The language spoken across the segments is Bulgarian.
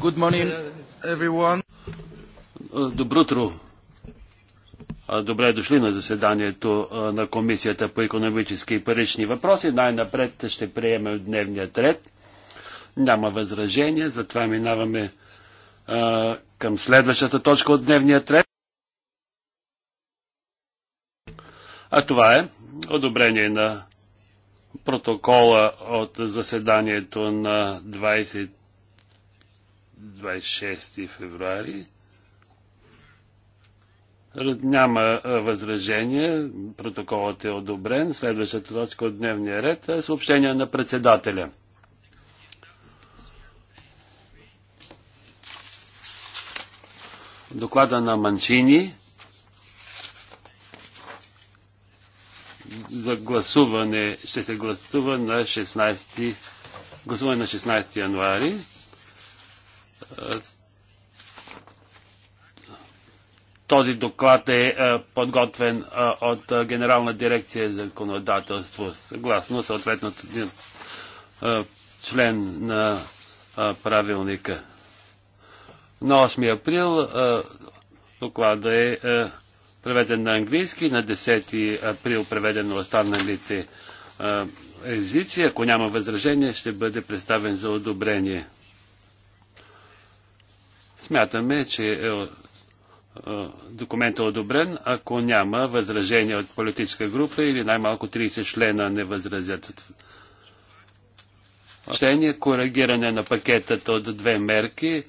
Good morning, everyone. Добро утро. Добре дошли на заседанието на Комисията по економически и парични въпроси. Най-напред ще приемем дневният ред. Няма възражение, затова минаваме към следващата точка от дневния ред. А това е одобрение на протокола от заседанието на 20 26 февруари. Няма възражение, протоколът е одобрен. Следващата точка от дневния ред е съобщение на председателя. Доклада на Манчини за гласуване ще се гласува на 16, гласуване на 16 януари. Този доклад е, е подготвен е, от е, Генерална дирекция за законодателство, съгласно съответното член на правилника. На 8 април доклада е преведен на английски, на 10 април преведен на останалите езици. Ако няма възражение, ще бъде представен за одобрение. Смятаме, че е, е, документът е одобрен, ако няма възражение от политическа група или най-малко 30 члена не възразят. Решение коригиране на пакетът от две мерки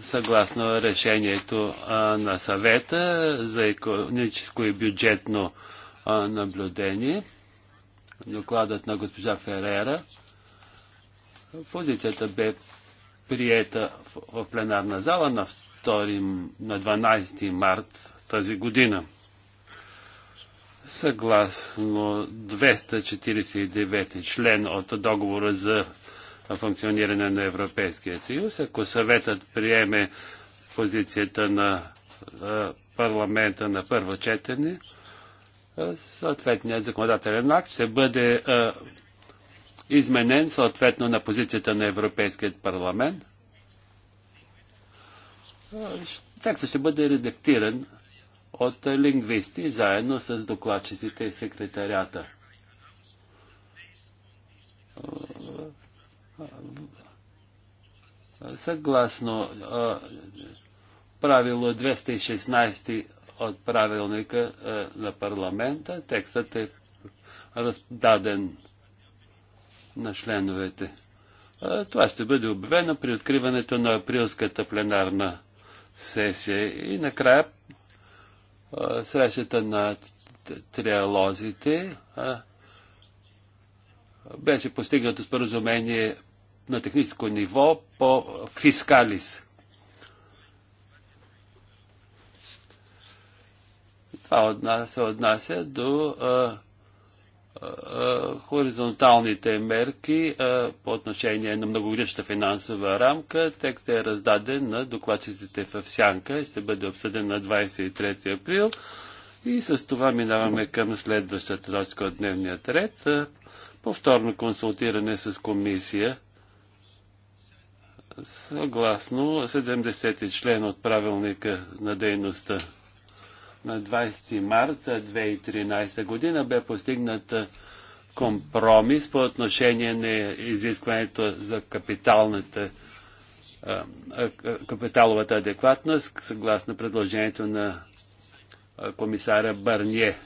съгласно решението на съвета за економическо и бюджетно наблюдение. Докладът на госпожа Ферера. Позицията бе приета в, в пленарна зала на 2, на 12 март тази година. Съгласно 249 член от договора за функциониране на Европейския съюз, ако съветът приеме позицията на парламента на първо четене, съответният законодателен акт ще бъде изменен съответно на позицията на Европейският парламент. Текстът ще бъде редактиран от лингвисти, заедно с докладчиците и секретарята. Съгласно правило 216 от правилника на парламента, текстът е раздаден на членовете. Това ще бъде обявено при откриването на априлската пленарна сесия и накрая срещата на триалозите беше постигнато споразумение на техническо ниво по фискалис. Това се отнася до а, хоризонталните мерки по отношение на многогодишната финансова рамка. Текстът е раздаден на докладчиците в Сянка и ще бъде обсъден на 23 април. И с това минаваме към следващата точка от дневния ред. Повторно консултиране с комисия съгласно 70 член от правилника на дейността на 20 март 2013 година бе постигнат компромис по отношение на изискването за капиталната капиталовата адекватност, съгласно предложението на комисаря Барние.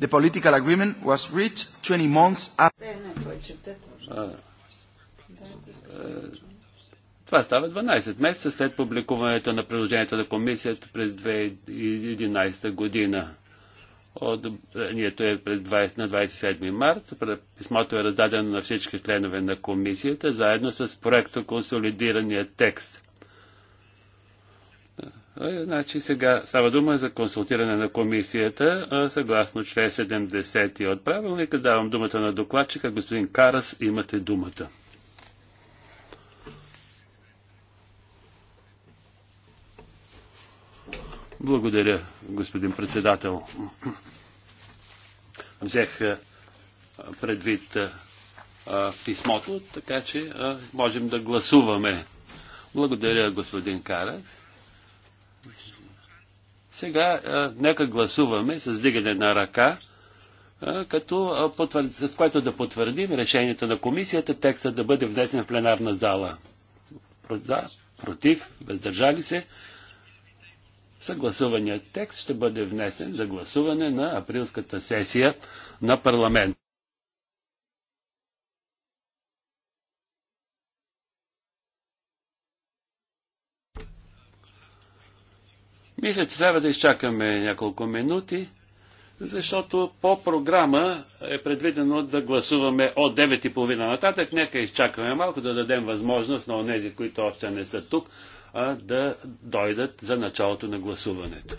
The political agreement was reached 20 months after е, това става 12 месеца след публикуването на предложението на комисията през 2011 година. Отбранието е през 20, на 27 март. Писмото е раздадено на всички членове на комисията, заедно с проекто консолидирания текст. Е, значи сега става дума за консултиране на комисията, съгласно член 70 от правилника. Давам думата на докладчика. Господин Карас, имате думата. Благодаря, господин председател. Взех предвид писмото, така че можем да гласуваме. Благодаря, господин Каракс. Сега нека гласуваме с вдигане на ръка, като, с което да потвърдим решението на комисията, текста да бъде внесен в пленарна зала. За, против, въздържали се съгласуваният текст ще бъде внесен за гласуване на априлската сесия на парламент. Мисля, че трябва да изчакаме няколко минути, защото по програма е предвидено да гласуваме от 9.30 нататък. Нека изчакаме малко да дадем възможност на онези, които още не са тук, да дойдат за началото на гласуването.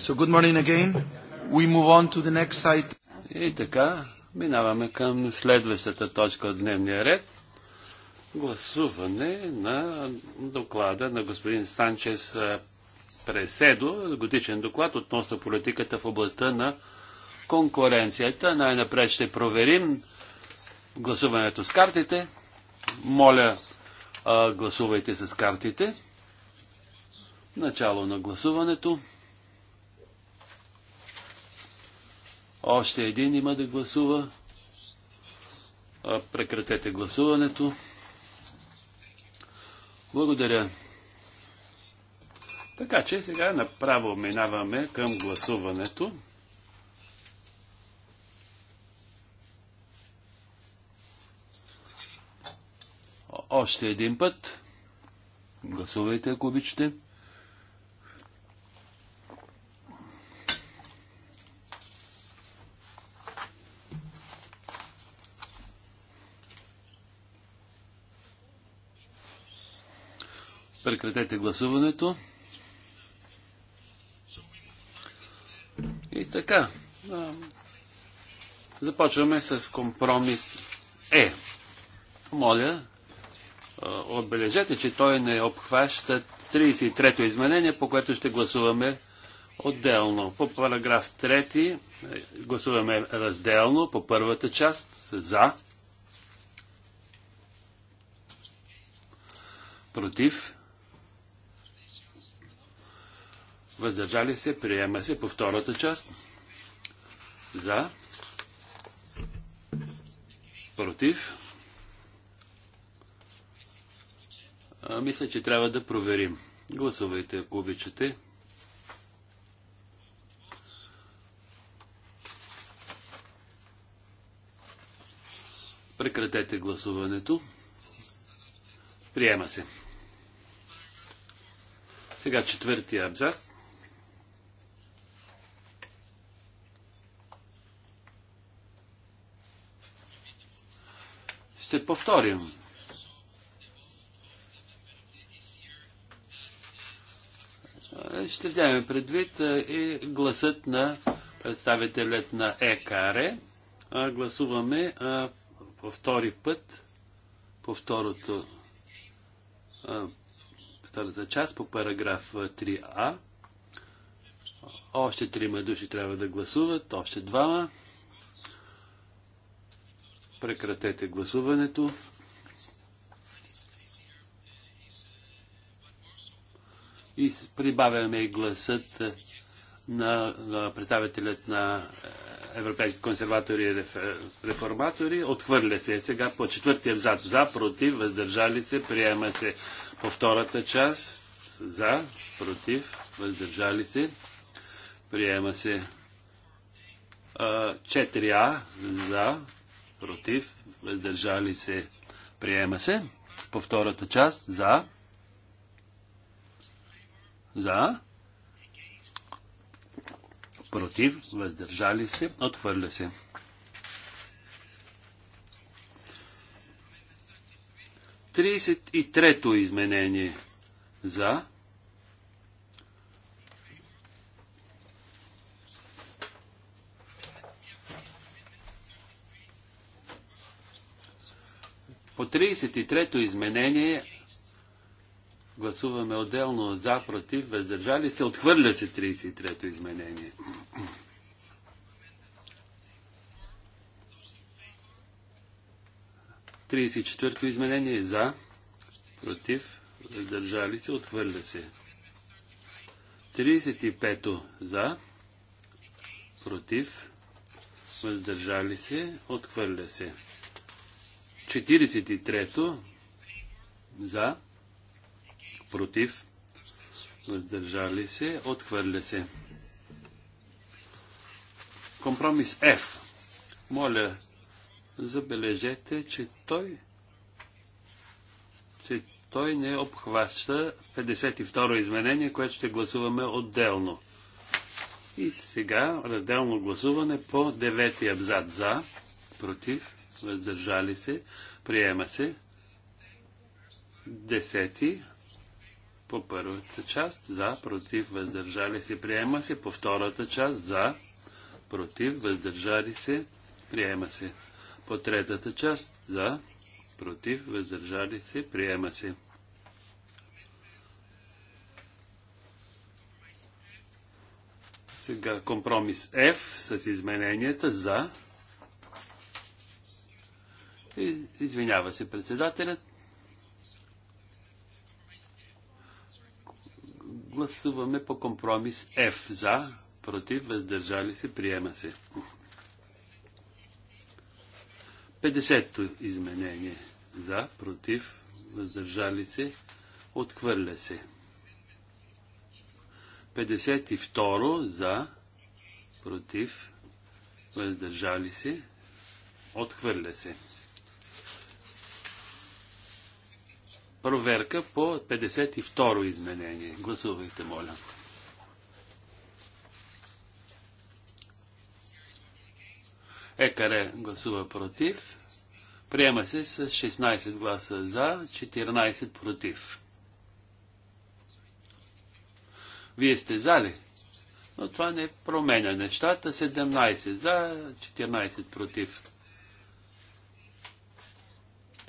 So good morning again. We move on to the next site. И така, минаваме към следващата точка от дневния ред. Гласуване на доклада на господин Санчес Преседо, годишен доклад относно политиката в областта на конкуренцията. Най-напред ще проверим гласуването с картите. Моля, гласувайте с картите. Начало на гласуването. Още един има да гласува. Прекратете гласуването. Благодаря. Така че сега направо минаваме към гласуването. Още един път. Гласувайте, ако обичате. Прекратете гласуването. И така. Започваме с компромис Е. Моля, отбележете, че той не обхваща 33-то изменение, по което ще гласуваме отделно. По параграф 3 гласуваме разделно по първата част за, против, въздържали се, приема се по втората част. За, против. А, мисля, че трябва да проверим. Гласувайте, ако обичате. Прекратете гласуването. Приема се. Сега четвъртия абзац. ще повторим. Ще вземем предвид и гласът на представителят на ЕКАРЕ. Гласуваме по втори път, по второто, втората част, по параграф 3А. Още трима души трябва да гласуват, още двама. Прекратете гласуването. И прибавяме и гласът на, представителят на европейските консерватори и реформатори. Отхвърля се сега по четвъртия взад За, против, въздържали се, приема се по втората част. За, против, въздържали се, приема се. 4А за, против, въздържали се, приема се. По втората част, за, за, против, въздържали се, отхвърля се. Тридесет и трето изменение за, По 33-то изменение гласуваме отделно за, против, въздържали се, отхвърля се 33-то изменение. Тридесет четвърто изменение за, против, въздържали се, отхвърля се. 35 за, против, въздържали се, отхвърля се. 43-то за, против, въздържали се, отхвърля се. Компромис F. Моля, забележете, че той че той не обхваща 52-ро изменение, което ще гласуваме отделно. И сега разделно гласуване по 9 ти абзац за, против, въздържали се, приема се. Десети по първата част, за, против, въздържали се, приема се. По втората част, за, против, въздържали се, приема се. По третата част, за, против, въздържали се, приема се. Сега компромис F с измененията за, Извинява се председателят. Гласуваме по компромис F за, против, въздържали се, приема се. 50-то изменение за, против, въздържали се, отхвърля се. 52 за, против, въздържали се, отхвърля се. проверка по 52-ро изменение. Гласувайте, моля. Екаре гласува против. Приема се с 16 гласа за, 14 против. Вие сте за ли? Но това не променя нещата. 17 за, 14 против.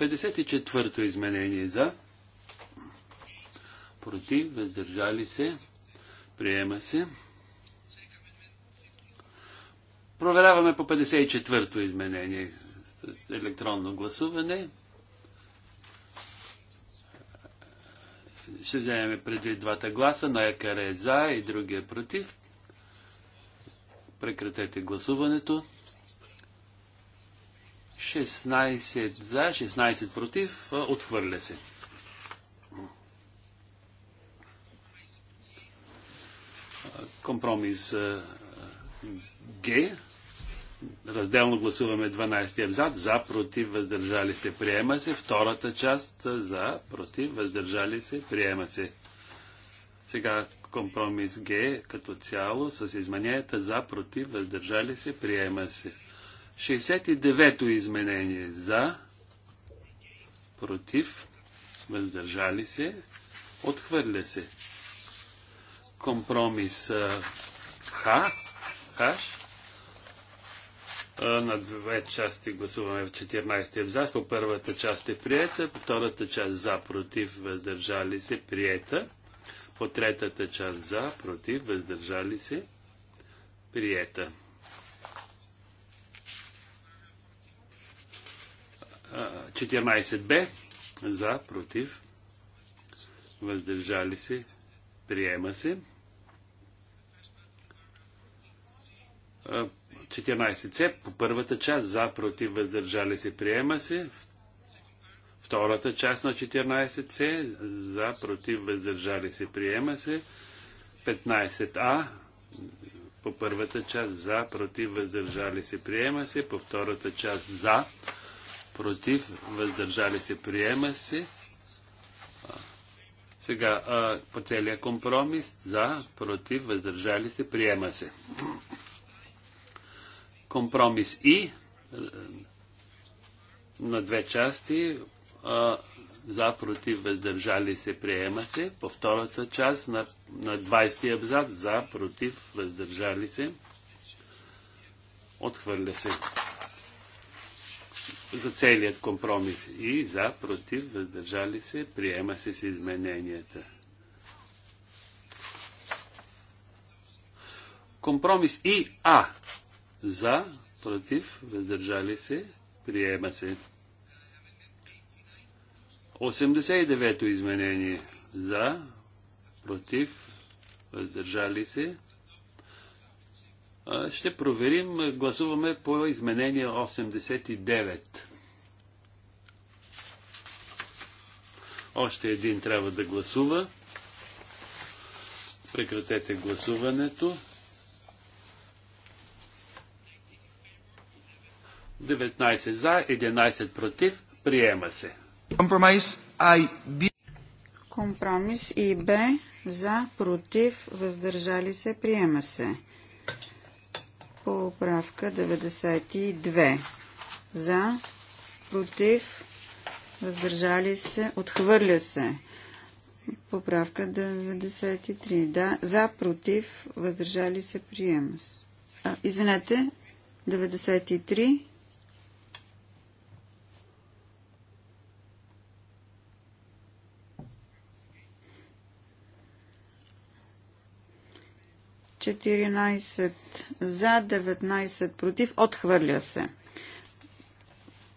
54-то изменение за. Против, въздържали се. Приема се. Проверяваме по 54-то изменение с електронно гласуване. Ще вземем предвид двата гласа на екаре за и другия против. Прекратете гласуването. 16 за, 16 против, отхвърля се. Компромис Г. Разделно гласуваме 12 абзац. За, против, въздържали се, приема се. Втората част за, против, въздържали се, приема се. Сега компромис Г като цяло с измененията за, против, въздържали се, приема се. 69-то изменение за, против, въздържали се, отхвърля се. Компромис Х, Хаш, на две части гласуваме в 14 абзац. Е по първата част е приета, по втората част за, против, въздържали се, приета. По третата част за, против, въздържали се, приета. 14б за, против, въздържали се, приема се. 14c по първата част за, против, въздържали се, приема се. Втората част на 14c за, против, въздържали се, приема се. 15а по първата част за, против, въздържали се, приема се. По втората част за, против, въздържали се, приема се. Сега а, по целия компромис за, против, въздържали се, приема се. Компромис и е, на две части а, за, против, въздържали се, приема се. По втората част на, на 20 абзац за, против, въздържали се, отхвърля се за целият компромис и за, против, въздържали се, приема се с измененията. Компромис и А. За, против, въздържали се, приема се. 89-то изменение. За, против, въздържали се, ще проверим. Гласуваме по изменение 89. Още един трябва да гласува. Прекратете гласуването. 19 за, 11 против. Приема се. Компромис и Б. Компромис и Б за, против, въздържали се, приема се. Поправка 92. За, против, въздържали се, отхвърля се. Поправка 93. Да, за, против, въздържали се, приема се. Извинете, 93. 14 за, 19 против. Отхвърля се.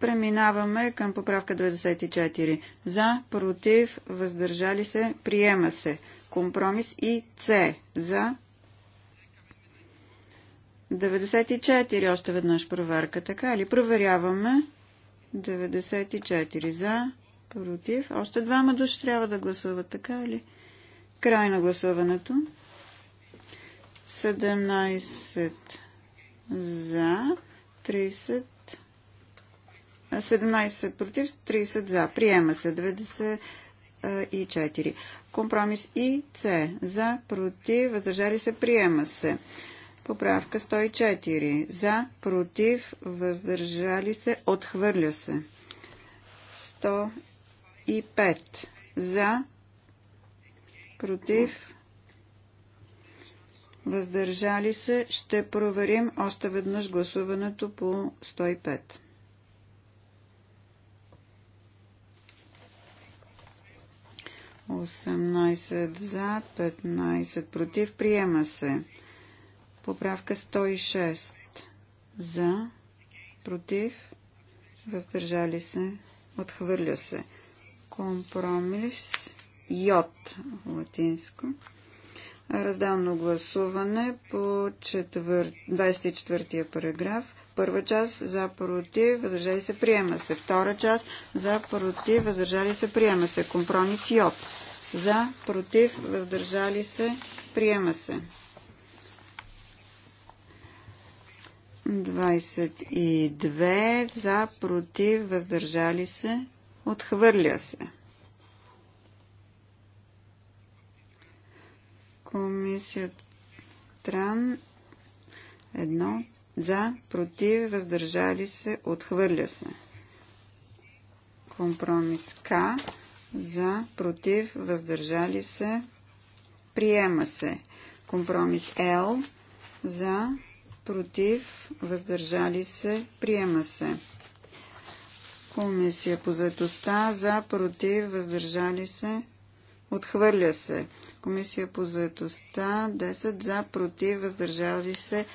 Преминаваме към поправка 94. За, против, въздържали се, приема се. Компромис и С. За. 94. Още веднъж проверка. Така ли? Проверяваме. 94 за, против. Още двама души трябва да гласуват. Така ли? Край на гласуването. 17 за, 30 17 против, 30 за. Приема се 94. Компромис и С. За, против, въздържали се, приема се. Поправка 104. За, против, въздържали се, отхвърля се. 105. За, против, въздържали се, ще проверим още веднъж гласуването по 105. Осемнайсет за, 15 против. Приема се. Поправка 106. За, против, въздържали се, отхвърля се. Компромис, йод, латинско. Разделно гласуване по 24-я параграф. Първа част за против, въздържали се, приема се. Втора част за против, въздържали се, приема се. Компромис ЙОП. За против, въздържали се, приема се. 22 за против, въздържали се, отхвърля се. комисията Тран за, против, въздържали се, отхвърля се. Компромис К за, против, въздържали се, приема се. Компромис Л за, против, въздържали се, приема се. Комисия по заедостта за, против, въздържали се, Отхвърля се. Комисия по заедостта 10 за, против, въздържали се.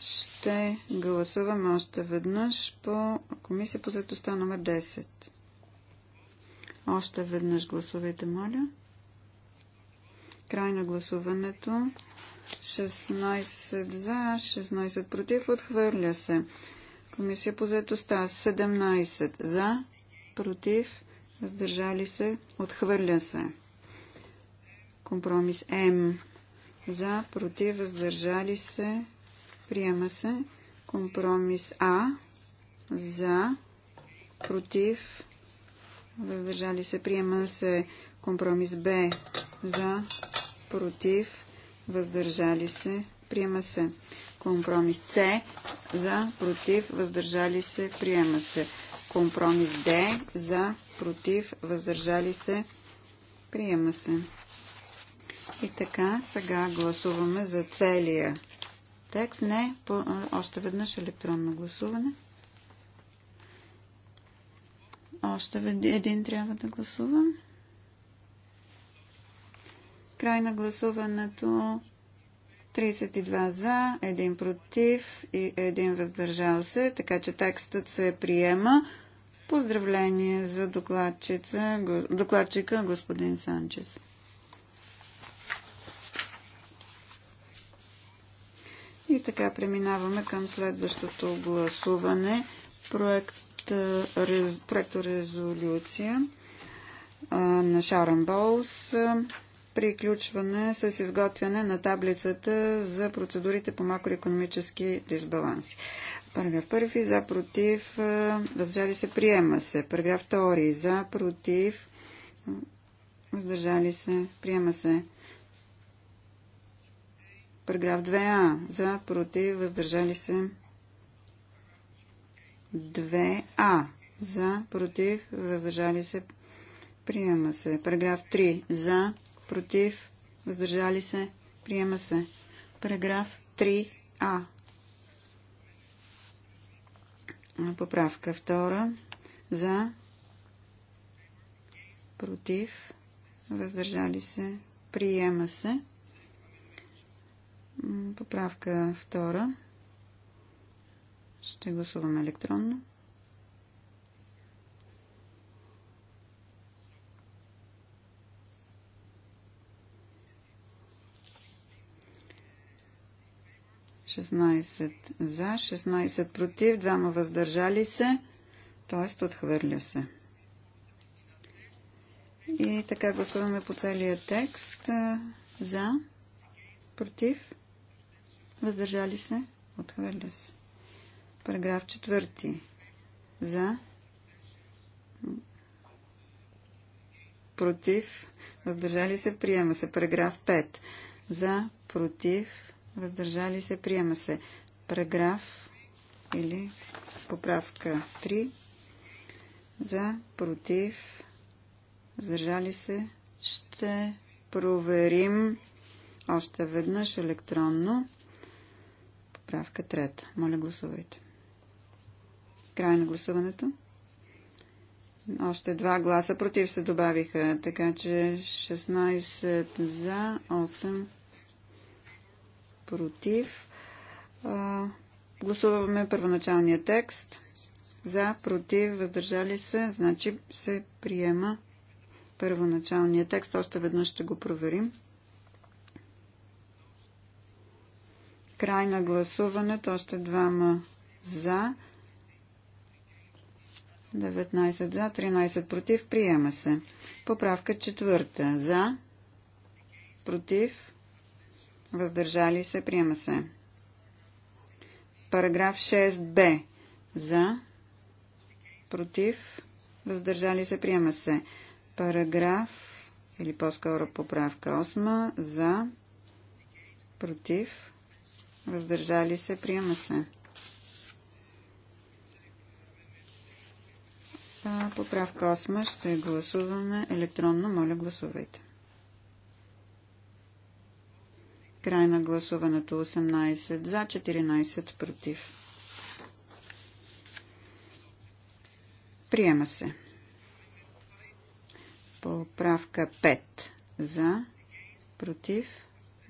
Ще гласуваме още веднъж по Комисия по заедостта номер 10. Още веднъж гласувайте, моля. Край на гласуването. 16 за, 16 против, отхвърля се. Комисия по заедостта 17 за, против, въздържали се, отхвърля се. Компромис М за, против, въздържали се, приема се. Компромис А за, против, въздържали се, приема се. Компромис Б за, против, въздържали се, приема се. Компромис С за, против, въздържали се, приема се. Компромис Д за, против, въздържали се, приема се. И така, сега гласуваме за целия текст. Не, по, още веднъж електронно гласуване. Още един трябва да гласувам. Край на гласуването 32 за, един против и един въздържал се, така че текстът се приема. Поздравление за докладчика господин Санчес. И така преминаваме към следващото гласуване. Проект, рез, проекто резолюция а, на Шарен Боус Приключване с изготвяне на таблицата за процедурите по макроекономически дисбаланси. Параграф 1 за против, въздържали се, приема се. Параграф 2 за против, въздържали се, приема се. Параграф 2а за против, въздържали се. 2а за против, въздържали се, приема се. Параграф 3 за против, въздържали се, приема се. Параграф 3а Поправка втора. За. Против. Въздържали се. Приема се. Поправка втора. Ще гласуваме електронно. 16 за, 16 против, 2 въздържали се, т.е. отхвърля се. И така гласуваме по целия текст. За, против, въздържали се, отхвърля се. Параграф 4. За, против, въздържали се, приема се. Параграф 5. За, против, въздържали се, приема се. Параграф или поправка 3 за, против, въздържали се, ще проверим още веднъж електронно. Поправка 3. Моля, гласувайте. Край на гласуването. Още два гласа против се добавиха, така че 16 за, 8 против. гласуваме първоначалния текст. За, против, въздържали се, значи се приема първоначалния текст. Още веднъж ще го проверим. Край на гласуването. Още двама за. 19 за, 13 против. Приема се. Поправка четвърта. За. Против въздържали се, приема се. Параграф 6б за, против, въздържали се, приема се. Параграф или по-скоро поправка 8 за, против, въздържали се, приема се. Поправка 8 ще гласуваме електронно. Моля, гласувайте. Край на гласуването 18 за, 14 против. Приема се. Поправка 5 за, против,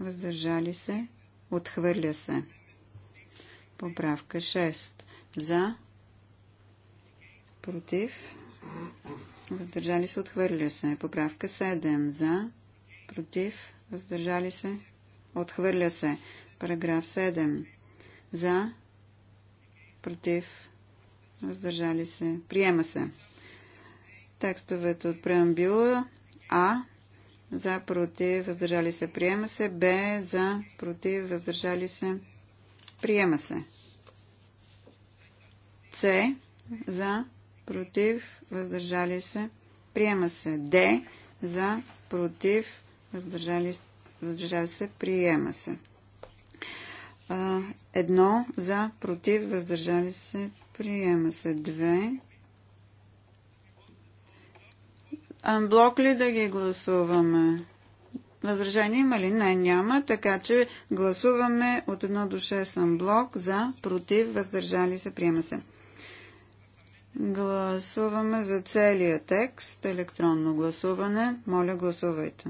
въздържали се, отхвърля се. Поправка 6 за, против, въздържали се, отхвърля се. Поправка 7 за, против, въздържали се, Отхвърля се. Параграф 7. За. Против. Въздържали се. Приема се. Текстовете от преамбюла. А. За. Против. Въздържали се. Приема се. Б. За. Против. Въздържали се. Приема се. С. За. Против. Въздържали се. Приема се. Д. За. Против. Въздържали се въздържали се, приема се. Едно за, против, въздържали се, приема се. Две. Анблок ли да ги гласуваме? Възражение има ли? Не, няма. Така че гласуваме от 1 до 6 анблок за, против, въздържали се, приема се. Гласуваме за целия текст. Електронно гласуване. Моля, гласувайте.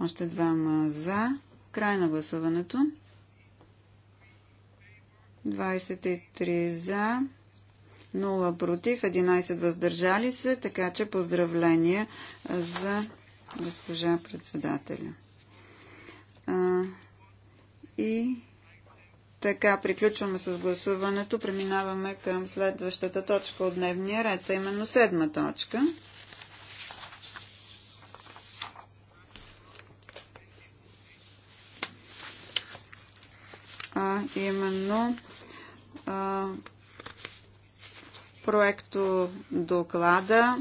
Още двама за. Край на гласуването. 23 за. 0 против, 11 въздържали се, така че поздравления за госпожа председателя. А, и така, приключваме с гласуването. Преминаваме към следващата точка от дневния ред, а именно седма точка. а именно а, проекто доклада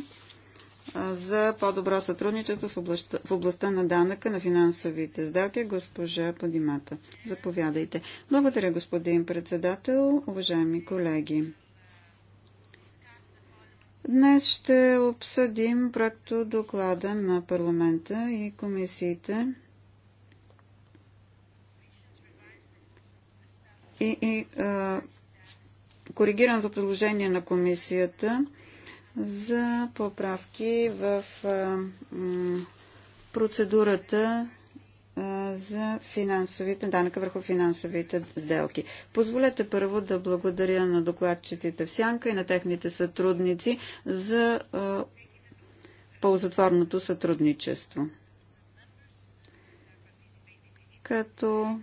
за по-добро сътрудничество в областта, в областта на данъка на финансовите сделки. Госпожа Подимата, заповядайте. Благодаря, господин председател, уважаеми колеги. Днес ще обсъдим проекто доклада на парламента и комисиите и, и а, коригираното предложение на комисията за поправки в а, процедурата за финансовите, данъка върху финансовите сделки. Позволете първо да благодаря на докладчетите в Сянка и на техните сътрудници за а, ползотворното сътрудничество. Като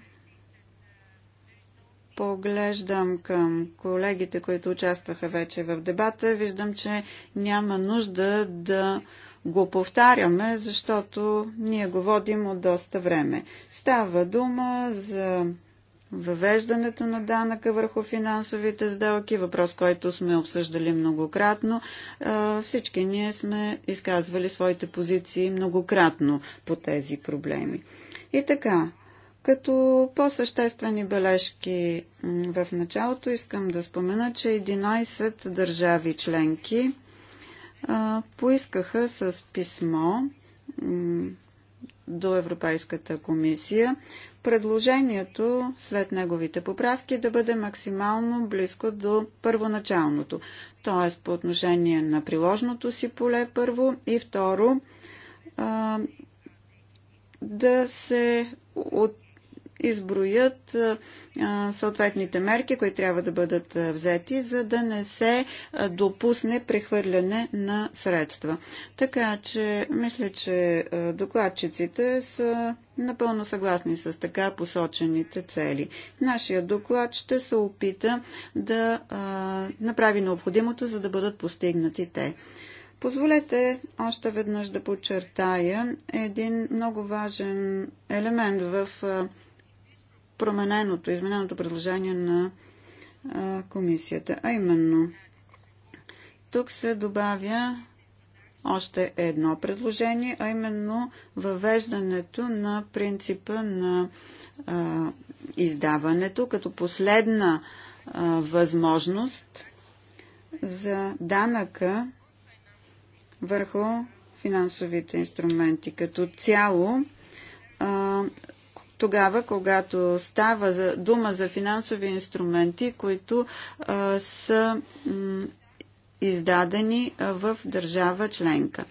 поглеждам към колегите, които участваха вече в дебата, виждам, че няма нужда да го повтаряме, защото ние го водим от доста време. Става дума за въвеждането на данъка върху финансовите сделки, въпрос, който сме обсъждали многократно. Всички ние сме изказвали своите позиции многократно по тези проблеми. И така, като по-съществени бележки в началото искам да спомена, че 11 държави членки поискаха с писмо до Европейската комисия предложението след неговите поправки да бъде максимално близко до първоначалното, т.е. по отношение на приложното си поле първо и второ да се от изброят съответните мерки, които трябва да бъдат взети, за да не се допусне прехвърляне на средства. Така че, мисля, че докладчиците са напълно съгласни с така посочените цели. Нашия доклад ще се опита да направи необходимото, за да бъдат постигнати те. Позволете още веднъж да подчертая един много важен елемент в промененото, измененото предложение на комисията. А именно, тук се добавя още едно предложение, а именно въвеждането на принципа на а, издаването като последна а, възможност за данъка върху финансовите инструменти. Като цяло а, тогава, когато става за, дума за финансови инструменти, които а, са издадени в държава членка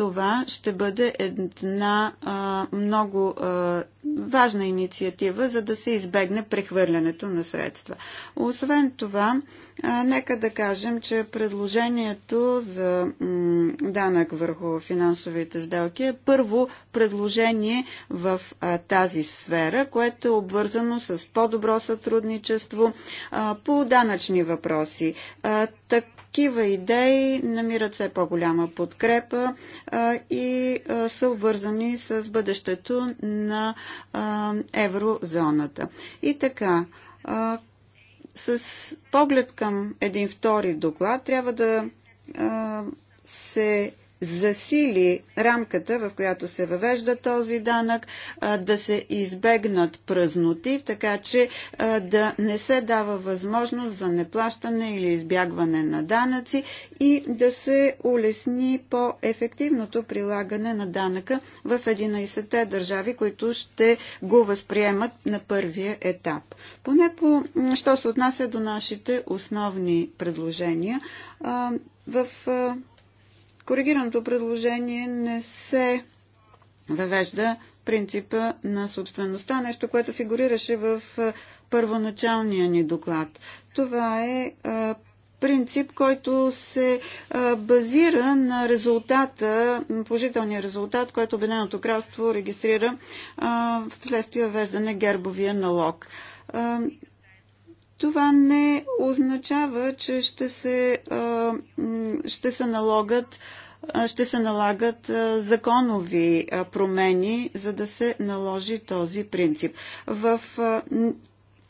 това ще бъде една а, много а, важна инициатива, за да се избегне прехвърлянето на средства. Освен това, а, нека да кажем, че предложението за м, данък върху финансовите сделки е първо предложение в а, тази сфера, което е обвързано с по-добро сътрудничество а, по данъчни въпроси. А, така такива идеи намират все по-голяма подкрепа и са обвързани с бъдещето на еврозоната. И така, с поглед към един втори доклад трябва да се засили рамката, в която се въвежда този данък, да се избегнат празноти, така че да не се дава възможност за неплащане или избягване на данъци и да се улесни по-ефективното прилагане на данъка в 11-те държави, които ще го възприемат на първия етап. Поне по, що се отнася до нашите основни предложения, в коригираното предложение не се въвежда принципа на собствеността, нещо, което фигурираше в първоначалния ни доклад. Това е принцип, който се базира на резултата, положителния резултат, който Обединеното кралство регистрира вследствие въвеждане гербовия налог. Това не означава, че ще се, ще се налогат ще се налагат законови промени, за да се наложи този принцип. В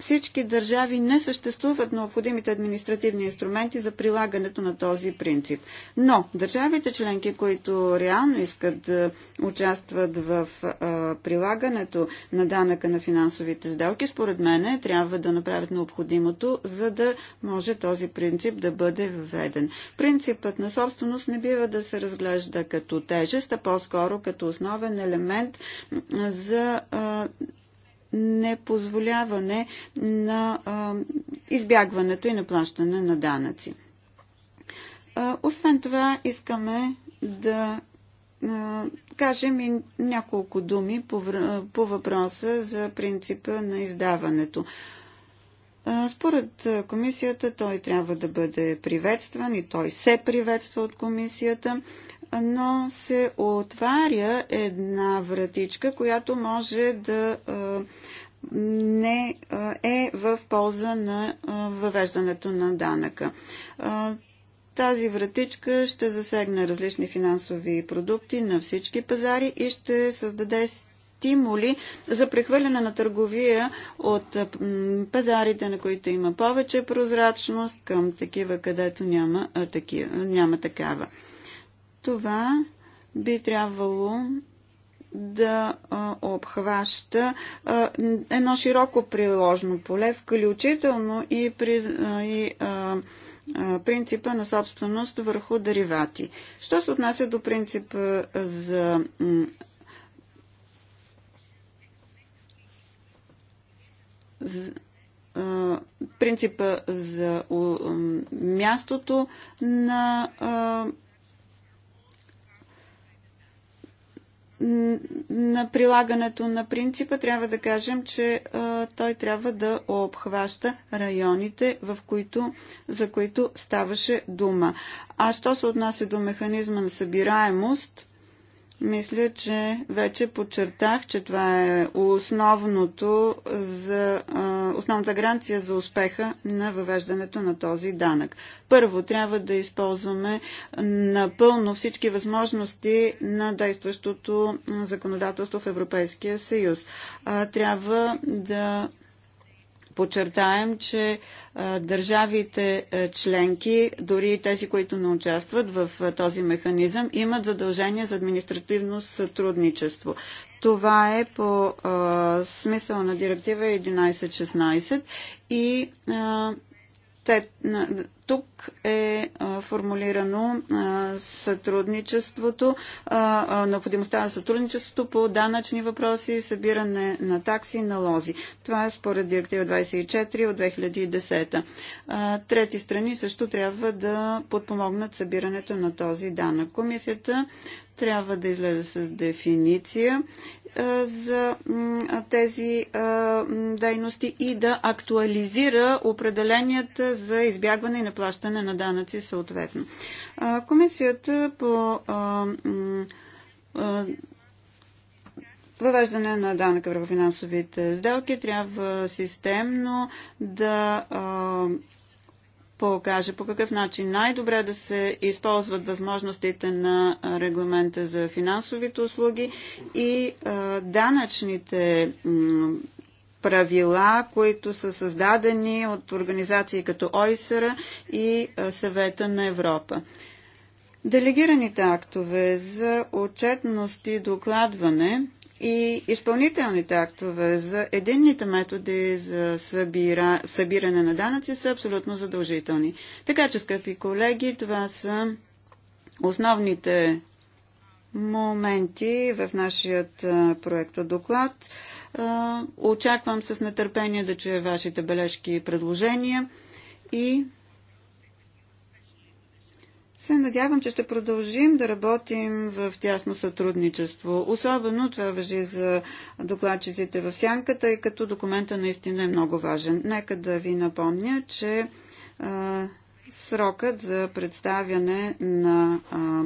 всички държави не съществуват необходимите административни инструменти за прилагането на този принцип. Но държавите членки, които реално искат да участват в а, прилагането на данъка на финансовите сделки, според мен трябва да направят необходимото, за да може този принцип да бъде введен. Принципът на собственост не бива да се разглежда като тежест, а по-скоро като основен елемент за а, непозволяване на избягването и на плащане на данъци. Освен това, искаме да кажем и няколко думи по, по въпроса за принципа на издаването. Според комисията той трябва да бъде приветстван и той се приветства от комисията но се отваря една вратичка, която може да не е в полза на въвеждането на данъка. Тази вратичка ще засегне различни финансови продукти на всички пазари и ще създаде стимули за прехвърляне на търговия от пазарите, на които има повече прозрачност, към такива, където няма, няма такава. Това би трябвало да обхваща едно широко приложно поле, включително и, при, и принципа на собственост върху деривати. Що се отнася до принципа за принципа за мястото на на прилагането на принципа трябва да кажем, че а, той трябва да обхваща районите, в които, за които ставаше дума. А що се отнася до механизма на събираемост, мисля, че вече подчертах, че това е основното за, основната гаранция за успеха на въвеждането на този данък. Първо, трябва да използваме напълно всички възможности на действащото законодателство в Европейския съюз. Трябва да подчертаем, че държавите членки, дори и тези, които не участват в този механизъм, имат задължение за административно сътрудничество. Това е по смисъла на директива 1116 и те, тук е формулирано сътрудничеството, необходимостта на сътрудничеството по данъчни въпроси, събиране на такси и налози. Това е според директива 24 от 2010. Трети страни също трябва да подпомогнат събирането на този данък. Комисията трябва да излезе с дефиниция за тези дейности и да актуализира определенията за избягване и наплащане на данъци съответно. Комисията по въвеждане на данъка върху финансовите сделки трябва системно да покаже по какъв начин най-добре да се използват възможностите на регламента за финансовите услуги и данъчните правила, които са създадени от организации като ОИСР и Съвета на Европа. Делегираните актове за отчетност и докладване – и изпълнителните актове за единните методи за събира, събиране на данъци са абсолютно задължителни. Така че, скъпи колеги, това са основните моменти в нашият проект доклад. Очаквам с нетърпение да чуя вашите бележки и предложения и се надявам, че ще продължим да работим в тясно сътрудничество. Особено това въжи за докладчиците в сянката, и като документа наистина е много важен. Нека да ви напомня, че а, срокът за представяне на а,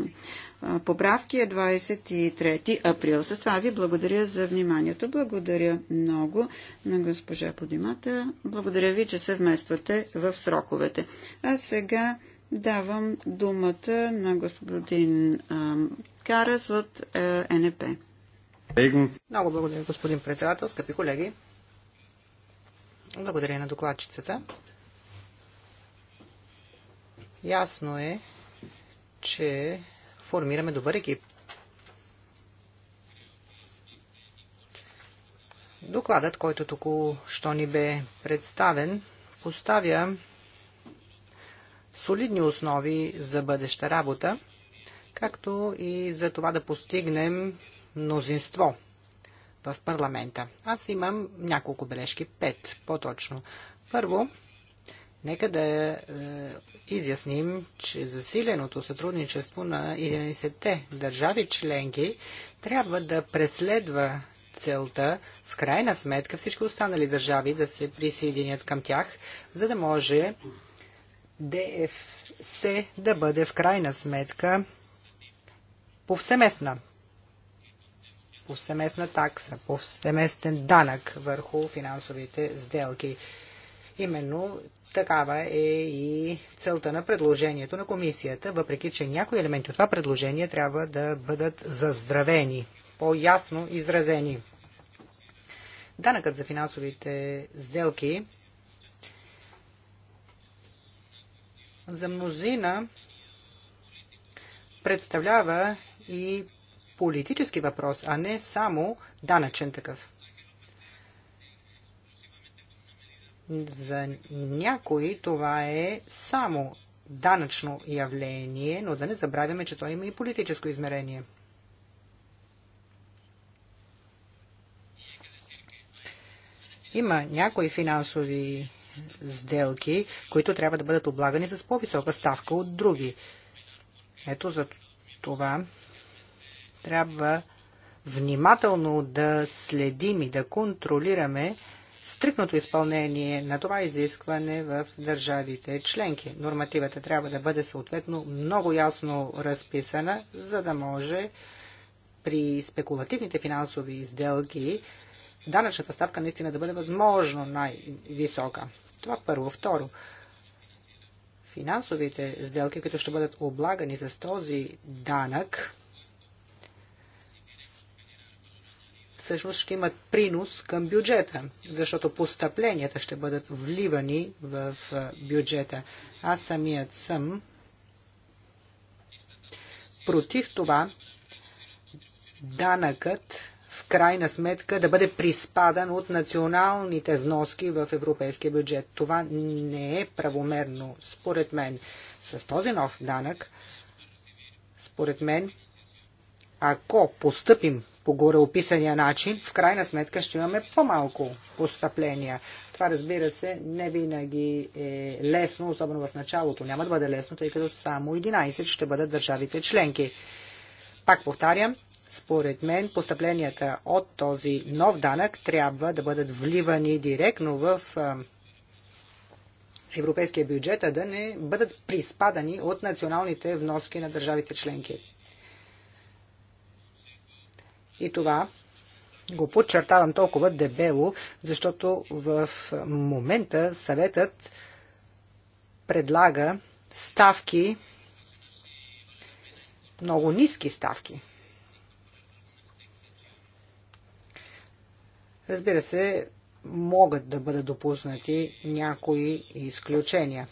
а, поправки е 23 април. С това ви благодаря за вниманието. Благодаря много на госпожа Подимата. Благодаря ви, че се вмествате в сроковете. А сега Давам думата на господин Карас от НП. Много благодаря, господин председател, скъпи колеги. Благодаря на докладчицата. Ясно е, че формираме добър екип. Докладът, който току-що ни бе представен, поставя солидни основи за бъдеща работа, както и за това да постигнем мнозинство в парламента. Аз имам няколко бележки, пет по-точно. Първо, Нека да е, изясним, че засиленото сътрудничество на 11-те държави членки трябва да преследва целта, в крайна сметка всички останали държави да се присъединят към тях, за да може ДФС да бъде в крайна сметка повсеместна. Повсеместна такса, повсеместен данък върху финансовите сделки. Именно такава е и целта на предложението на комисията, въпреки че някои елементи от това предложение трябва да бъдат заздравени, по-ясно изразени. Данъкът за финансовите сделки за мнозина представлява и политически въпрос, а не само данъчен такъв. За някои това е само данъчно явление, но да не забравяме, че то има и политическо измерение. Има някои финансови сделки, които трябва да бъдат облагани с по-висока ставка от други. Ето за това трябва внимателно да следим и да контролираме стрикното изпълнение на това изискване в държавите членки. Нормативата трябва да бъде съответно много ясно разписана, за да може при спекулативните финансови изделки данъчната ставка наистина да бъде възможно най-висока. Това първо. Второ, финансовите сделки, които ще бъдат облагани с този данък, всъщност ще имат принос към бюджета, защото постъпленията ще бъдат вливани в бюджета. Аз самият съм против това данъкът в крайна сметка да бъде приспадан от националните вноски в европейския бюджет. Това не е правомерно, според мен. С този нов данък, според мен, ако постъпим по горе описания начин, в крайна сметка ще имаме по-малко постъпления. Това, разбира се, не винаги е лесно, особено в началото. Няма да бъде лесно, тъй като само 11 ще бъдат държавите членки. Пак повтарям, според мен постъпленията от този нов данък трябва да бъдат вливани директно в европейския бюджет, а да не бъдат приспадани от националните вноски на държавите членки. И това го подчертавам толкова дебело, защото в момента съветът предлага ставки, много ниски ставки. Разбира се, могат да бъдат допуснати някои изключения.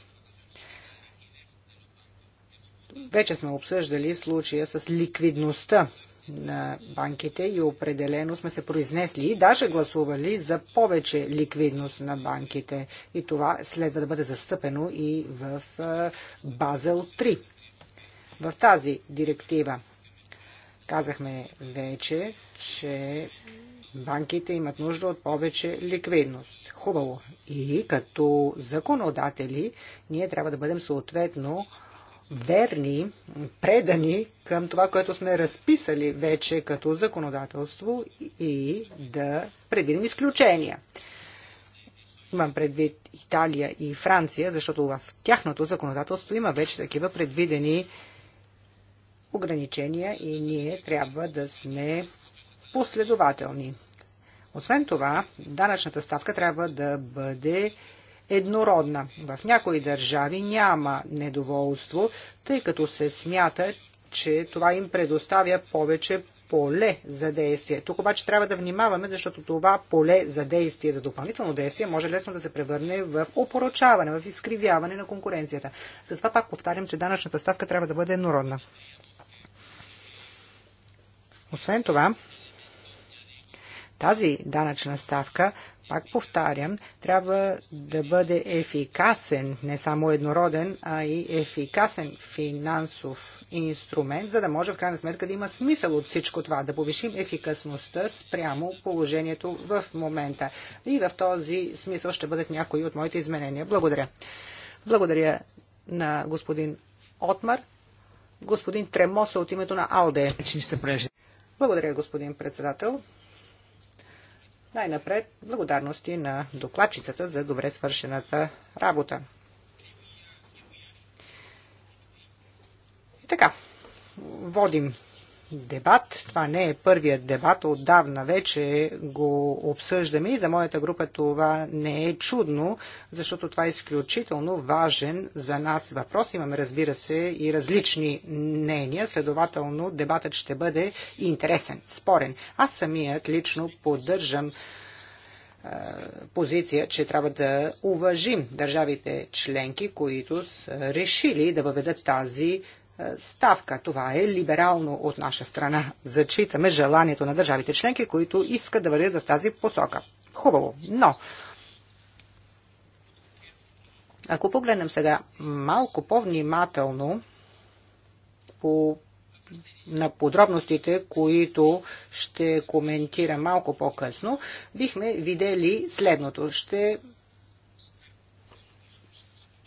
Вече сме обсъждали случая с ликвидността на банките и определено сме се произнесли и даже гласували за повече ликвидност на банките. И това следва да бъде застъпено и в Базел 3. В тази директива казахме вече, че банките имат нужда от повече ликвидност. Хубаво. И като законодатели ние трябва да бъдем съответно верни, предани към това, което сме разписали вече като законодателство и да предвидим изключения. Имам предвид Италия и Франция, защото в тяхното законодателство има вече такива предвидени ограничения и ние трябва да сме последователни. Освен това, данъчната ставка трябва да бъде еднородна. В някои държави няма недоволство, тъй като се смята, че това им предоставя повече поле за действие. Тук обаче трябва да внимаваме, защото това поле за действие, за допълнително действие, може лесно да се превърне в опорочаване, в изкривяване на конкуренцията. Затова пак повтарям, че данъчната ставка трябва да бъде еднородна. Освен това, тази данъчна ставка, пак повтарям, трябва да бъде ефикасен, не само еднороден, а и ефикасен финансов инструмент, за да може в крайна сметка да има смисъл от всичко това, да повишим ефикасността спрямо положението в момента. И в този смисъл ще бъдат някои от моите изменения. Благодаря. Благодаря на господин Отмар. Господин Тремоса от името на АЛДЕ. Благодаря, господин председател. Най-напред благодарности на докладчицата за добре свършената работа. И така, водим дебат. Това не е първият дебат, отдавна вече го обсъждаме и за моята група това не е чудно, защото това е изключително важен за нас въпрос. Имаме, разбира се, и различни мнения, следователно дебатът ще бъде интересен, спорен. Аз самият лично поддържам е, позиция, че трябва да уважим държавите членки, които са решили да въведат тази е, ставка. Това е либерално от наша страна. Зачитаме желанието на държавите членки, които искат да вървят в тази посока. Хубаво, но ако погледнем сега малко по-внимателно по, на подробностите, които ще коментирам малко по-късно, бихме видели следното. Ще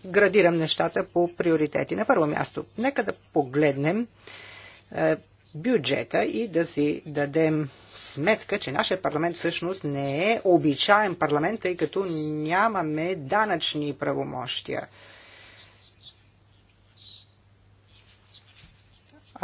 градирам нещата по приоритети. На първо място, нека да погледнем е, бюджета и да си дадем сметка, че нашия парламент всъщност не е обичаен парламент, тъй като нямаме данъчни правомощия.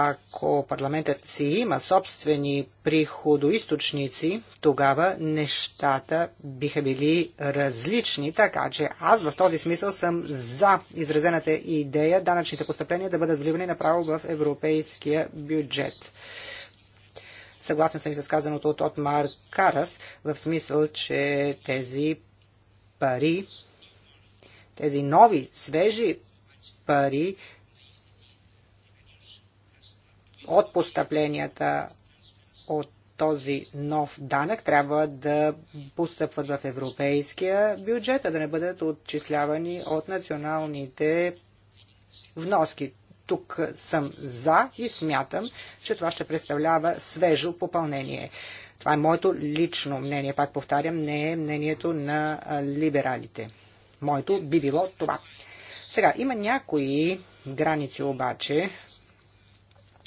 Ако парламентът си има собствени приходоисточници, тогава нещата биха били различни, така че аз в този смисъл съм за изразената идея данъчните постъпления да бъдат вливани направо в европейския бюджет. Съгласен съм и с казаното от Отмар Карас, в смисъл, че тези пари, тези нови, свежи пари от постъпленията от този нов данък трябва да постъпват в европейския бюджет, а да не бъдат отчислявани от националните вноски. Тук съм за и смятам, че това ще представлява свежо попълнение. Това е моето лично мнение, пак повтарям, не е мнението на либералите. Моето би било това. Сега, има някои граници обаче,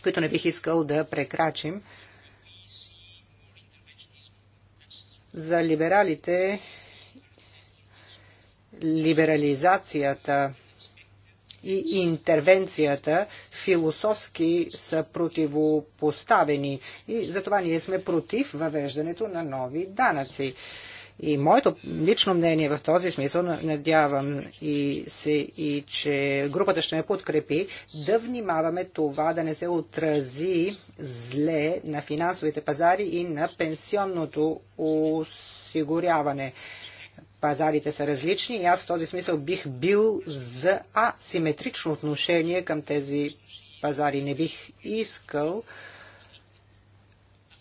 които не бих искал да прекрачим. За либералите либерализацията и интервенцията философски са противопоставени и затова ние сме против въвеждането на нови данъци. И моето лично мнение в този смисъл, надявам и се и че групата ще ме подкрепи, да внимаваме това да не се отрази зле на финансовите пазари и на пенсионното осигуряване пазарите са различни и аз в този смисъл бих бил за асиметрично отношение към тези пазари. Не бих искал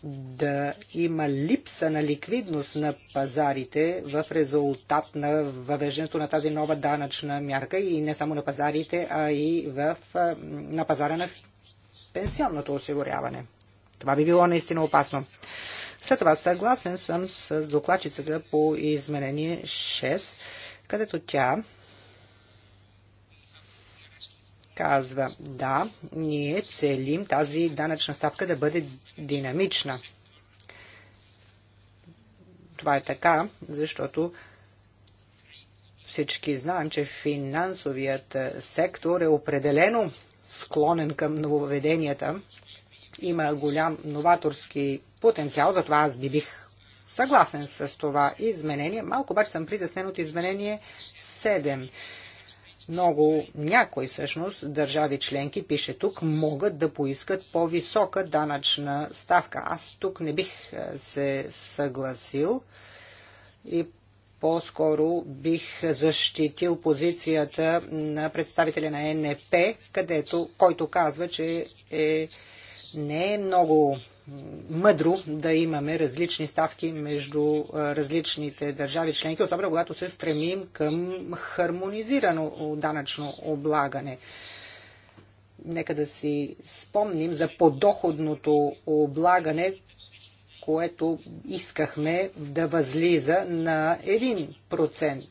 да има липса на ликвидност на пазарите в резултат на въвеждането на тази нова данъчна мярка и не само на пазарите, а и в, на пазара на пенсионното осигуряване. Това би било наистина опасно. След това съгласен съм с докладчицата по изменение 6, където тя казва да, ние целим тази данъчна ставка да бъде динамична. Това е така, защото всички знаем, че финансовият е, сектор е определено склонен към нововведенията. Има голям новаторски потенциал, затова аз би бих съгласен с това изменение. Малко обаче съм притеснен от изменение 7 много някои всъщност държави членки, пише тук, могат да поискат по-висока данъчна ставка. Аз тук не бих е, се съгласил и по-скоро бих защитил позицията на представителя на НП, където, който казва, че е, не е много мъдро да имаме различни ставки между различните държави членки, особено когато се стремим към хармонизирано данъчно облагане. Нека да си спомним за подоходното облагане, което искахме да възлиза на 1%.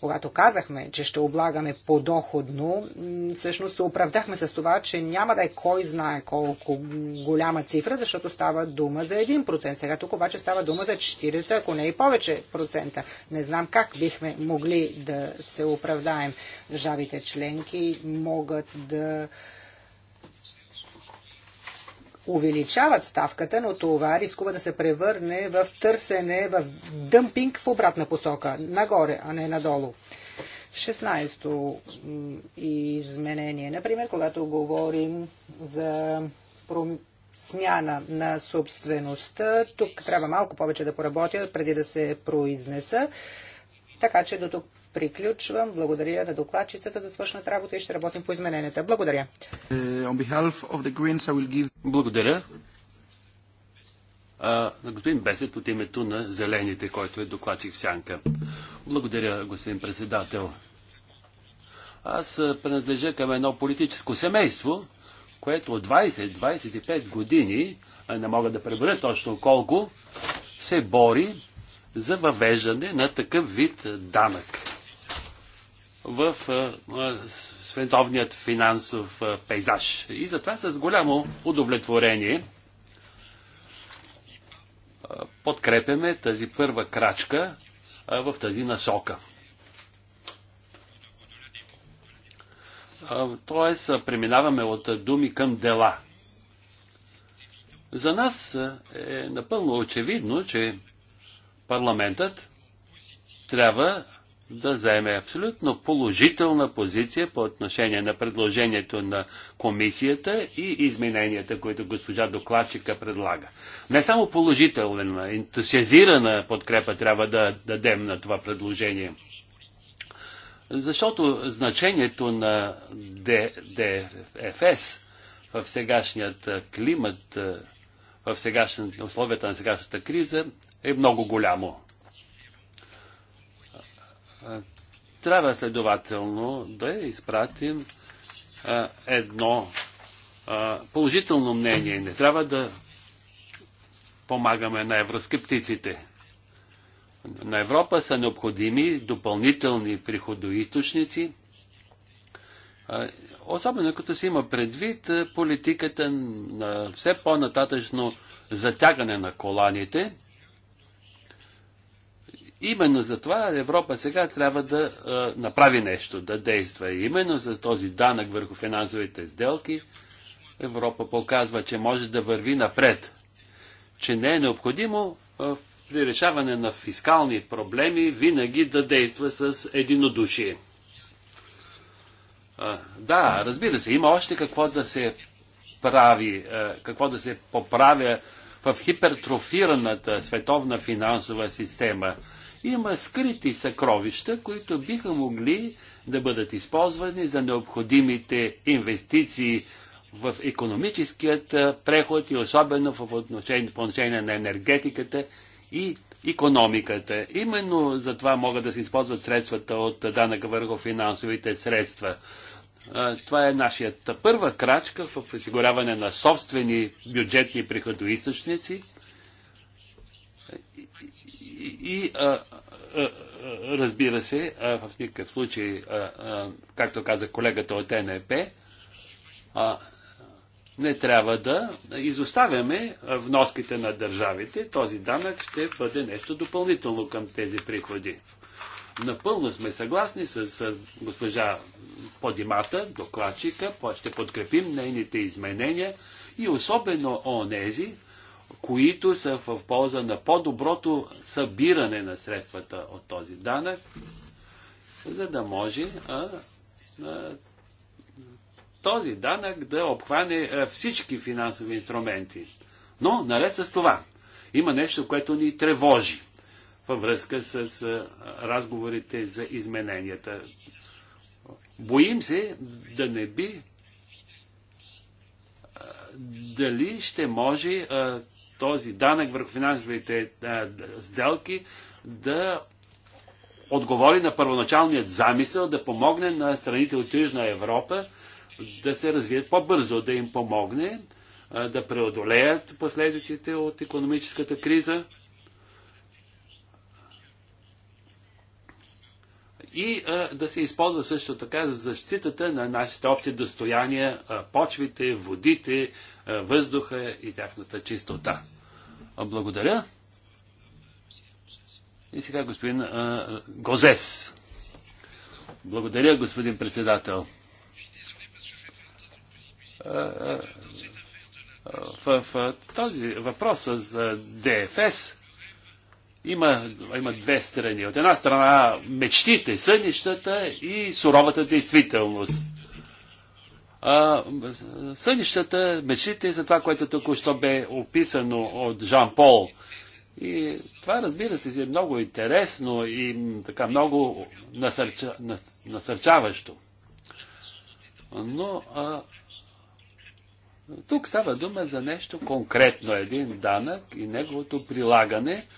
Когато казахме, че ще облагаме подоходно, всъщност се оправдахме с това, че няма да е кой знае колко голяма цифра, защото става дума за 1%. Сега тук обаче става дума за 40, ако не и повече процента. Не знам как бихме могли да се оправдаем. Държавите членки могат да увеличават ставката, но това рискува да се превърне в търсене, в дъмпинг в обратна посока, нагоре, а не надолу. 16-то изменение, например, когато говорим за смяна на собствеността, тук трябва малко повече да поработя преди да се произнеса. Така че до тук приключвам. Благодаря на докладчицата за свършна работа и ще работим по измененията. Благодаря. Uh, Благодаря. на господин Бесет от името на Зелените, който е докладчик в Сянка. Благодаря, господин председател. Аз принадлежа към едно политическо семейство, което от 20-25 години, не мога да преборя точно колко, се бори за въвеждане на такъв вид данък в световният финансов пейзаж. И затова с голямо удовлетворение подкрепяме тази първа крачка в тази насока. Тоест, преминаваме от думи към дела. За нас е напълно очевидно, че парламентът трябва да заеме абсолютно положителна позиция по отношение на предложението на комисията и измененията, които госпожа докладчика предлага. Не само положителна, ентусиазирана подкрепа трябва да дадем на това предложение. Защото значението на ДФС в сегашният климат, в сегашните условията на сегашната криза е много голямо. Трябва следователно да изпратим едно положително мнение. Не трябва да помагаме на евроскептиците. На Европа са необходими допълнителни приходоисточници, особено като се има предвид политиката на все по-нататъчно затягане на коланите – Именно за това Европа сега трябва да а, направи нещо, да действа. И именно за този данък върху финансовите сделки Европа показва, че може да върви напред, че не е необходимо а, при решаване на фискални проблеми винаги да действа с единодушие. А, да, разбира се, има още какво да се прави, а, какво да се поправя в хипертрофираната световна финансова система има скрити съкровища, които биха могли да бъдат използвани за необходимите инвестиции в економическият преход и особено в отношение, по отношение на енергетиката и економиката. Именно за това могат да се използват средствата от данъка върху финансовите средства. Това е нашата първа крачка в осигуряване на собствени бюджетни приходоисточници и а, а, разбира се, а, в никакъв случай, а, а, както каза колегата от НЕП, а, не трябва да изоставяме вноските на държавите. Този данък ще бъде нещо допълнително към тези приходи. Напълно сме съгласни с госпожа Подимата, докладчика, ще подкрепим нейните изменения и особено онези, които са в полза на по-доброто събиране на средствата от този данък, за да може а, а, този данък да обхване а, всички финансови инструменти. Но, наред с това, има нещо, което ни тревожи във връзка с а, разговорите за измененията. Боим се да не би дали ще може а, този данък върху финансовите сделки да отговори на първоначалният замисъл да помогне на страните от Южна Европа да се развият по-бързо, да им помогне да преодолеят последиците от економическата криза и а, да се използва също така за защитата на нашите общи достояния, а, почвите, водите, а, въздуха и тяхната чистота. А, благодаря. И сега господин а, Гозес. Благодаря, господин председател. В, в този въпрос за ДФС има, има две страни. От една страна мечтите, сънищата и суровата действителност. А, сънищата, мечтите за това, което току-що бе описано от Жан Пол. И това, разбира се, е много интересно и така много насърча, нас, насърчаващо. Но а, тук става дума за нещо конкретно, един данък и неговото прилагане –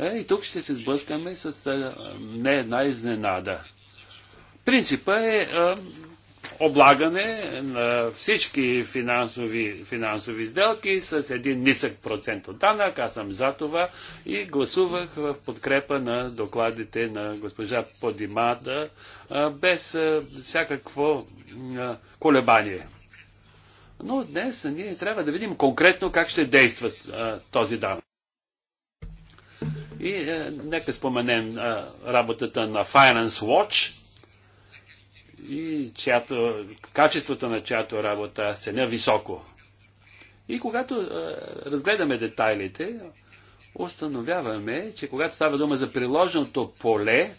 е, и тук ще се сблъскаме с не една изненада. Принципа е облагане на всички финансови, финансови сделки с един нисък процент от данък. Аз съм за това и гласувах в подкрепа на докладите на госпожа Подимада без всякакво колебание. Но днес ние трябва да видим конкретно как ще действа този данък. И е, нека споменем е, работата на Finance Watch, и чиято, качеството на чиято работа аз ценя високо. И когато е, разгледаме детайлите, установяваме, че когато става дума за приложеното поле, е,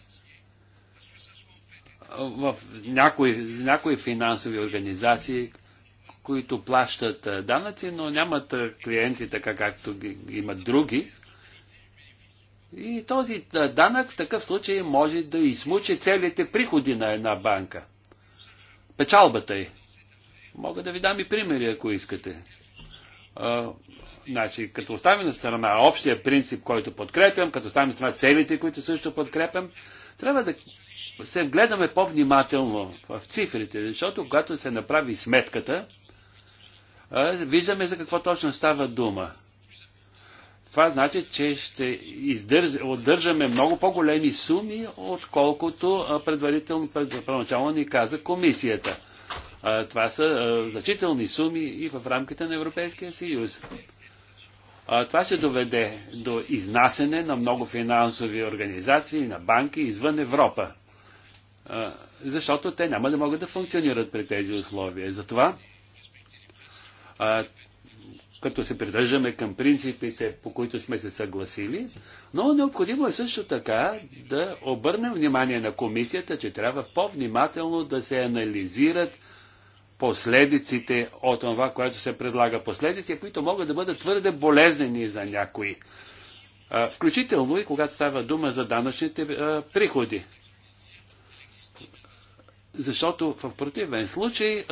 в някои, някои финансови организации, които плащат е, данъци, но нямат е, клиенти така както ги имат други, и този данък в такъв случай може да измучи целите приходи на една банка. Печалбата й. Мога да ви дам и примери, ако искате. А, значи, като оставим на страна общия принцип, който подкрепям, като оставим на страна целите, които също подкрепям, трябва да се гледаме по-внимателно в цифрите, защото когато се направи сметката, а, виждаме за какво точно става дума. Това значи, че ще издърж, отдържаме много по-големи суми, отколкото предварително, първоначално ни каза комисията. това са значителни суми и в рамките на Европейския съюз. това ще доведе до изнасене на много финансови организации, на банки извън Европа. Защото те няма да могат да функционират при тези условия. Затова като се придържаме към принципите, по които сме се съгласили, но необходимо е също така да обърнем внимание на комисията, че трябва по-внимателно да се анализират последиците от това, което се предлага. Последици, които могат да бъдат твърде болезнени за някои. Включително и когато става дума за данъчните приходи. Защото в противен случай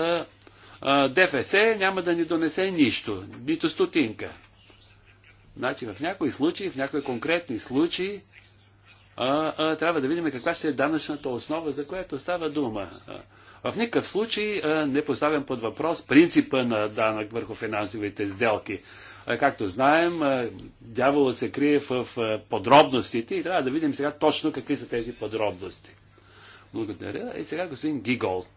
ДФС няма да ни донесе нищо, нито стотинка. Значи в някои случаи, в някои конкретни случаи, а, а, трябва да видим каква ще е данъчната основа, за която става дума. А, в никакъв случай а, не поставям под въпрос принципа на данък върху финансовите сделки. А, както знаем, а, дяволът се крие в, а, подробностите и трябва да видим сега точно какви са тези подробности. Благодаря. И сега господин Гиголд.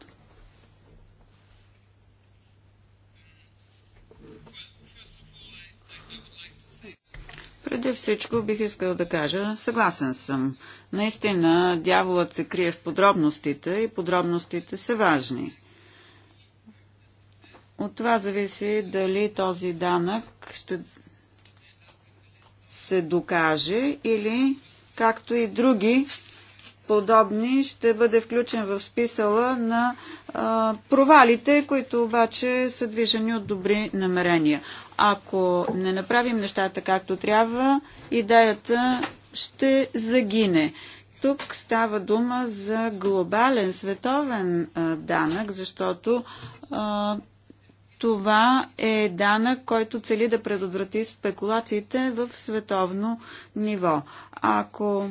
Преди всичко бих искал да кажа, съгласен съм. Наистина, дяволът се крие в подробностите и подробностите са важни. От това зависи дали този данък ще се докаже или, както и други подобни ще бъде включен в списъла на а, провалите, които обаче са движени от добри намерения. Ако не направим нещата както трябва, идеята ще загине. Тук става дума за глобален световен а, данък, защото а, това е данък, който цели да предотврати спекулациите в световно ниво. Ако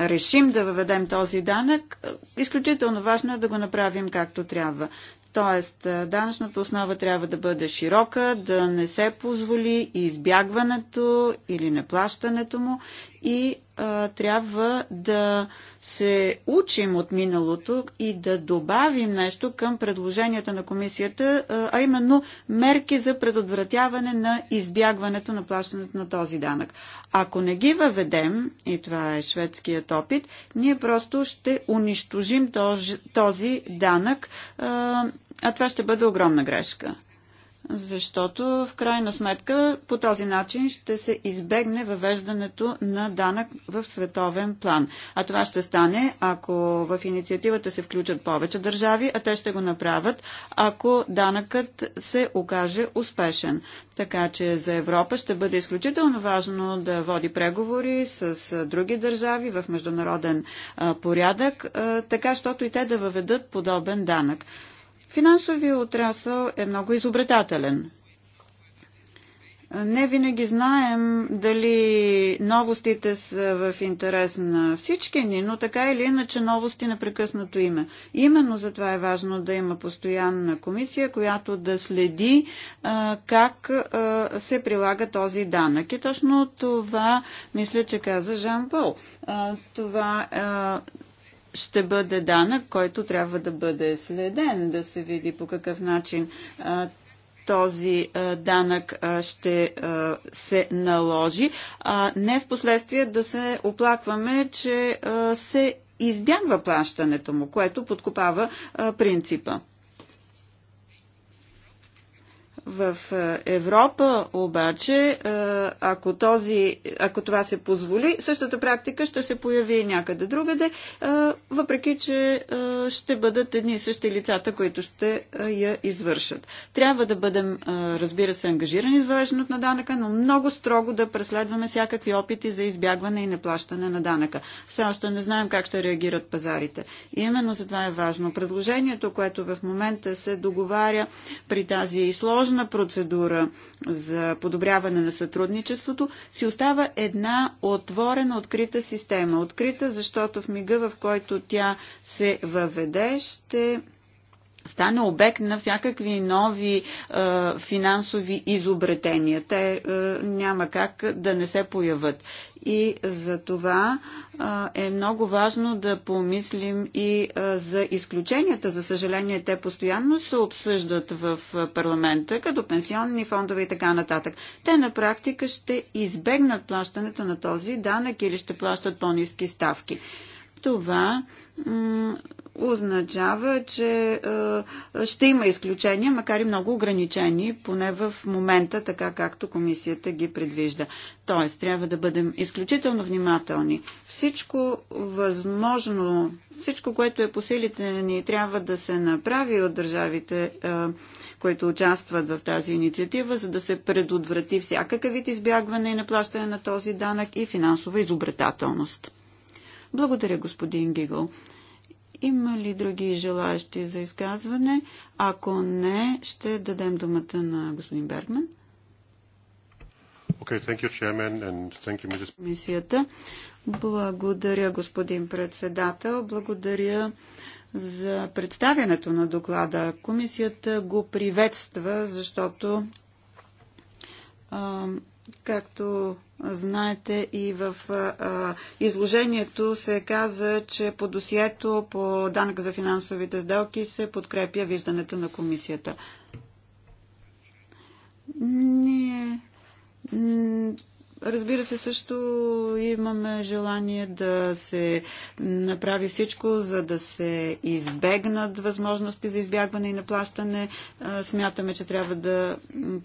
решим да въведем този данък, изключително важно е да го направим както трябва. Тоест, данъчната основа трябва да бъде широка, да не се позволи избягването или неплащането му и а, трябва да се учим от миналото и да добавим нещо към предложенията на комисията, а именно мерки за предотвратяване на избягването на плащането на този данък. Ако не ги въведем, и това е шведският опит, ние просто ще унищожим този, този данък, а, а това ще бъде огромна грешка защото в крайна сметка по този начин ще се избегне въвеждането на данък в световен план. А това ще стане, ако в инициативата се включат повече държави, а те ще го направят, ако данъкът се окаже успешен. Така че за Европа ще бъде изключително важно да води преговори с други държави в международен порядък, така, щото и те да въведат подобен данък. Финансовият отрасъл е много изобретателен. Не винаги знаем дали новостите са в интерес на всички ни, но така или иначе новости непрекъснато има. Именно за това е важно да има постоянна комисия, която да следи а, как а, се прилага този данък. И точно това, мисля, че каза Жан Пол. А, това а, ще бъде данък, който трябва да бъде следен, да се види по какъв начин този данък ще се наложи, а не в последствие да се оплакваме, че се избягва плащането му, което подкопава принципа. В е, Европа обаче, е, ако, този, ако това се позволи, същата практика ще се появи някъде другаде, е, въпреки че ще бъдат едни и същи лицата, които ще я извършат. Трябва да бъдем, разбира се, ангажирани с въвеждането на данъка, но много строго да преследваме всякакви опити за избягване и неплащане на данъка. Все още не знаем как ще реагират пазарите. И именно за това е важно. Предложението, което в момента се договаря при тази и сложна сложна процедура за подобряване на сътрудничеството, си остава една отворена, открита система. Открита, защото в мига, в който тя се въведе, ще стане обект на всякакви нови е, финансови изобретения. Те е, няма как да не се появят. И за това е, е много важно да помислим и е, за изключенията. За съжаление, те постоянно се обсъждат в е, парламента, като пенсионни фондове и така нататък. Те на практика ще избегнат плащането на този данък или ще плащат по-низки ставки. Това означава, че е, ще има изключения, макар и много ограничени, поне в момента, така както комисията ги предвижда. Тоест, трябва да бъдем изключително внимателни. Всичко възможно, всичко, което е по силите ни, трябва да се направи от държавите, е, които участват в тази инициатива, за да се предотврати всякакъв вид избягване и наплащане на този данък и финансова изобретателност. Благодаря, господин Гигъл. Има ли други желаящи за изказване? Ако не, ще дадем думата на господин Бергман. Okay, thank you, chairman, and thank you, Mrs. Комисията. Благодаря, господин председател. Благодаря за представянето на доклада. Комисията го приветства, защото, а, както Знаете и в а, изложението се каза, че по досието по данък за финансовите сделки се подкрепя виждането на комисията. Ние Разбира се, също имаме желание да се направи всичко, за да се избегнат възможности за избягване и наплащане. Смятаме, че трябва да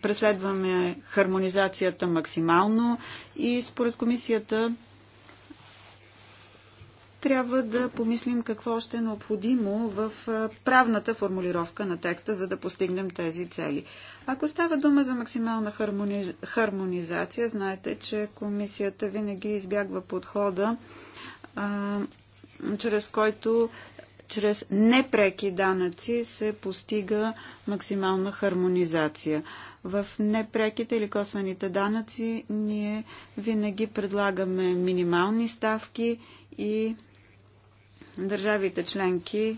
преследваме хармонизацията максимално и според комисията трябва да помислим какво още е необходимо в правната формулировка на текста, за да постигнем тези цели. Ако става дума за максимална хармони... хармонизация, знаете, че комисията винаги избягва подхода, а, чрез който чрез непреки данъци се постига максимална хармонизация. В непреките или косвените данъци ние винаги предлагаме минимални ставки и Държавите членки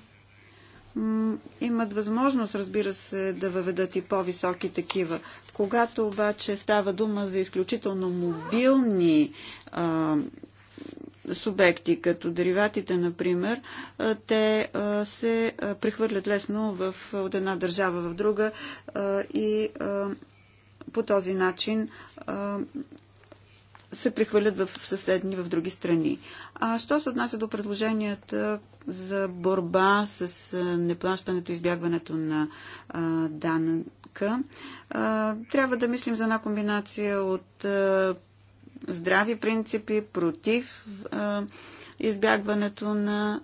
имат възможност, разбира се, да въведат и по-високи такива. Когато обаче става дума за изключително мобилни а, субекти, като дериватите, например, те се прехвърлят лесно в, от една държава в друга и по този начин се прехвърлят в съседни, в други страни. А що се отнася до предложенията за борба с неплащането и избягването на данъка, трябва да мислим за една комбинация от здрави принципи против а, избягването на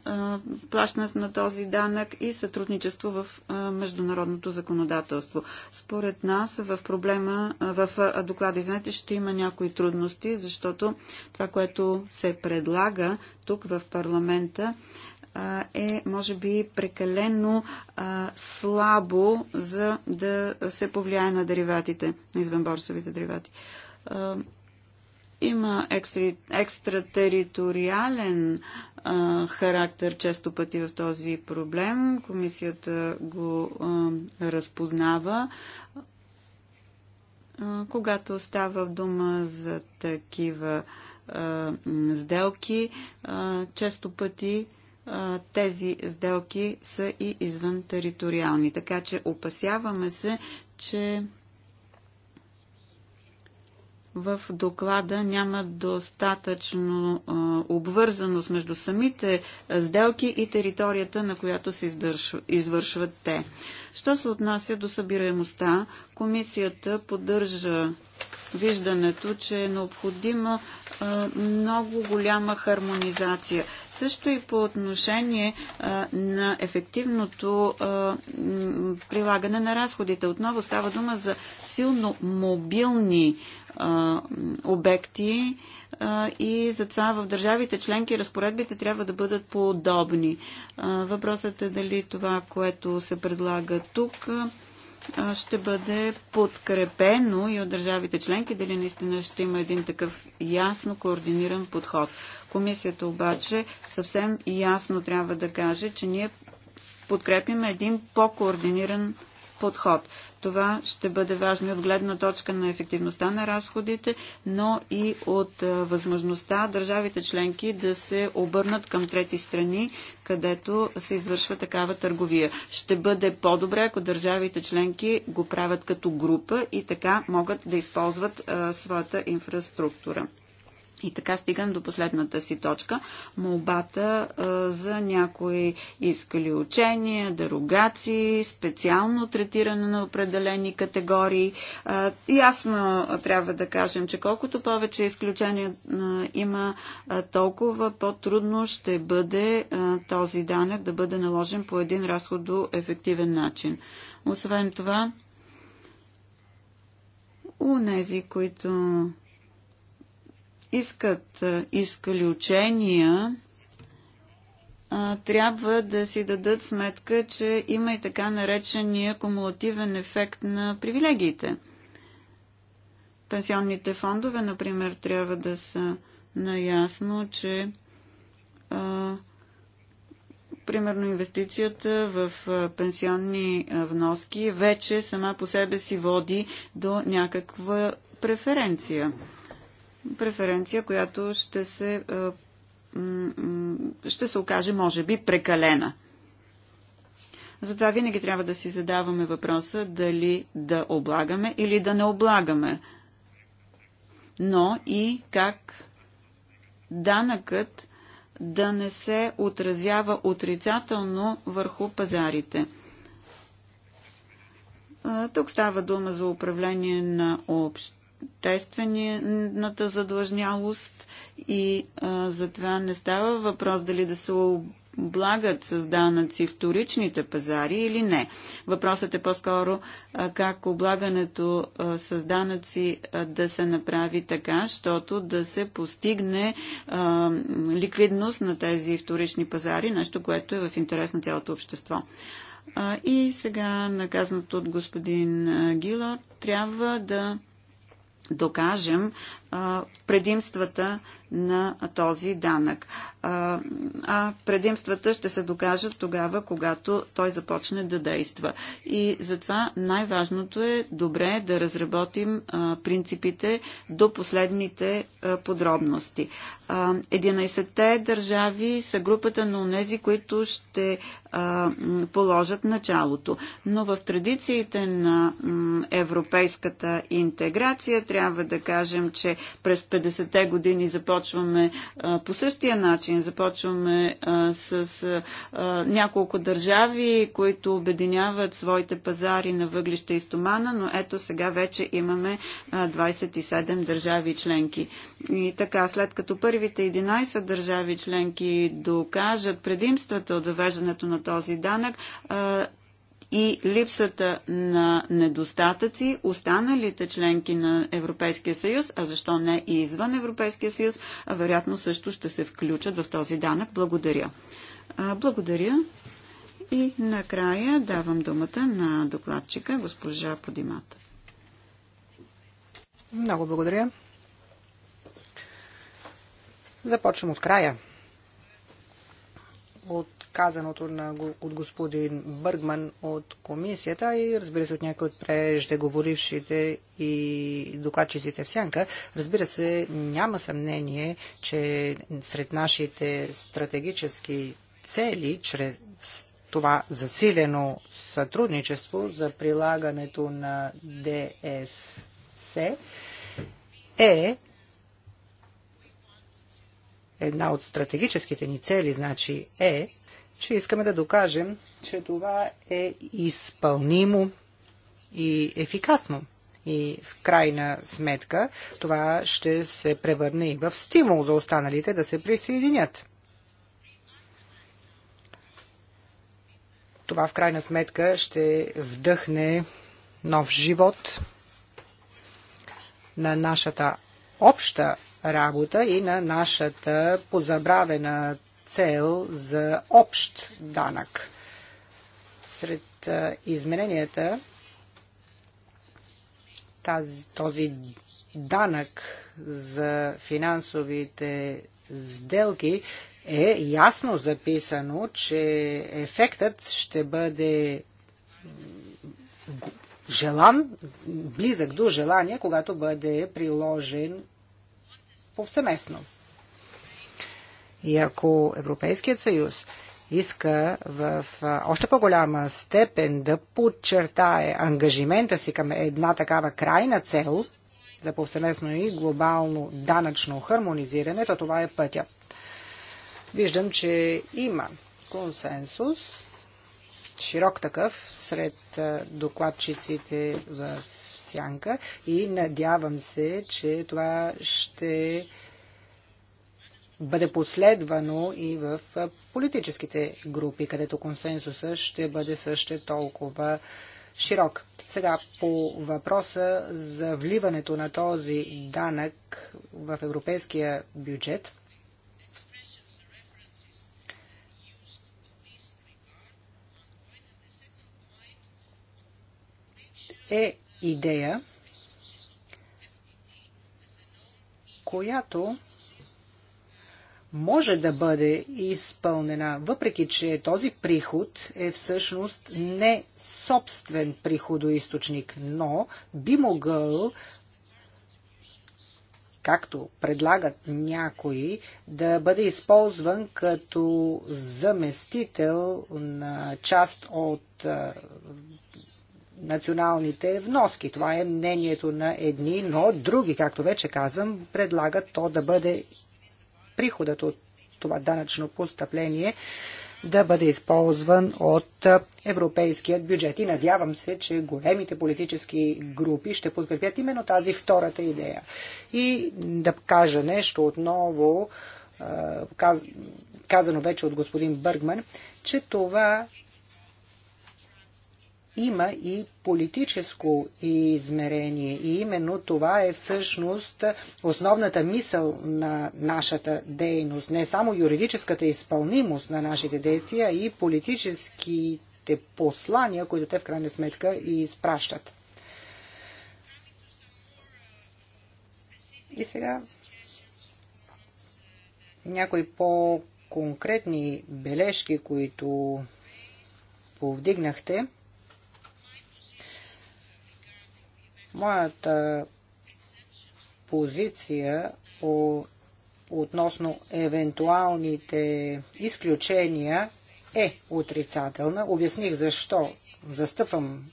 плащането на този данък и сътрудничество в международното законодателство. Според нас в проблема, в доклада, извинете, ще има някои трудности, защото това, което се предлага тук в парламента, е, може би, прекалено а, слабо за да се повлияе на дериватите, на извънборсовите деривати. А, има екстри, екстратериториален а, характер често пъти в този проблем. Комисията го а, разпознава. А, когато става дума за такива а, сделки, а, често пъти тези сделки са и извън териториални. Така че опасяваме се, че в доклада няма достатъчно обвързаност между самите сделки и територията, на която се извършват те. Що се отнася до събираемостта, комисията поддържа виждането, че е необходима много голяма хармонизация. Също и по отношение а, на ефективното а, прилагане на разходите. Отново става дума за силно мобилни обекти и затова в държавите членки разпоредбите трябва да бъдат подобни. въпросът е дали това, което се предлага тук, ще бъде подкрепено и от държавите членки, дали наистина ще има един такъв ясно координиран подход. Комисията обаче съвсем ясно трябва да каже, че ние подкрепим един по-координиран подход. Това ще бъде важно и от гледна точка на ефективността на разходите, но и от възможността държавите членки да се обърнат към трети страни, където се извършва такава търговия. Ще бъде по-добре, ако държавите членки го правят като група и така могат да използват своята инфраструктура. И така стигам до последната си точка. Молбата а, за някои искали учения, дерогации, специално третиране на определени категории. А, ясно трябва да кажем, че колкото повече изключения а, има, а, толкова по-трудно ще бъде а, този данък да бъде наложен по един разходоефективен начин. Освен това, у нези, които искат учения, трябва да си дадат сметка, че има и така наречения кумулативен ефект на привилегиите. Пенсионните фондове, например, трябва да са наясно, че а, примерно инвестицията в пенсионни вноски вече сама по себе си води до някаква преференция преференция, която ще се, е, ще се окаже, може би, прекалена. Затова винаги трябва да си задаваме въпроса дали да облагаме или да не облагаме. Но и как данъкът да не се отразява отрицателно върху пазарите. Е, тук става дума за управление на общ действената задлъжнялост и а, затова не става въпрос дали да се облагат с данъци вторичните пазари или не. Въпросът е по-скоро как облагането а, с данъци а, да се направи така, защото да се постигне а, ликвидност на тези вторични пазари, нещо, което е в интерес на цялото общество. И сега наказаното от господин Гилор трябва да докажем, предимствата на този данък. А предимствата ще се докажат тогава, когато той започне да действа. И затова най-важното е добре да разработим принципите до последните подробности. 11-те държави са групата на унези, които ще положат началото. Но в традициите на европейската интеграция трябва да кажем, че през 50-те години започваме а, по същия начин. Започваме а, с а, няколко държави, които обединяват своите пазари на въглища и стомана, но ето сега вече имаме 27 държави членки. И така, след като първите 11 държави членки докажат предимствата от въвеждането на този данък, и липсата на недостатъци, останалите членки на Европейския съюз, а защо не и извън Европейския съюз, вероятно също ще се включат в този данък. Благодаря. Благодаря. И накрая давам думата на докладчика госпожа Подимата. Много благодаря. Започвам от края. От казаното на, от господин Бъргман от комисията и разбира се от някои от преждеговорившите и докладчиците в сянка. Разбира се, няма съмнение, че сред нашите стратегически цели, чрез това засилено сътрудничество за прилагането на ДФС е една от стратегическите ни цели, значи е че искаме да докажем, че това е изпълнимо и ефикасно. И в крайна сметка това ще се превърне и в стимул за останалите да се присъединят. Това в крайна сметка ще вдъхне нов живот на нашата обща работа и на нашата позабравена цел за общ данък. Сред измененията тази, този данък за финансовите сделки е ясно записано, че ефектът ще бъде желан, близък до желания, когато бъде приложен повсеместно. И ако Европейският съюз иска в още по-голяма степен да подчертае ангажимента си към една такава крайна цел за повсеместно и глобално данъчно хармонизиране, то това е пътя. Виждам, че има консенсус, широк такъв, сред докладчиците за сянка и надявам се, че това ще бъде последвано и в политическите групи, където консенсуса ще бъде също толкова широк. Сега по въпроса за вливането на този данък в европейския бюджет. е идея, която може да бъде изпълнена, въпреки че този приход е всъщност не собствен приходоисточник, но би могъл както предлагат някои, да бъде използван като заместител на част от националните вноски. Това е мнението на едни, но други, както вече казвам, предлагат то да бъде приходът от това данъчно постъпление да бъде използван от европейският бюджет. И надявам се, че големите политически групи ще подкрепят именно тази втората идея. И да кажа нещо отново, казано вече от господин Бъргман, че това има и политическо измерение. И именно това е всъщност основната мисъл на нашата дейност. Не само юридическата изпълнимост на нашите действия, а и политическите послания, които те в крайна сметка и изпращат. И сега някои по-конкретни бележки, които повдигнахте. Моята позиция по, относно евентуалните изключения е отрицателна. Обясних защо застъпвам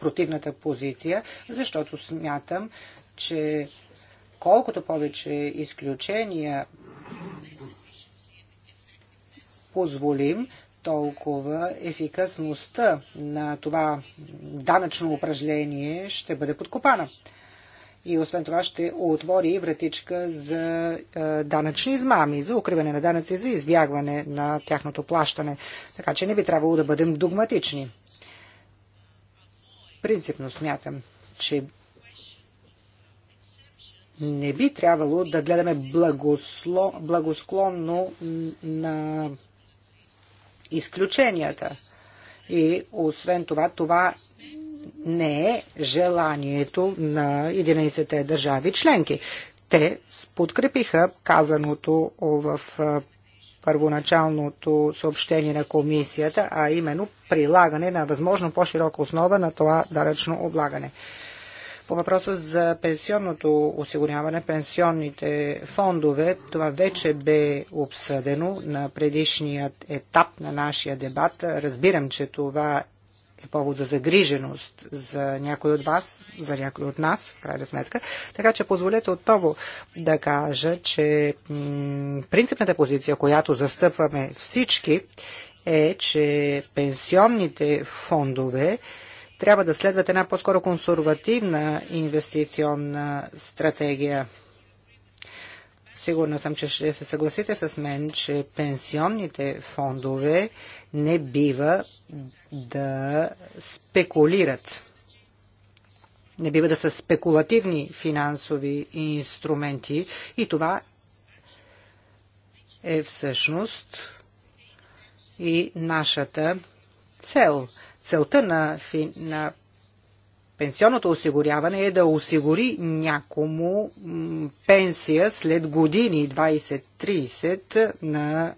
противната позиция, защото смятам, че колкото повече изключения позволим, толкова ефикасността на това данъчно упражнение ще бъде подкопана. И освен това ще отвори вратичка за е, данъчни измами, за укриване на данъци, за избягване на тяхното плащане. Така че не би трябвало да бъдем догматични. Принципно смятам, че не би трябвало да гледаме благосло, благосклонно на изключенията. И освен това, това не е желанието на 11-те държави членки. Те подкрепиха казаното в първоначалното съобщение на комисията, а именно прилагане на възможно по-широка основа на това даръчно облагане. По въпроса за пенсионното осигуряване, пенсионните фондове, това вече бе обсъдено на предишният етап на нашия дебат. Разбирам, че това е повод за загриженост за някой от вас, за някой от нас, в крайна сметка. Така че позволете отново да кажа, че принципната позиция, която застъпваме всички, е, че пенсионните фондове трябва да следват една по-скоро консервативна инвестиционна стратегия. Сигурна съм, че ще се съгласите с мен, че пенсионните фондове не бива да спекулират. Не бива да са спекулативни финансови инструменти и това е всъщност и нашата цел – целта на, на пенсионното осигуряване е да осигури някому пенсия след години 20-30 на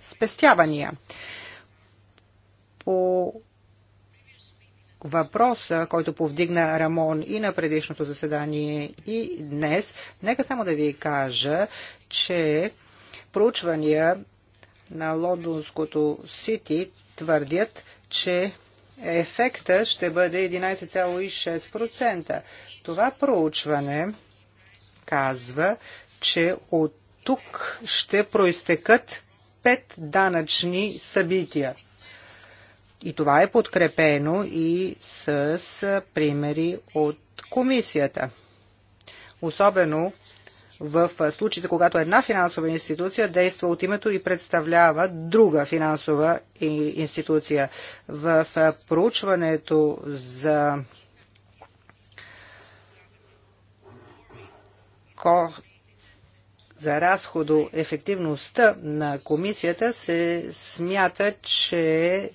спестявания. По въпроса, който повдигна Рамон и на предишното заседание и днес, нека само да ви кажа, че проучвания на лондонското Сити твърдят, че ефекта ще бъде 11,6%. Това проучване казва, че от тук ще проистекат пет данъчни събития. И това е подкрепено и с примери от комисията. Особено в случаите, когато една финансова институция действа от името и представлява друга финансова институция. В проучването за за ефективността на комисията се смята, че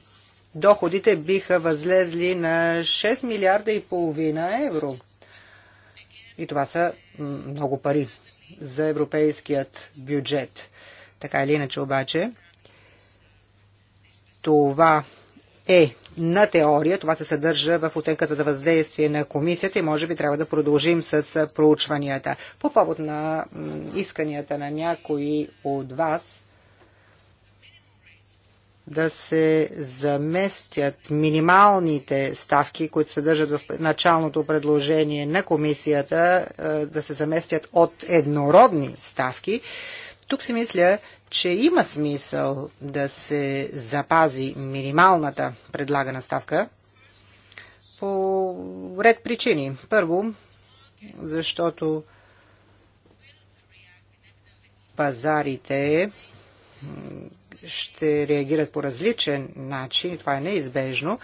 доходите биха възлезли на 6 милиарда и половина евро. И това са много пари за европейският бюджет. Така или иначе обаче, това е на теория, това се съдържа в оценката за въздействие на комисията и може би трябва да продължим с проучванията. По повод на исканията на някои от вас, да се заместят минималните ставки, които се държат в началното предложение на комисията, е, да се заместят от еднородни ставки. Тук си мисля, че има смисъл да се запази минималната предлагана ставка по ред причини. Първо, защото пазарите ще реагират по различен начин, това е неизбежно.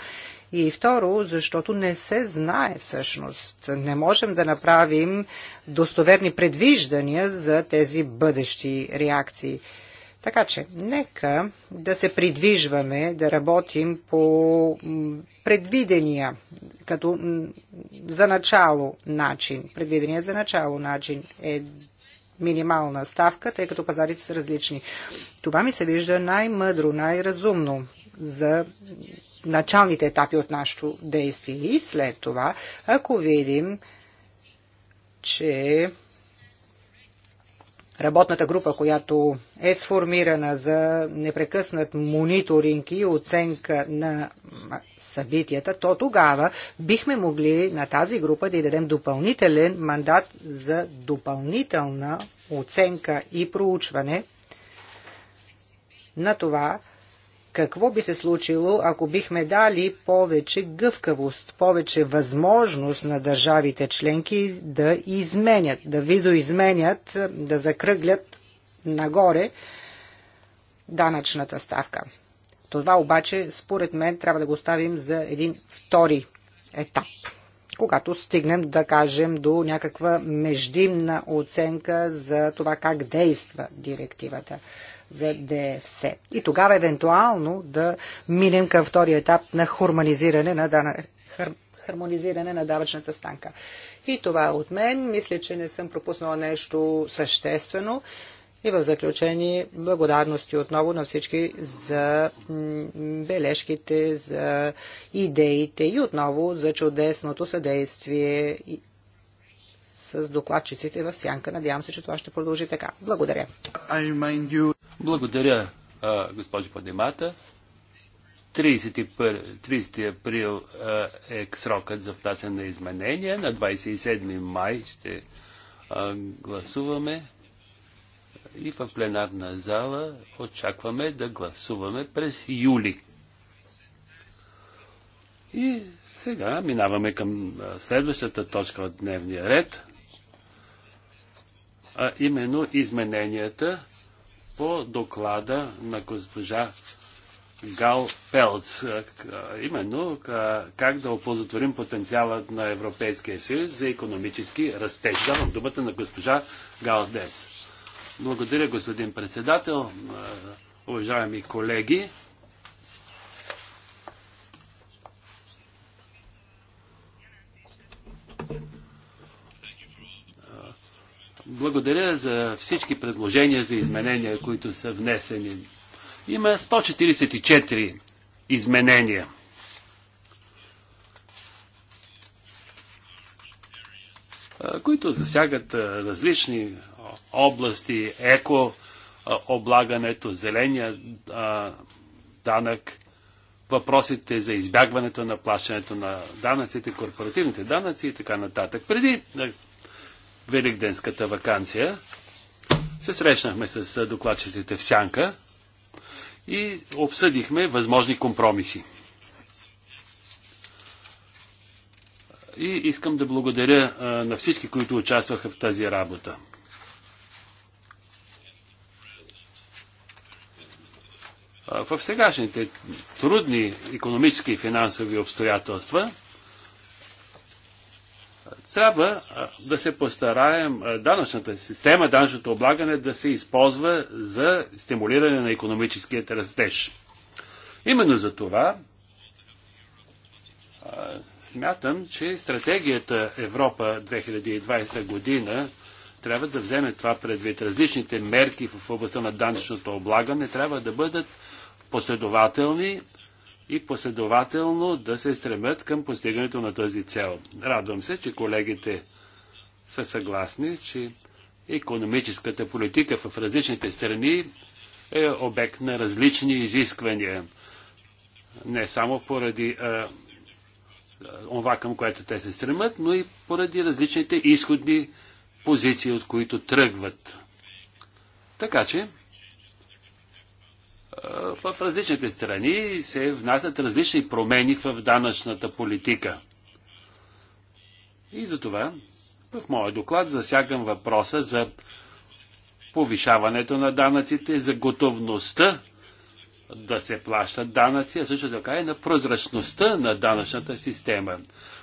И второ, защото не се знае всъщност. Не можем да направим достоверни предвиждания за тези бъдещи реакции. Така че, нека да се придвижваме, да работим по предвидения, като за начало начин. Предвидения за начало начин е минимална ставка, тъй като пазарите са различни. Това ми се вижда най-мъдро, най-разумно за началните етапи от нашето действие. И след това, ако видим, че работната група, която е сформирана за непрекъснат мониторинг и оценка на събитията, то тогава бихме могли на тази група да й дадем допълнителен мандат за допълнителна оценка и проучване на това, какво би се случило, ако бихме дали повече гъвкавост, повече възможност на държавите членки да изменят, да видоизменят, да закръглят нагоре данъчната ставка? Това обаче, според мен, трябва да го ставим за един втори етап когато стигнем, да кажем, до някаква междинна оценка за това как действа директивата за И тогава евентуално да минем към втория етап на хармонизиране на, дана... хар... хармонизиране на давачната станка. И това е от мен. Мисля, че не съм пропуснала нещо съществено. И в заключение, благодарности отново на всички за бележките, за идеите и отново за чудесното съдействие с докладчиците в сянка. Надявам се, че това ще продължи така. Благодаря. Благодаря, госпожо Падемата. 30 април е срокът за внасяне на изменения. На 27 май ще гласуваме и в пленарна зала очакваме да гласуваме през юли. И сега минаваме към следващата точка от дневния ред, а именно измененията по доклада на госпожа Гал Пелц, именно как да опозотворим потенциалът на Европейския съюз за економически растеж. Давам думата на госпожа Гал Дес. Благодаря, господин председател, уважаеми колеги. Благодаря за всички предложения за изменения, които са внесени. Има 144 изменения. които засягат различни области, еко, облагането, зеления данък, въпросите за избягването на плащането на данъците, корпоративните данъци и така нататък. Преди великденската вакансия, се срещнахме с докладчиците в Сянка и обсъдихме възможни компромиси. И искам да благодаря на всички, които участваха в тази работа. В сегашните трудни економически и финансови обстоятелства, трябва да се постараем данъчната система, данъчното облагане да се използва за стимулиране на економическият растеж. Именно за това смятам, че стратегията Европа 2020 година трябва да вземе това предвид. Различните мерки в областта на данъчното облагане трябва да бъдат последователни, и последователно да се стремят към постигането на тази цел. Радвам се, че колегите са съгласни, че економическата политика в различните страни е обект на различни изисквания. Не само поради това, към което те се стремят, но и поради различните изходни позиции, от които тръгват. Така че, в различните страни се внасят различни промени в данъчната политика. И затова в моя доклад засягам въпроса за повишаването на данъците, за готовността да се плащат данъци, а също така и на прозрачността на данъчната система.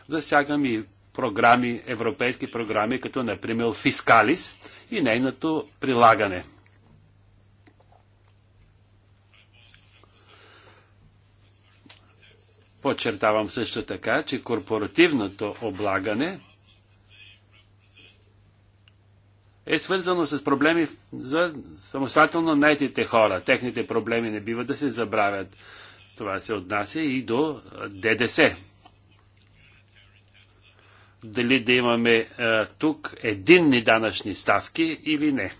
Засягам и програми, европейски програми, като например Фискалис и нейното прилагане. Подчертавам също така, че корпоративното облагане е свързано с проблеми за самостоятелно найтите хора. Техните проблеми не бива да се забравят. Това се отнася и до ДДС. Дали да имаме а, тук единни данъчни ставки или не.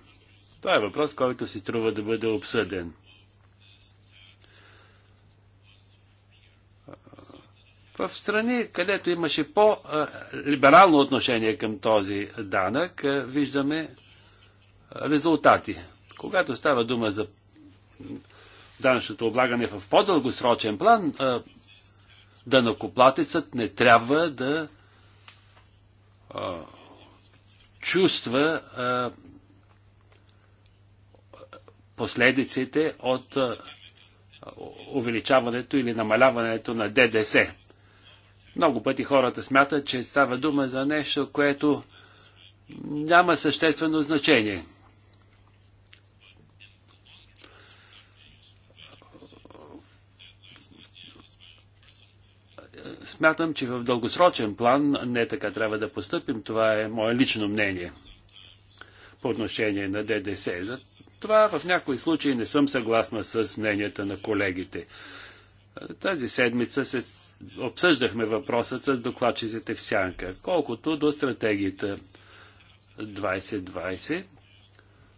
Това е въпрос, който си струва да бъде обсъден. В страни, където имаше по-либерално отношение към този данък, виждаме резултати. Когато става дума за данъчното облагане в по-дългосрочен план, данъкоплатецът не трябва да чувства последиците от увеличаването или намаляването на ДДС. Много пъти хората смятат, че става дума за нещо, което няма съществено значение. Смятам, че в дългосрочен план не така трябва да поступим. Това е мое лично мнение по отношение на ДДС. За това в някои случаи не съм съгласна с мненията на колегите. Тази седмица се обсъждахме въпросът с докладчиците в сянка. Колкото до стратегията 2020,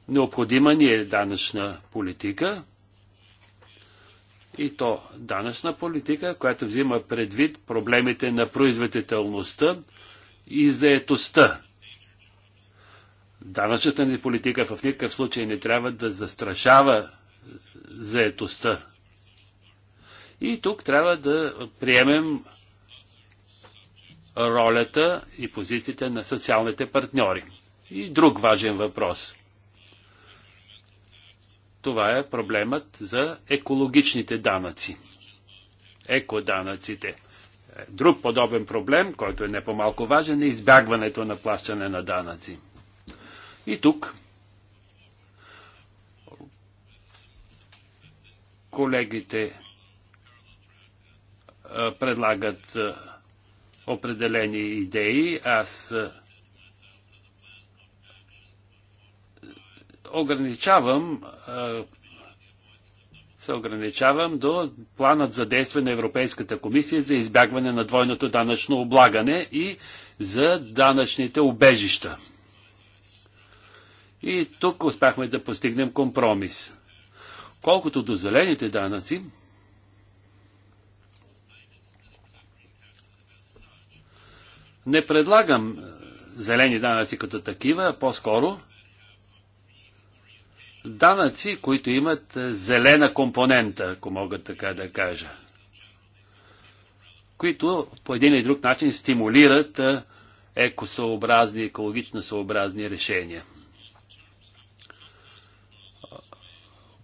необходима ни е данъчна политика и то данъчна политика, която взима предвид проблемите на производителността и заетостта. Данъчната ни политика в никакъв случай не трябва да застрашава заетостта и тук трябва да приемем ролята и позициите на социалните партньори. И друг важен въпрос. Това е проблемът за екологичните данъци. Екоданъците. Друг подобен проблем, който е не по-малко важен, е избягването на плащане на данъци. И тук колегите предлагат определени идеи. Аз ограничавам се ограничавам до планът за действие на Европейската комисия за избягване на двойното данъчно облагане и за данъчните обежища. И тук успяхме да постигнем компромис. Колкото до зелените данъци, Не предлагам е, зелени данъци като такива, а по-скоро данъци, които имат е, зелена компонента, ако мога така да кажа, които по един или друг начин стимулират е, екосъобразни, екологично съобразни решения.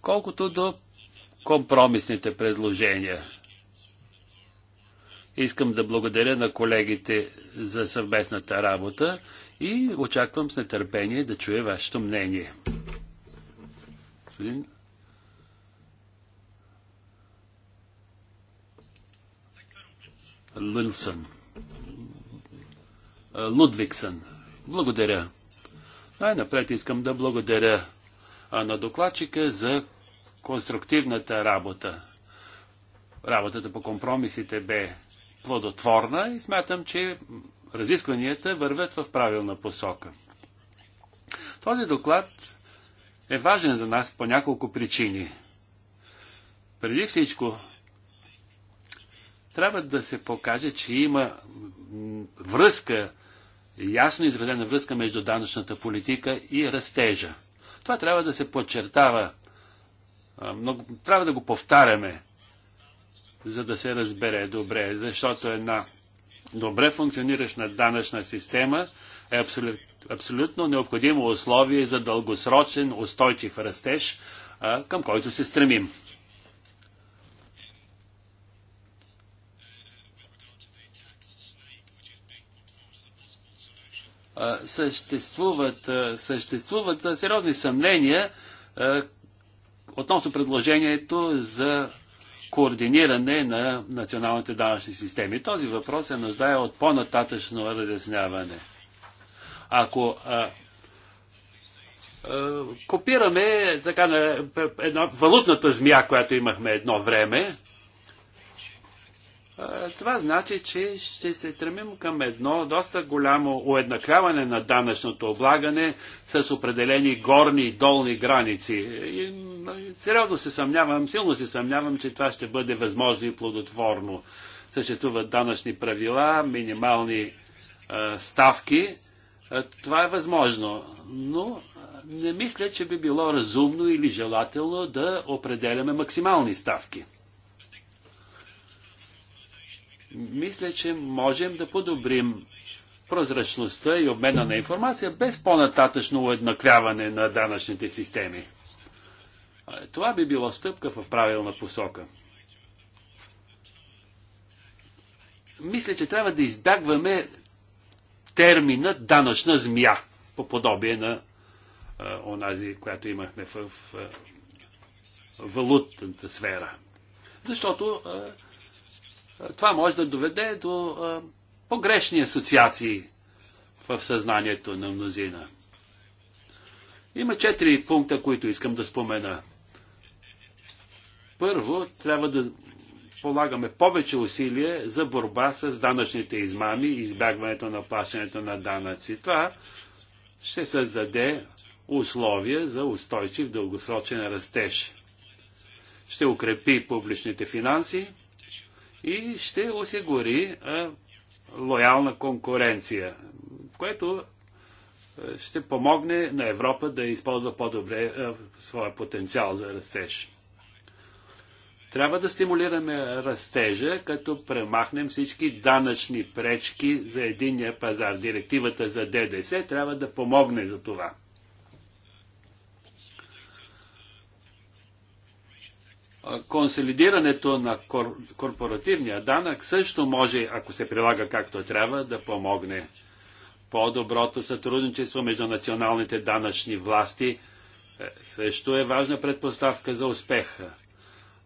Колкото до компромисните предложения – Искам да благодаря на колегите за съвместната работа и очаквам с нетърпение да чуя вашето мнение. Господин Лунсън. Лудвиксън. Благодаря. Най-напред искам да благодаря на докладчика за конструктивната работа. Работата по компромисите бе плодотворна и смятам, че разискванията вървят в правилна посока. Този доклад е важен за нас по няколко причини. Преди всичко, трябва да се покаже, че има връзка, ясно изразена връзка между данъчната политика и растежа. Това трябва да се подчертава. Много, трябва да го повтаряме за да се разбере добре, защото една добре функционираща данъчна система е абсолют, абсолютно необходимо условие за дългосрочен, устойчив растеж, а, към който се стремим. съществуват, съществуват сериозни съмнения относно предложението за координиране на националните данъчни системи. Този въпрос се нуждае от по-нататъчно разясняване. Ако а, а, копираме така, на, една валутната змия, която имахме едно време, е, това значи, че ще се стремим към едно доста голямо уеднаквяване на данъчното облагане с определени горни и долни граници. И, сериозно се съмнявам, силно се съмнявам, че това ще бъде възможно и плодотворно. Съществуват данъчни правила, минимални а, е, ставки. А, е, това е възможно, но не мисля, че би било разумно или желателно да определяме максимални ставки мисля, че можем да подобрим прозрачността и обмена на информация без по-нататъчно уеднаквяване на данъчните системи. Това би било стъпка в правилна посока. Мисля, че трябва да избягваме термина данъчна змия по подобие на а, онази, която имахме в, в, в валутната сфера. Защото а, това може да доведе до погрешни асоциации в съзнанието на мнозина. Има четири пункта, които искам да спомена. Първо, трябва да полагаме повече усилие за борба с данъчните измами и избягването на плащането на данъци. Това ще създаде условия за устойчив дългосрочен растеж. Ще укрепи публичните финанси и ще осигури а, лоялна конкуренция, което ще помогне на Европа да използва по-добре своя потенциал за растеж. Трябва да стимулираме растежа, като премахнем всички данъчни пречки за единния пазар. Директивата за ДДС трябва да помогне за това. Консолидирането на кор, корпоративния данък също може, ако се прилага както трябва, да помогне. По-доброто сътрудничество между националните данъчни власти е, също е важна предпоставка за успеха.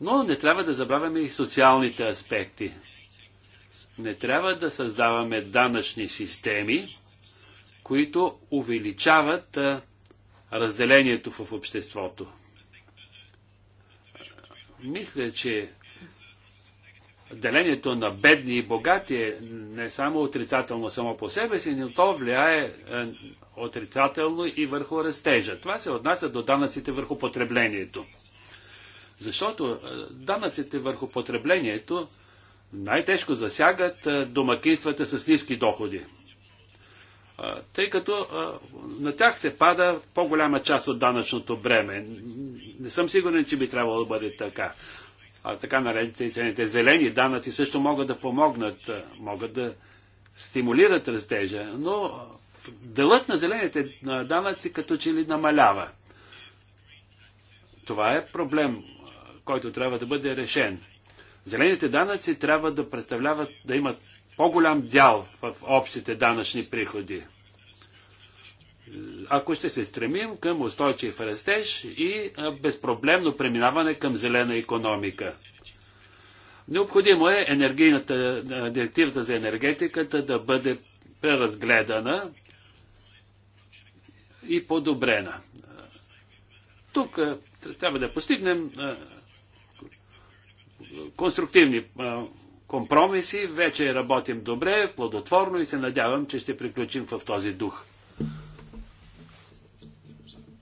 Но не трябва да забравяме и социалните аспекти. Не трябва да създаваме данъчни системи, които увеличават разделението в обществото. Мисля, че делението на бедни и богати е не само отрицателно само по себе си, но то влияе е, отрицателно и върху растежа. Това се отнася до данъците върху потреблението. Защото е, данъците върху потреблението най-тежко засягат е, домакинствата с ниски доходи тъй като на тях се пада по-голяма част от данъчното бреме. Не съм сигурен, че би трябвало да бъде така. А така наречените зелени данъци също могат да помогнат, могат да стимулират растежа, но делът на зелените данъци като че ли намалява. Това е проблем, който трябва да бъде решен. Зелените данъци трябва да представляват, да имат по-голям дял в общите данъчни приходи. Ако ще се стремим към устойчив растеж и безпроблемно преминаване към зелена економика. Необходимо е енергийната, директивата за енергетиката да бъде преразгледана и подобрена. Тук трябва да постигнем конструктивни компромиси. Вече работим добре, плодотворно и се надявам, че ще приключим в този дух.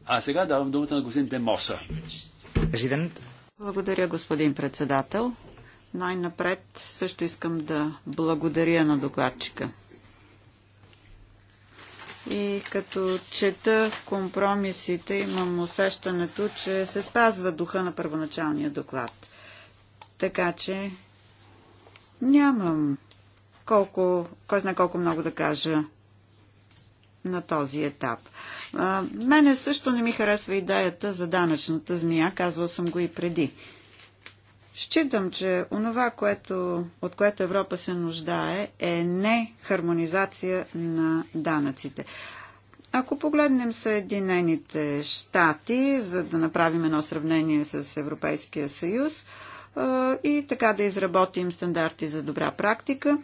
А сега давам думата на господин Демоса. Президент. Благодаря, господин председател. Най-напред също искам да благодаря на докладчика. И като чета компромисите, имам усещането, че се спазва духа на първоначалния доклад. Така че Нямам колко, кой знае колко много да кажа на този етап. А, мене също не ми харесва идеята за данъчната змия, казвал съм го и преди. Считам, че онова, което, от което Европа се нуждае, е не хармонизация на данъците. Ако погледнем Съединените щати, за да направим едно сравнение с Европейския съюз, и така да изработим стандарти за добра практика.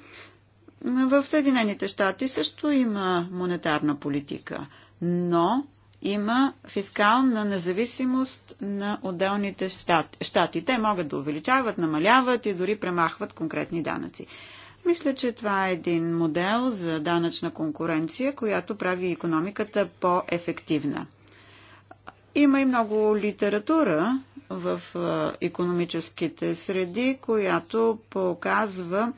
В Съединените щати също има монетарна политика, но има фискална независимост на отделните щати. щати. Те могат да увеличават, намаляват и дори премахват конкретни данъци. Мисля, че това е един модел за данъчна конкуренция, която прави економиката по-ефективна. Има и много литература в економическите среди, която показва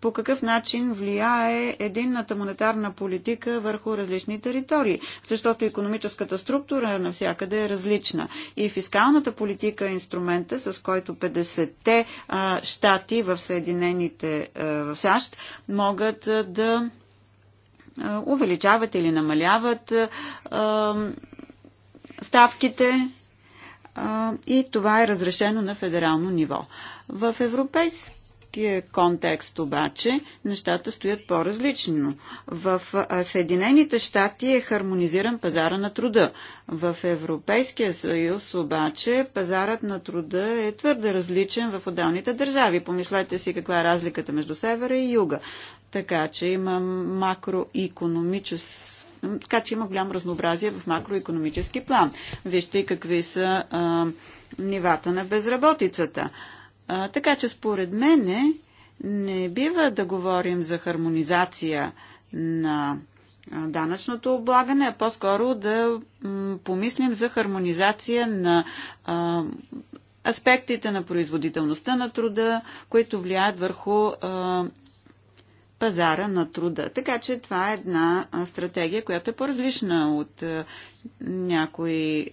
по какъв начин влияе единната монетарна политика върху различни територии, защото економическата структура навсякъде е различна. И фискалната политика е инструмента, с който 50-те щати в Съединените в САЩ могат да увеличават или намаляват ставките и това е разрешено на федерално ниво. В европейския контекст обаче нещата стоят по-различно. В Съединените щати е хармонизиран пазара на труда. В Европейския съюз обаче пазарът на труда е твърде различен в отделните държави. Помислете си каква е разликата между севера и юга. Така че има макроекономическо така че има голямо разнообразие в макроекономически план. Вижте какви са а, нивата на безработицата. А, така че според мене не бива да говорим за хармонизация на данъчното облагане, а по-скоро да помислим за хармонизация на а, аспектите на производителността на труда, които влияят върху а, пазара на труда. Така че това е една стратегия, която е по-различна от някои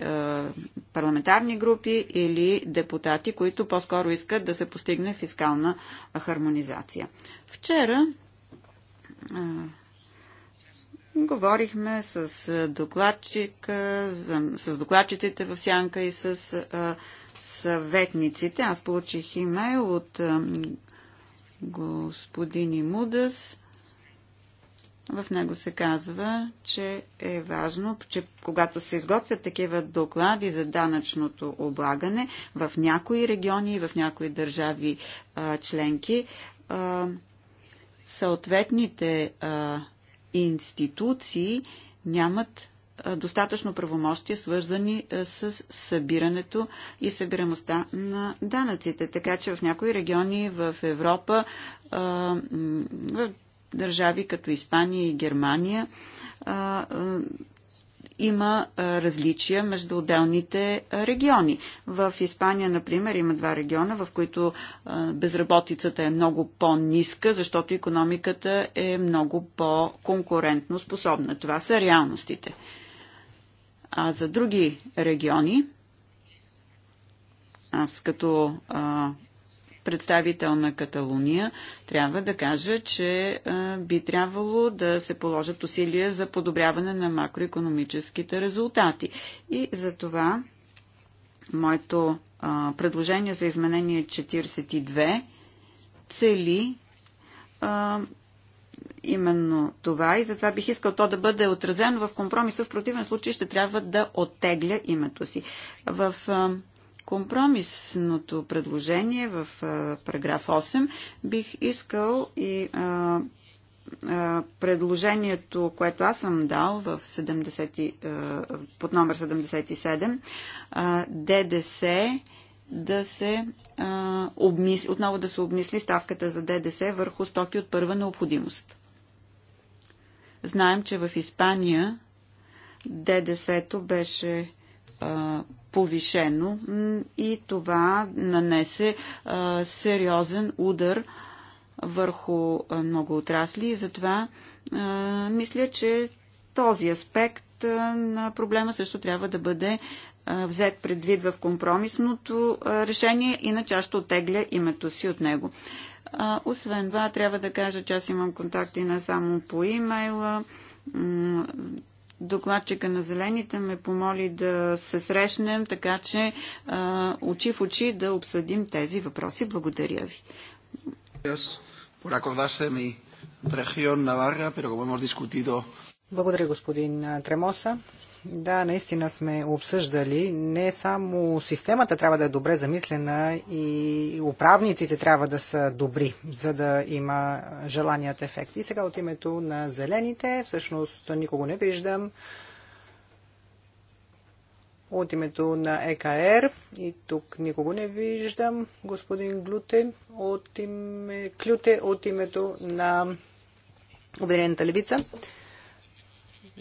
парламентарни групи или депутати, които по-скоро искат да се постигне фискална хармонизация. Вчера Говорихме с докладчика, с докладчиците в Сянка и с съветниците. Аз получих имейл от господин Имудас. В него се казва, че е важно, че когато се изготвят такива доклади за данъчното облагане, в някои региони и в някои държави а, членки, а, съответните а, институции нямат достатъчно правомощия, свързани с събирането и събираността на данъците. Така че в някои региони в Европа, в държави като Испания и Германия, има различия между отделните региони. В Испания, например, има два региона, в които безработицата е много по-ниска, защото економиката е много по-конкурентно способна. Това са реалностите. А за други региони, аз като а, представител на Каталуния, трябва да кажа, че а, би трябвало да се положат усилия за подобряване на макроекономическите резултати. И за това моето а, предложение за изменение 42 цели именно това и затова бих искал то да бъде отразено в компромиса. В противен случай ще трябва да оттегля името си. В компромисното предложение в параграф 8 бих искал и предложението, което аз съм дал в 70, под номер 77, ДДС да се а, обмис... отново да се обмисли ставката за ДДС върху стоки от първа необходимост. Знаем, че в Испания ДДС-то беше а, повишено и това нанесе а, сериозен удар върху а, много отрасли и затова а, мисля, че този аспект на проблема също трябва да бъде взет предвид в компромисното решение, иначе аз ще отегля името си от него. Освен това, трябва да кажа, че аз имам контакти не само по имейла. Докладчика на Зелените ме помоли да се срещнем, така че очи в очи да обсъдим тези въпроси. Благодаря ви. Благодаря, господин Тремоса. Да, наистина сме обсъждали. Не само системата трябва да е добре замислена и управниците трябва да са добри, за да има желаният ефект. И сега от името на зелените, всъщност никого не виждам. От името на ЕКР, и тук никого не виждам, господин Глюте, от име, Клюте от името на Обединената левица.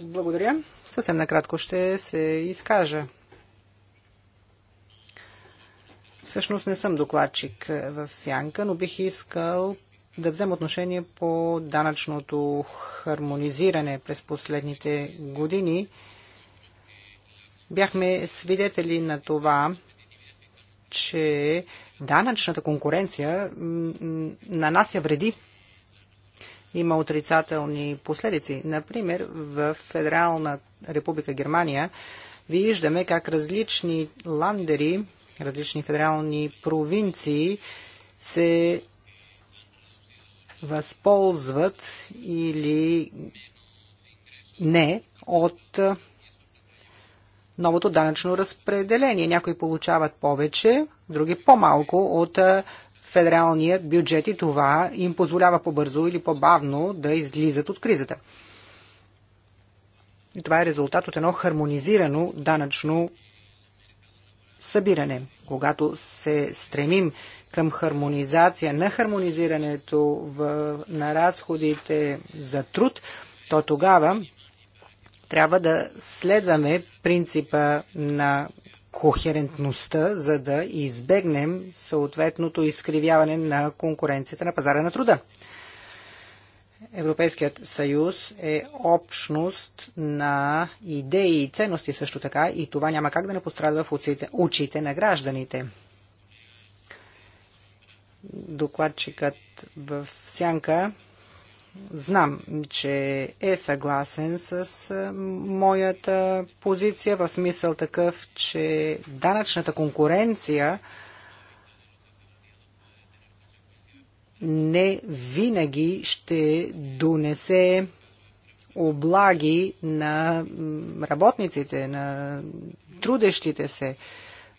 Благодаря. Съвсем накратко ще се изкажа. Всъщност не съм докладчик в Сянка, но бих искал да взема отношение по данъчното хармонизиране през последните години. Бяхме свидетели на това, че данъчната конкуренция нанася вреди има отрицателни последици. Например, в Федерална република Германия виждаме как различни ландери, различни федерални провинции се възползват или не от новото данъчно разпределение. Някои получават повече, други по-малко от федералният бюджет и това им позволява по-бързо или по-бавно да излизат от кризата. И това е резултат от едно хармонизирано данъчно събиране. Когато се стремим към хармонизация на хармонизирането в, на разходите за труд, то тогава трябва да следваме принципа на кохерентността, за да избегнем съответното изкривяване на конкуренцията на пазара на труда. Европейският съюз е общност на идеи и ценности също така и това няма как да не пострадва в очите, очите на гражданите. Докладчикът в сянка знам, че е съгласен с моята позиция в смисъл такъв, че данъчната конкуренция не винаги ще донесе облаги на работниците, на трудещите се.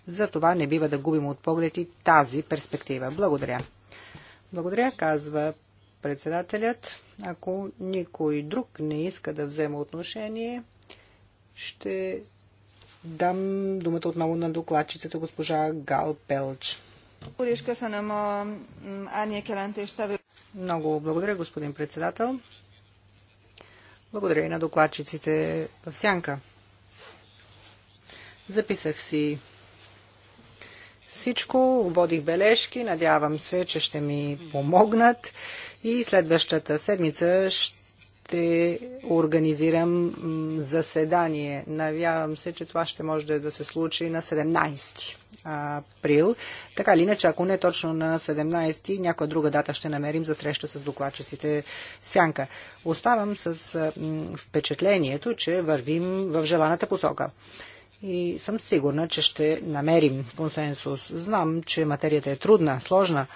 Затова не бива да губим от поглед и тази перспектива. Благодаря. Благодаря, казва Председателят, ако никой друг не иска да взема отношение, ще дам думата отново на докладчицата госпожа Гал Пелч. Много благодаря, господин председател. Благодаря и на докладчиците в Сянка. Записах си всичко, водих бележки, надявам се, че ще ми помогнат и следващата седмица ще организирам заседание. Навявам се, че това ще може да се случи на 17 април. Така или иначе, ако не точно на 17, някоя друга дата ще намерим за среща с докладчиците Сянка. Оставам с впечатлението, че вървим в желаната посока и съм сигурна, че ще намерим консенсус. Знам, че материята е трудна, сложна,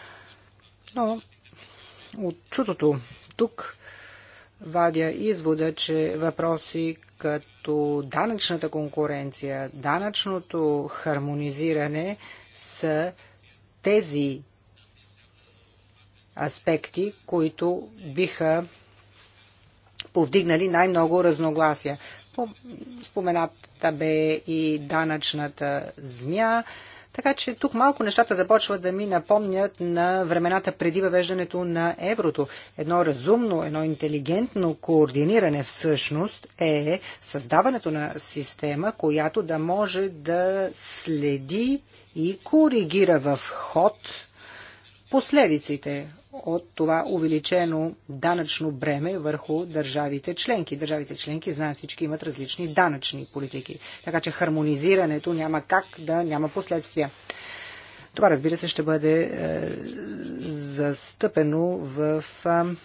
но от чутото тук вадя извода, че въпроси като данъчната конкуренция, данъчното хармонизиране са тези аспекти, които биха повдигнали най-много разногласия. Спомената бе и данъчната змия. Така че тук малко нещата започват да, да ми напомнят на времената преди въвеждането на еврото. Едно разумно, едно интелигентно координиране всъщност е създаването на система, която да може да следи и коригира в ход последиците от това увеличено данъчно бреме върху държавите членки. Държавите членки, знаем всички, имат различни данъчни политики. Така че хармонизирането няма как да няма последствия. Това, разбира се, ще бъде е, застъпено в е,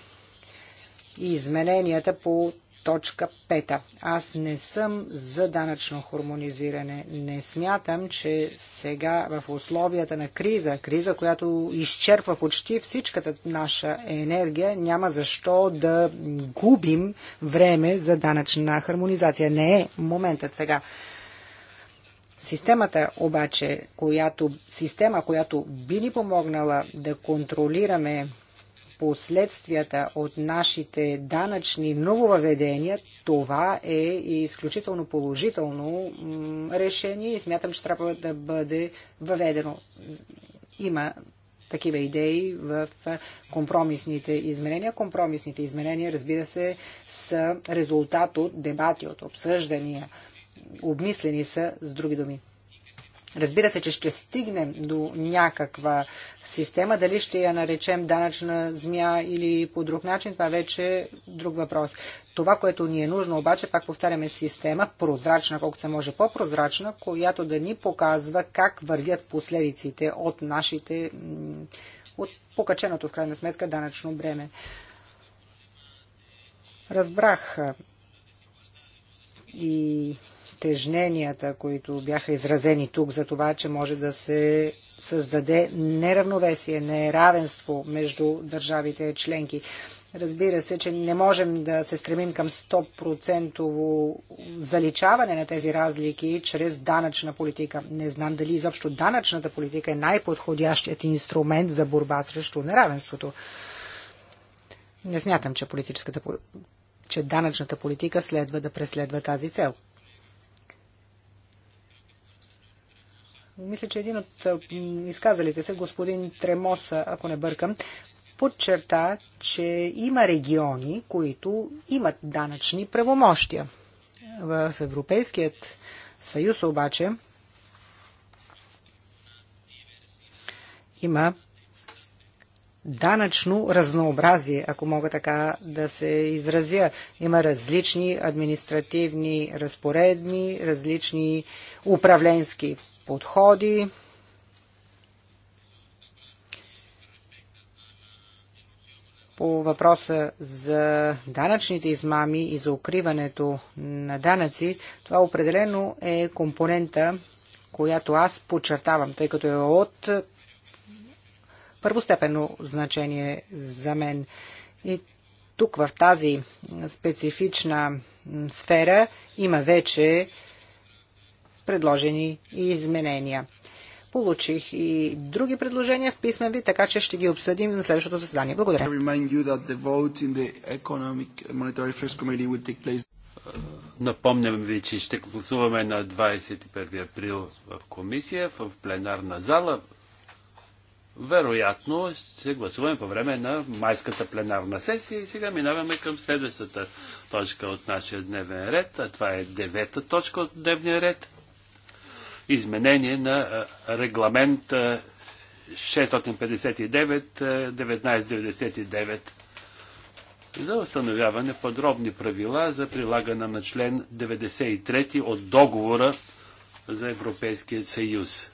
измененията по точка 5. Аз не съм за данъчно хармонизиране. Не смятам, че сега в условията на криза, криза, която изчерпва почти всичката наша енергия, няма защо да губим време за данъчна хармонизация. Не е моментът сега. Системата обаче, която, система, която би ни помогнала да контролираме последствията от нашите данъчни нововъведения, това е изключително положително решение и смятам, че трябва да бъде въведено. Има такива идеи в компромисните изменения. Компромисните изменения, разбира се, са резултат от дебати, от обсъждания. Обмислени са, с други думи. Разбира се, че ще стигнем до някаква система. Дали ще я наречем данъчна змия или по друг начин, това вече е друг въпрос. Това, което ни е нужно обаче, пак повтаряме е система, прозрачна, колкото се може по-прозрачна, която да ни показва как вървят последиците от нашите, от покаченото в крайна сметка данъчно бреме. Разбрах и тежненията, които бяха изразени тук за това, че може да се създаде неравновесие, неравенство между държавите членки. Разбира се, че не можем да се стремим към 100% заличаване на тези разлики чрез данъчна политика. Не знам дали изобщо данъчната политика е най-подходящият инструмент за борба срещу неравенството. Не смятам, че, политическата, че данъчната политика следва да преследва тази цел. мисля, че един от изказалите се, господин Тремоса, ако не бъркам, подчерта, че има региони, които имат данъчни правомощия. В Европейският съюз обаче има данъчно разнообразие, ако мога така да се изразя. Има различни административни разпоредни, различни управленски подходи. По въпроса за данъчните измами и за укриването на данъци, това определено е компонента, която аз подчертавам, тъй като е от първостепенно значение за мен. И тук в тази специфична сфера има вече предложени изменения. Получих и други предложения в писмен вид, така че ще ги обсъдим на следващото заседание. Благодаря. Напомням ви, че ще гласуваме на 21 април в комисия, в пленарна зала. Вероятно ще гласуваме по време на майската пленарна сесия и сега минаваме към следващата точка от нашия дневен ред, а това е девета точка от дневния ред – изменение на регламент 659-1999 за установяване подробни правила за прилагане на член 93 от договора за Европейския съюз.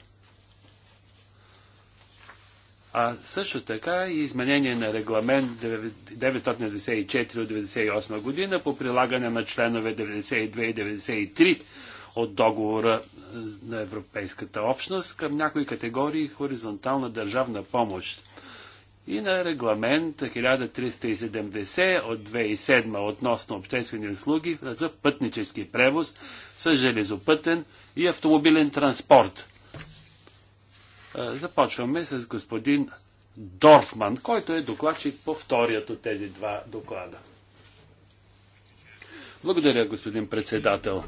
А също така и изменение на регламент 994 от 1998 година по прилагане на членове 92 и 93 от договора на Европейската общност към някои категории хоризонтална държавна помощ и на регламент 1370 от 2007 относно обществени услуги за пътнически превоз с железопътен и автомобилен транспорт. Започваме с господин Дорфман, който е докладчик по вторият от тези два доклада. Благодаря, господин председател.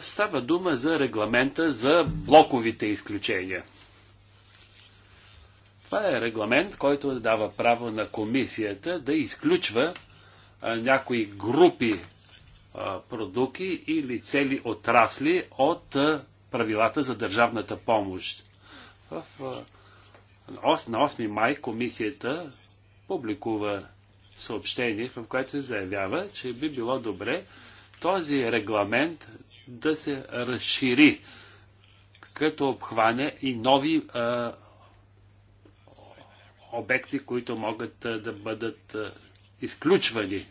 Става дума за регламента за блоковите изключения. Това е регламент, който дава право на комисията да изключва някои групи продукти или цели отрасли от правилата за държавната помощ. В, на 8 май комисията публикува съобщение, в което се заявява, че би било добре този регламент да се разшири, като обхване и нови а, обекти, които могат а, да бъдат а, изключвани,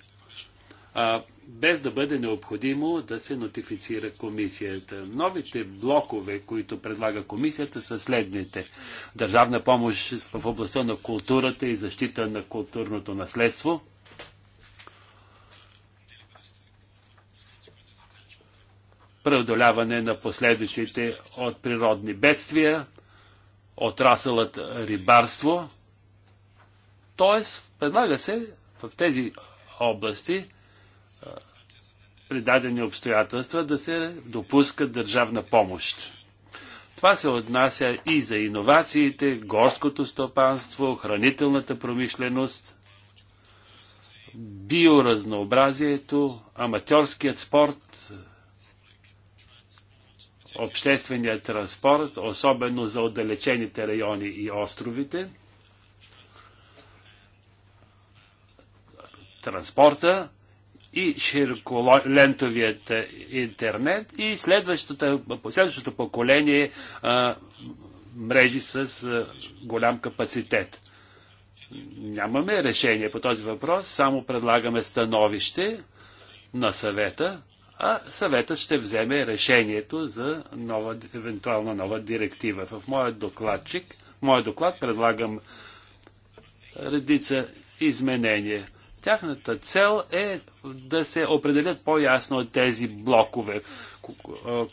а, без да бъде необходимо да се нотифицира комисията. Новите блокове, които предлага комисията, са следните. Държавна помощ в областта на културата и защита на културното наследство – преодоляване на последиците от природни бедствия, отрасълът рибарство. Тоест, предлага се в тези области придадени обстоятелства да се допуска държавна помощ. Това се отнася и за иновациите, горското стопанство, хранителната промишленост, биоразнообразието, аматьорският спорт, обществения транспорт, особено за отдалечените райони и островите. Транспорта и широколентовият интернет и следващото, следващото поколение а, мрежи с а, голям капацитет. Нямаме решение по този въпрос, само предлагаме становище на съвета, а съветът ще вземе решението за нова, евентуална нова директива. В моя докладчик, моя доклад предлагам редица изменения. Тяхната цел е да се определят по-ясно тези блокове.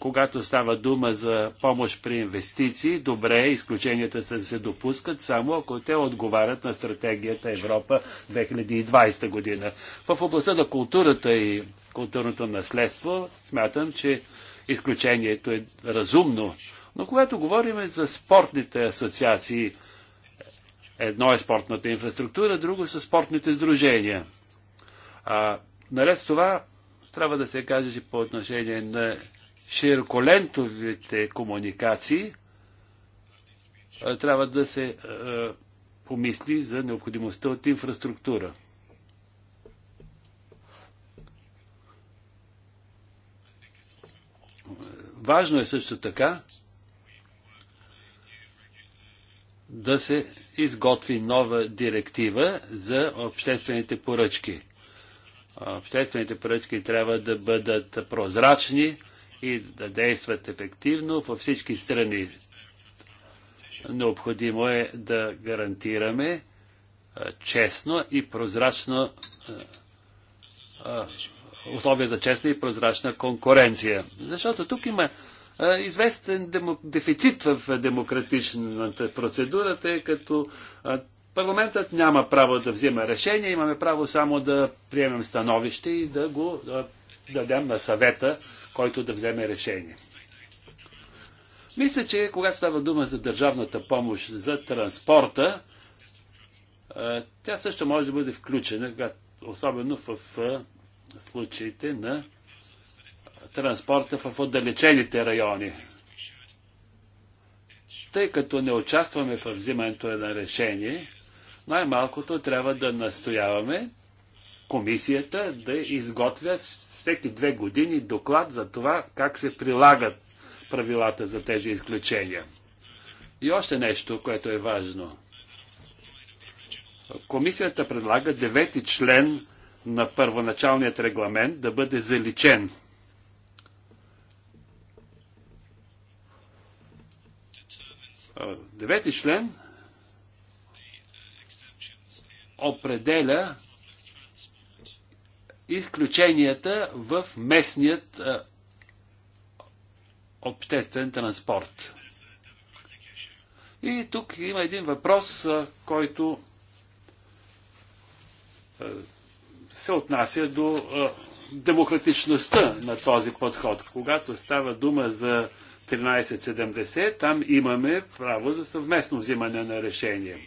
Когато става дума за помощ при инвестиции, добре, изключенията са да се допускат само ако те отговарят на стратегията Европа 2020 година. В областта на културата и културното наследство, смятам, че изключението е разумно. Но когато говорим за спортните асоциации, едно е спортната инфраструктура, друго са спортните сдружения. А, наред с това, трябва да се каже, че по отношение на широколентовите комуникации, трябва да се помисли за необходимостта от инфраструктура. Важно е също така да се изготви нова директива за обществените поръчки. Обществените поръчки трябва да бъдат прозрачни и да действат ефективно във всички страни. Необходимо е да гарантираме честно и прозрачно условия за честна и прозрачна конкуренция. Защото тук има известен демо, дефицит в демократичната процедура, тъй като парламентът няма право да взима решение, имаме право само да приемем становище и да го дадем на съвета, който да вземе решение. Мисля, че когато става дума за държавната помощ за транспорта, тя също може да бъде включена, особено в случаите на транспорта в отдалечените райони. Тъй като не участваме в взимането на решение, най-малкото трябва да настояваме комисията да изготвя всеки две години доклад за това как се прилагат правилата за тези изключения. И още нещо, което е важно. Комисията предлага девети член на първоначалният регламент да бъде заличен. Девети член определя изключенията в местният обществен транспорт. И тук има един въпрос, който се отнася до демократичността на този подход. Когато става дума за 1370, там имаме право за съвместно взимане на решение.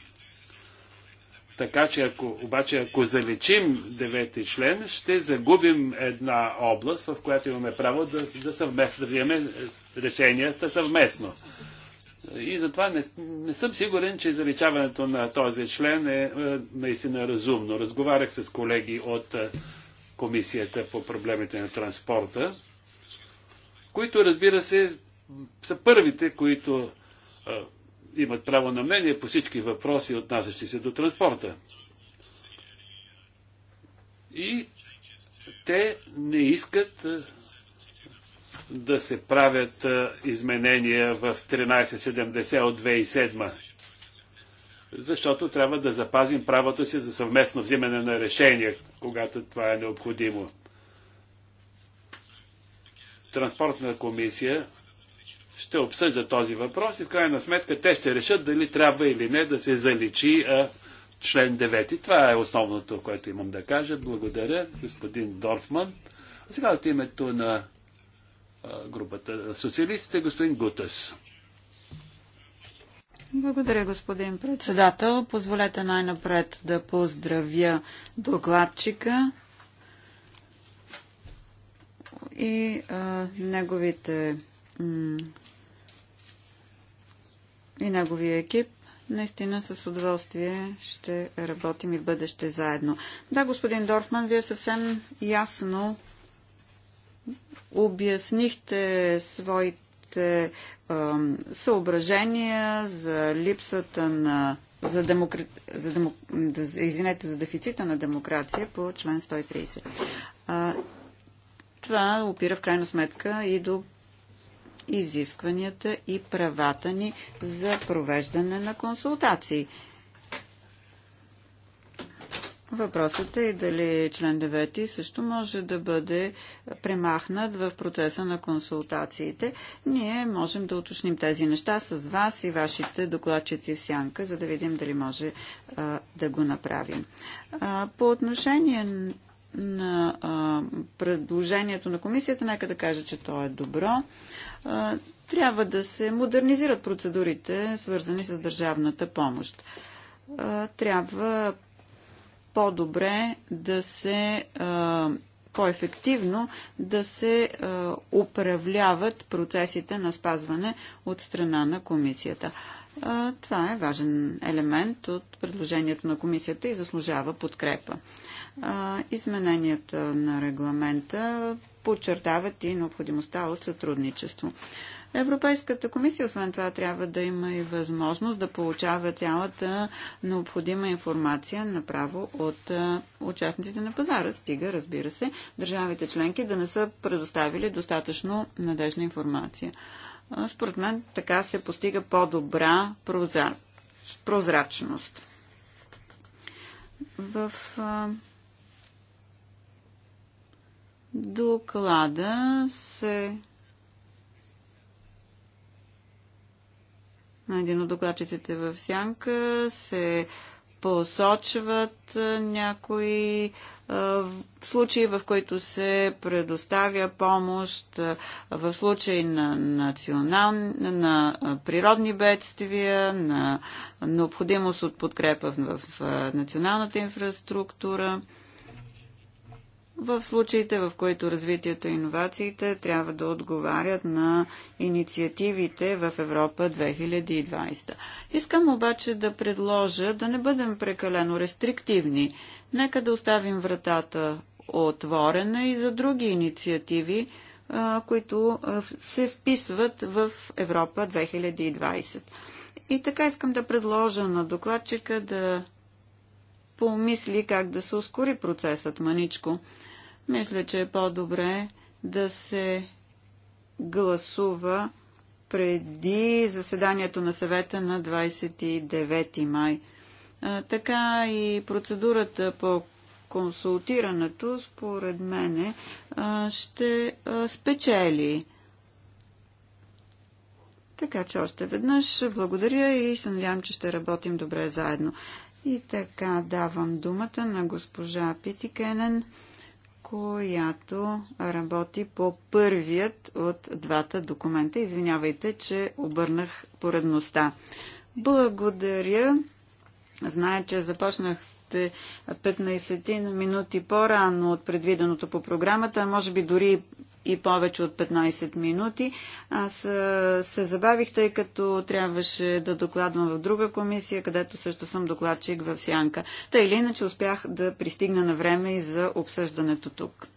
Така че ако, обаче ако заличим девети член, ще загубим една област, в която имаме право да, да, съвместно, да вземем решенията съвместно. И затова не, не съм сигурен, че заличаването на този член е, е наистина разумно. Разговарях с колеги от е, Комисията по проблемите на транспорта, които, разбира се, са първите, които е, имат право на мнение по всички въпроси, отнасящи се до транспорта. И те не искат е, да се правят изменения в 1370 от 2007 защото трябва да запазим правото си за съвместно взимане на решения, когато това е необходимо. Транспортна комисия ще обсъжда този въпрос и в крайна сметка те ще решат дали трябва или не да се заличи а, член 9. Това е основното, което имам да кажа. Благодаря, господин Дорфман. сега от името на групата социалистите, господин Гутас. Благодаря, господин председател. Позволете най-напред да поздравя докладчика и а, неговите и неговия екип. Наистина с удоволствие ще работим и в бъдеще заедно. Да, господин Дорфман, вие съвсем ясно обяснихте своите а, съображения за липсата на за, демокра... за, демо... извинете, за дефицита на демокрация по член 130. А, това опира в крайна сметка и до изискванията и правата ни за провеждане на консултации. Въпросът е и дали член 9 също може да бъде премахнат в процеса на консултациите. Ние можем да уточним тези неща с вас и вашите докладчици в сянка, за да видим дали може а, да го направим. А, по отношение на а, предложението на комисията, нека да кажа, че то е добро. А, трябва да се модернизират процедурите, свързани с държавната помощ трябва по-добре да се по-ефективно да се управляват процесите на спазване от страна на комисията. Това е важен елемент от предложението на комисията и заслужава подкрепа. Измененията на регламента подчертават и необходимостта от сътрудничество. Европейската комисия, освен това, трябва да има и възможност да получава цялата необходима информация направо от участниците на пазара. Стига, разбира се, държавите членки да не са предоставили достатъчно надежна информация. Според мен така се постига по-добра прозрачност. В доклада се на един от докладчиците в Сянка се посочват някои случаи, в които се предоставя помощ в случай на, национал, на природни бедствия, на необходимост от подкрепа в националната инфраструктура в случаите, в които развитието и иновациите трябва да отговарят на инициативите в Европа 2020. Искам обаче да предложа да не бъдем прекалено рестриктивни. Нека да оставим вратата отворена и за други инициативи, които се вписват в Европа 2020. И така искам да предложа на докладчика да помисли как да се ускори процесът маничко. Мисля, че е по-добре да се гласува преди заседанието на съвета на 29 май. Така и процедурата по консултирането, според мене, ще спечели. Така че още веднъж благодаря и се надявам, че ще работим добре заедно. И така давам думата на госпожа Питикенен, която работи по първият от двата документа. Извинявайте, че обърнах поредността. Благодаря. Зная, че започнах 15 минути по-рано от предвиденото по програмата, може би дори и повече от 15 минути. Аз се забавих, тъй като трябваше да докладвам в друга комисия, където също съм докладчик в Сянка. Та или иначе успях да пристигна на време и за обсъждането тук.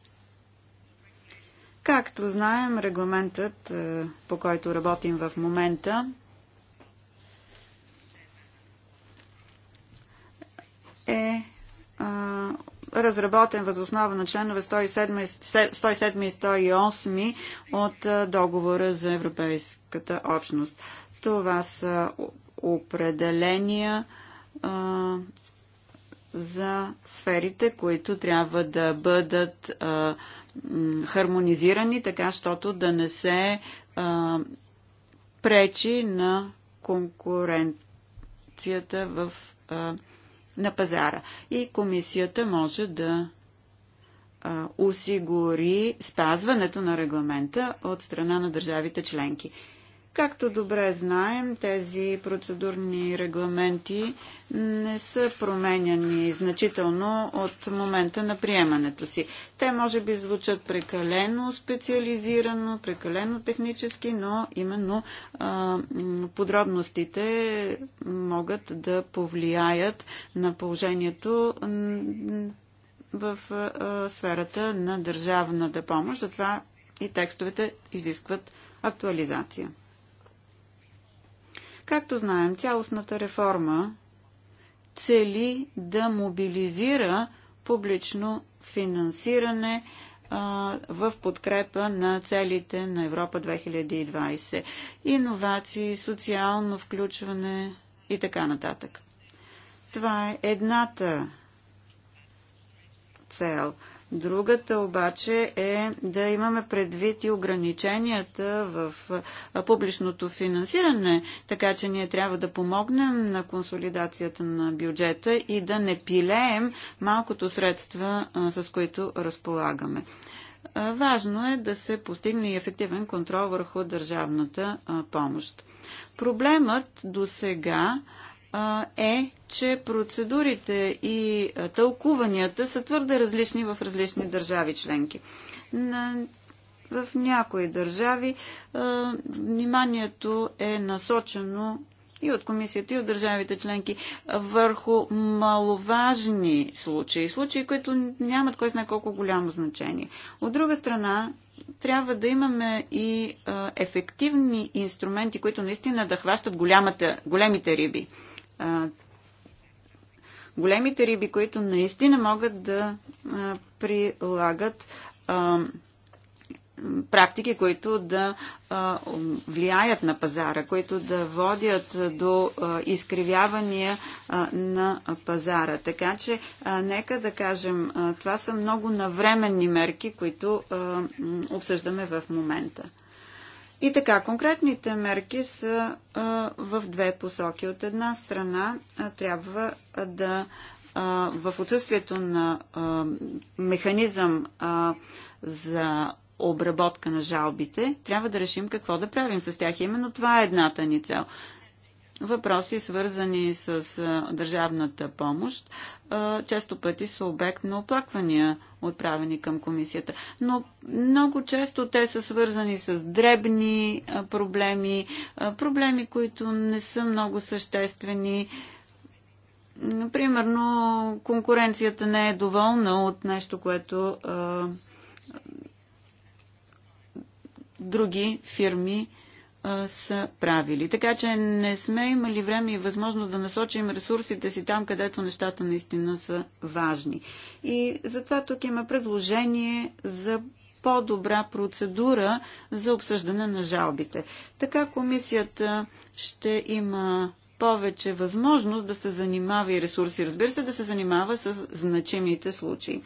Както знаем, регламентът, по който работим в момента, е разработен възоснова на членове 107, и 108 от договора за Европейската общност. Това са определения за сферите, които трябва да бъдат хармонизирани, така щото да не се пречи на конкуренцията в на пазара. И комисията може да осигури спазването на регламента от страна на държавите членки. Както добре знаем, тези процедурни регламенти не са променяни значително от момента на приемането си. Те може би звучат прекалено специализирано, прекалено технически, но именно а, подробностите могат да повлияят на положението в а, сферата на държавната помощ. Затова и текстовете изискват актуализация. Както знаем, цялостната реформа цели да мобилизира публично финансиране в подкрепа на целите на Европа 2020. Иновации, социално включване и така нататък. Това е едната цел – Другата обаче е да имаме предвид и ограниченията в публичното финансиране, така че ние трябва да помогнем на консолидацията на бюджета и да не пилеем малкото средства, с които разполагаме. Важно е да се постигне и ефективен контрол върху държавната помощ. Проблемът до сега е, че процедурите и тълкуванията са твърде различни в различни държави членки. На, в някои държави а, вниманието е насочено и от комисията, и от държавите членки върху маловажни случаи, случаи, които нямат кой знае колко голямо значение. От друга страна, трябва да имаме и а, ефективни инструменти, които наистина да хващат големите риби големите риби, които наистина могат да прилагат практики, които да влияят на пазара, които да водят до изкривявания на пазара. Така че, нека да кажем, това са много навременни мерки, които обсъждаме в момента. И така, конкретните мерки са а, в две посоки. От една страна а, трябва да а, в отсъствието на механизъм за обработка на жалбите, трябва да решим какво да правим с тях. Именно това е едната ни цел. Въпроси, свързани с държавната помощ, често пъти са обект на оплаквания, отправени към комисията. Но много често те са свързани с дребни проблеми, проблеми, които не са много съществени. Примерно, конкуренцията не е доволна от нещо, което други фирми са правили. Така че не сме имали време и възможност да насочим ресурсите си там, където нещата наистина са важни. И затова тук има предложение за по-добра процедура за обсъждане на жалбите. Така комисията ще има повече възможност да се занимава и ресурси, разбира се, да се занимава с значимите случаи.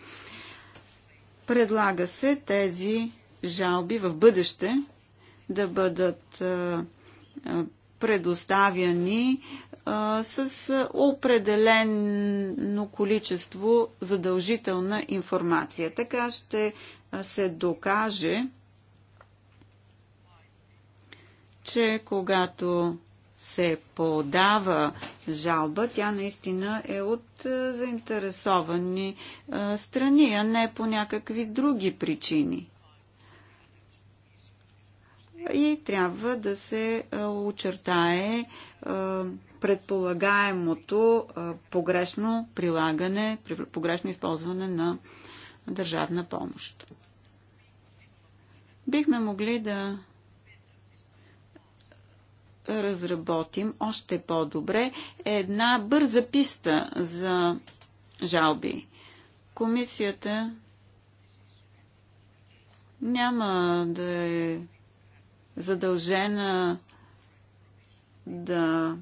Предлага се тези жалби в бъдеще да бъдат предоставяни с определено количество задължителна информация. Така ще се докаже, че когато се подава жалба, тя наистина е от заинтересовани страни, а не по някакви други причини и трябва да се е, очертае е, предполагаемото е, погрешно прилагане, погрешно използване на държавна помощ. Бихме могли да разработим още по-добре една бърза писта за жалби. Комисията няма да е задължена да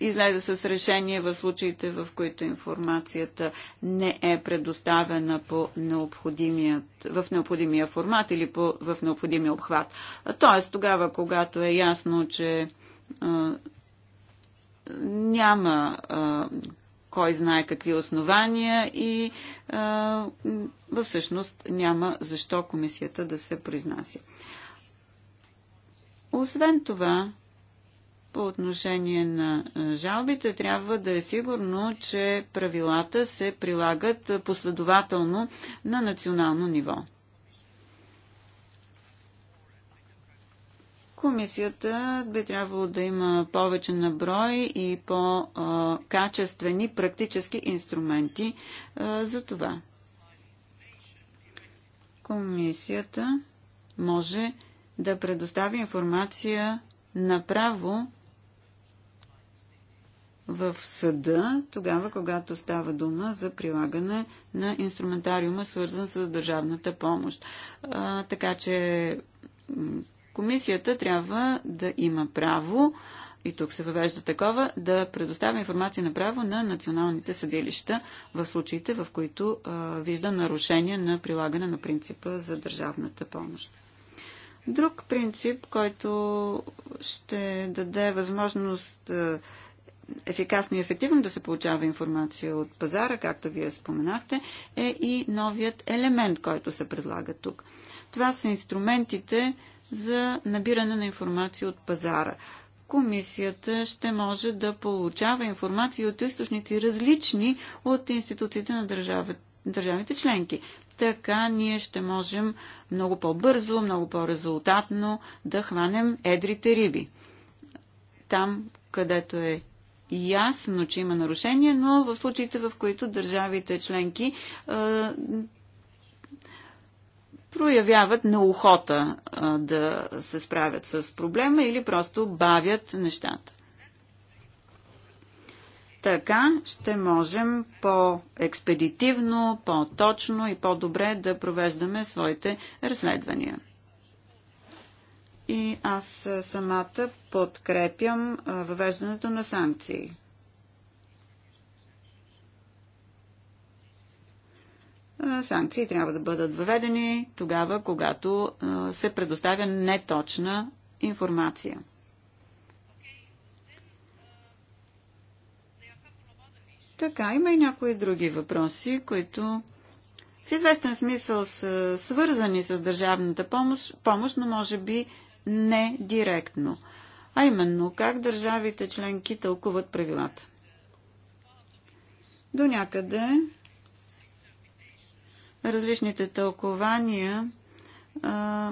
излезе с решение в случаите, в които информацията не е предоставена по в необходимия формат или по, в необходимия обхват. Тоест, тогава, когато е ясно, че а, няма а, кой знае какви основания и а, всъщност няма защо комисията да се произнася. Освен това, по отношение на жалбите, трябва да е сигурно, че правилата се прилагат последователно на национално ниво. Комисията би трябвало да има повече наброй и по-качествени практически инструменти за това. Комисията може да да предостави информация направо в съда, тогава, когато става дума за прилагане на инструментариума, свързан с държавната помощ. А, така че комисията трябва да има право, и тук се въвежда такова, да предоставя информация направо на националните съдилища в случаите, в които а, вижда нарушение на прилагане на принципа за държавната помощ. Друг принцип, който ще даде възможност е, ефикасно и ефективно да се получава информация от пазара, както вие споменахте, е и новият елемент, който се предлага тук. Това са инструментите за набиране на информация от пазара. Комисията ще може да получава информация от източници различни от институциите на държавите членки така ние ще можем много по-бързо, много по-резултатно да хванем едрите риби. Там, където е ясно, че има нарушение, но в случаите, в които държавите членки проявяват на е, да се справят с проблема или просто бавят нещата. Така ще можем по-експедитивно, по-точно и по-добре да провеждаме своите разследвания. И аз самата подкрепям въвеждането на санкции. Санкции трябва да бъдат въведени тогава, когато се предоставя неточна информация. Така, има и някои други въпроси, които в известен смисъл са свързани с държавната помощ, помощ но може би не директно. А именно, как държавите членки тълкуват правилата. До някъде различните тълкования а,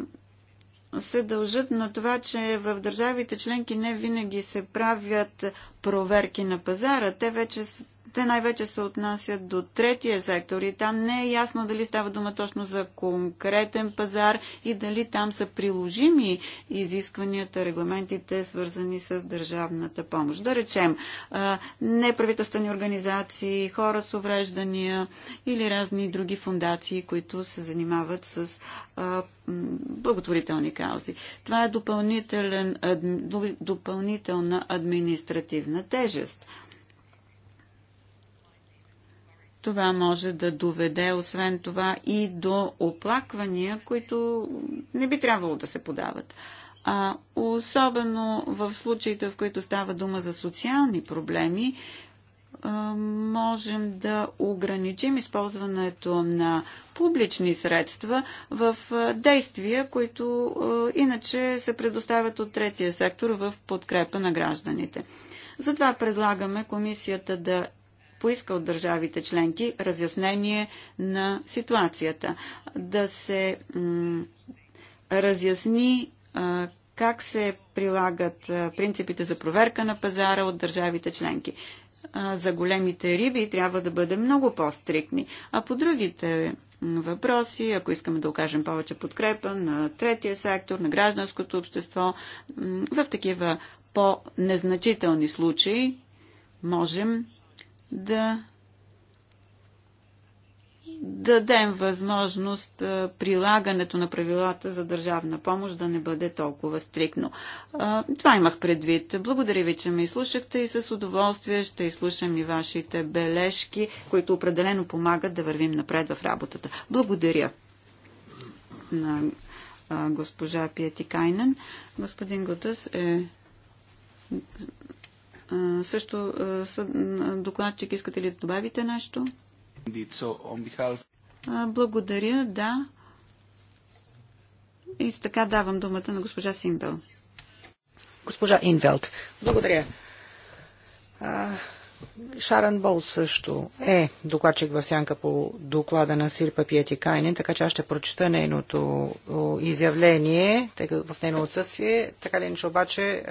се дължат на това, че в държавите членки не винаги се правят проверки на пазара. Те вече те най-вече се отнасят до третия сектор и там не е ясно дали става дума точно за конкретен пазар и дали там са приложими изискванията, регламентите, свързани с държавната помощ. Да речем, неправителствени организации, хора с увреждания или разни други фундации, които се занимават с благотворителни каузи. Това е допълнителен, допълнителна административна тежест – това може да доведе, освен това, и до оплаквания, които не би трябвало да се подават. А, особено в случаите, в които става дума за социални проблеми, можем да ограничим използването на публични средства в действия, които иначе се предоставят от третия сектор в подкрепа на гражданите. Затова предлагаме комисията да поиска от държавите членки разяснение на ситуацията. Да се разясни как се прилагат принципите за проверка на пазара от държавите членки. За големите риби трябва да бъде много по-стрикни, а по другите въпроси, ако искаме да окажем повече подкрепа на третия сектор, на гражданското общество, в такива по-незначителни случаи можем да дадем възможност прилагането на правилата за държавна помощ да не бъде толкова стрикно. Това имах предвид. Благодаря ви, че ме изслушахте и с удоволствие ще изслушам и вашите бележки, които определено помагат да вървим напред в работата. Благодаря на госпожа Пиети Кайнен. Господин Готъс е също докладчик, искате ли да добавите нещо? Благодаря, да. И така давам думата на госпожа Синбел. Госпожа Инвелт, благодаря. Шаран Бол също е докладчик в сянка по доклада на Сирпа Пиети Кайнен, така че аз ще прочета нейното изявление тъй в нейно отсъствие. Така ли че обаче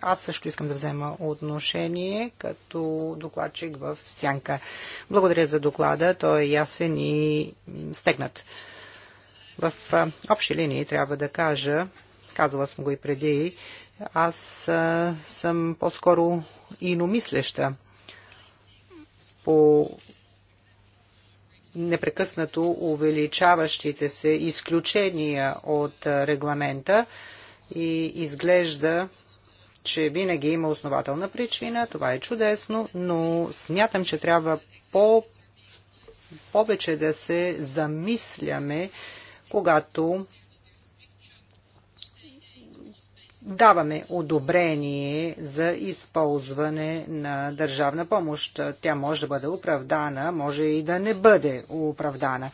аз също искам да взема отношение като докладчик в сянка. Благодаря за доклада, той е ясен и стегнат. В общи линии трябва да кажа, казала съм го и преди, аз съм по-скоро иномислеща по непрекъснато увеличаващите се изключения от регламента и изглежда, че винаги има основателна причина. Това е чудесно, но смятам, че трябва по повече да се замисляме, когато даваме одобрение за използване на държавна помощ. Тя може да бъде оправдана, може и да не бъде оправдана.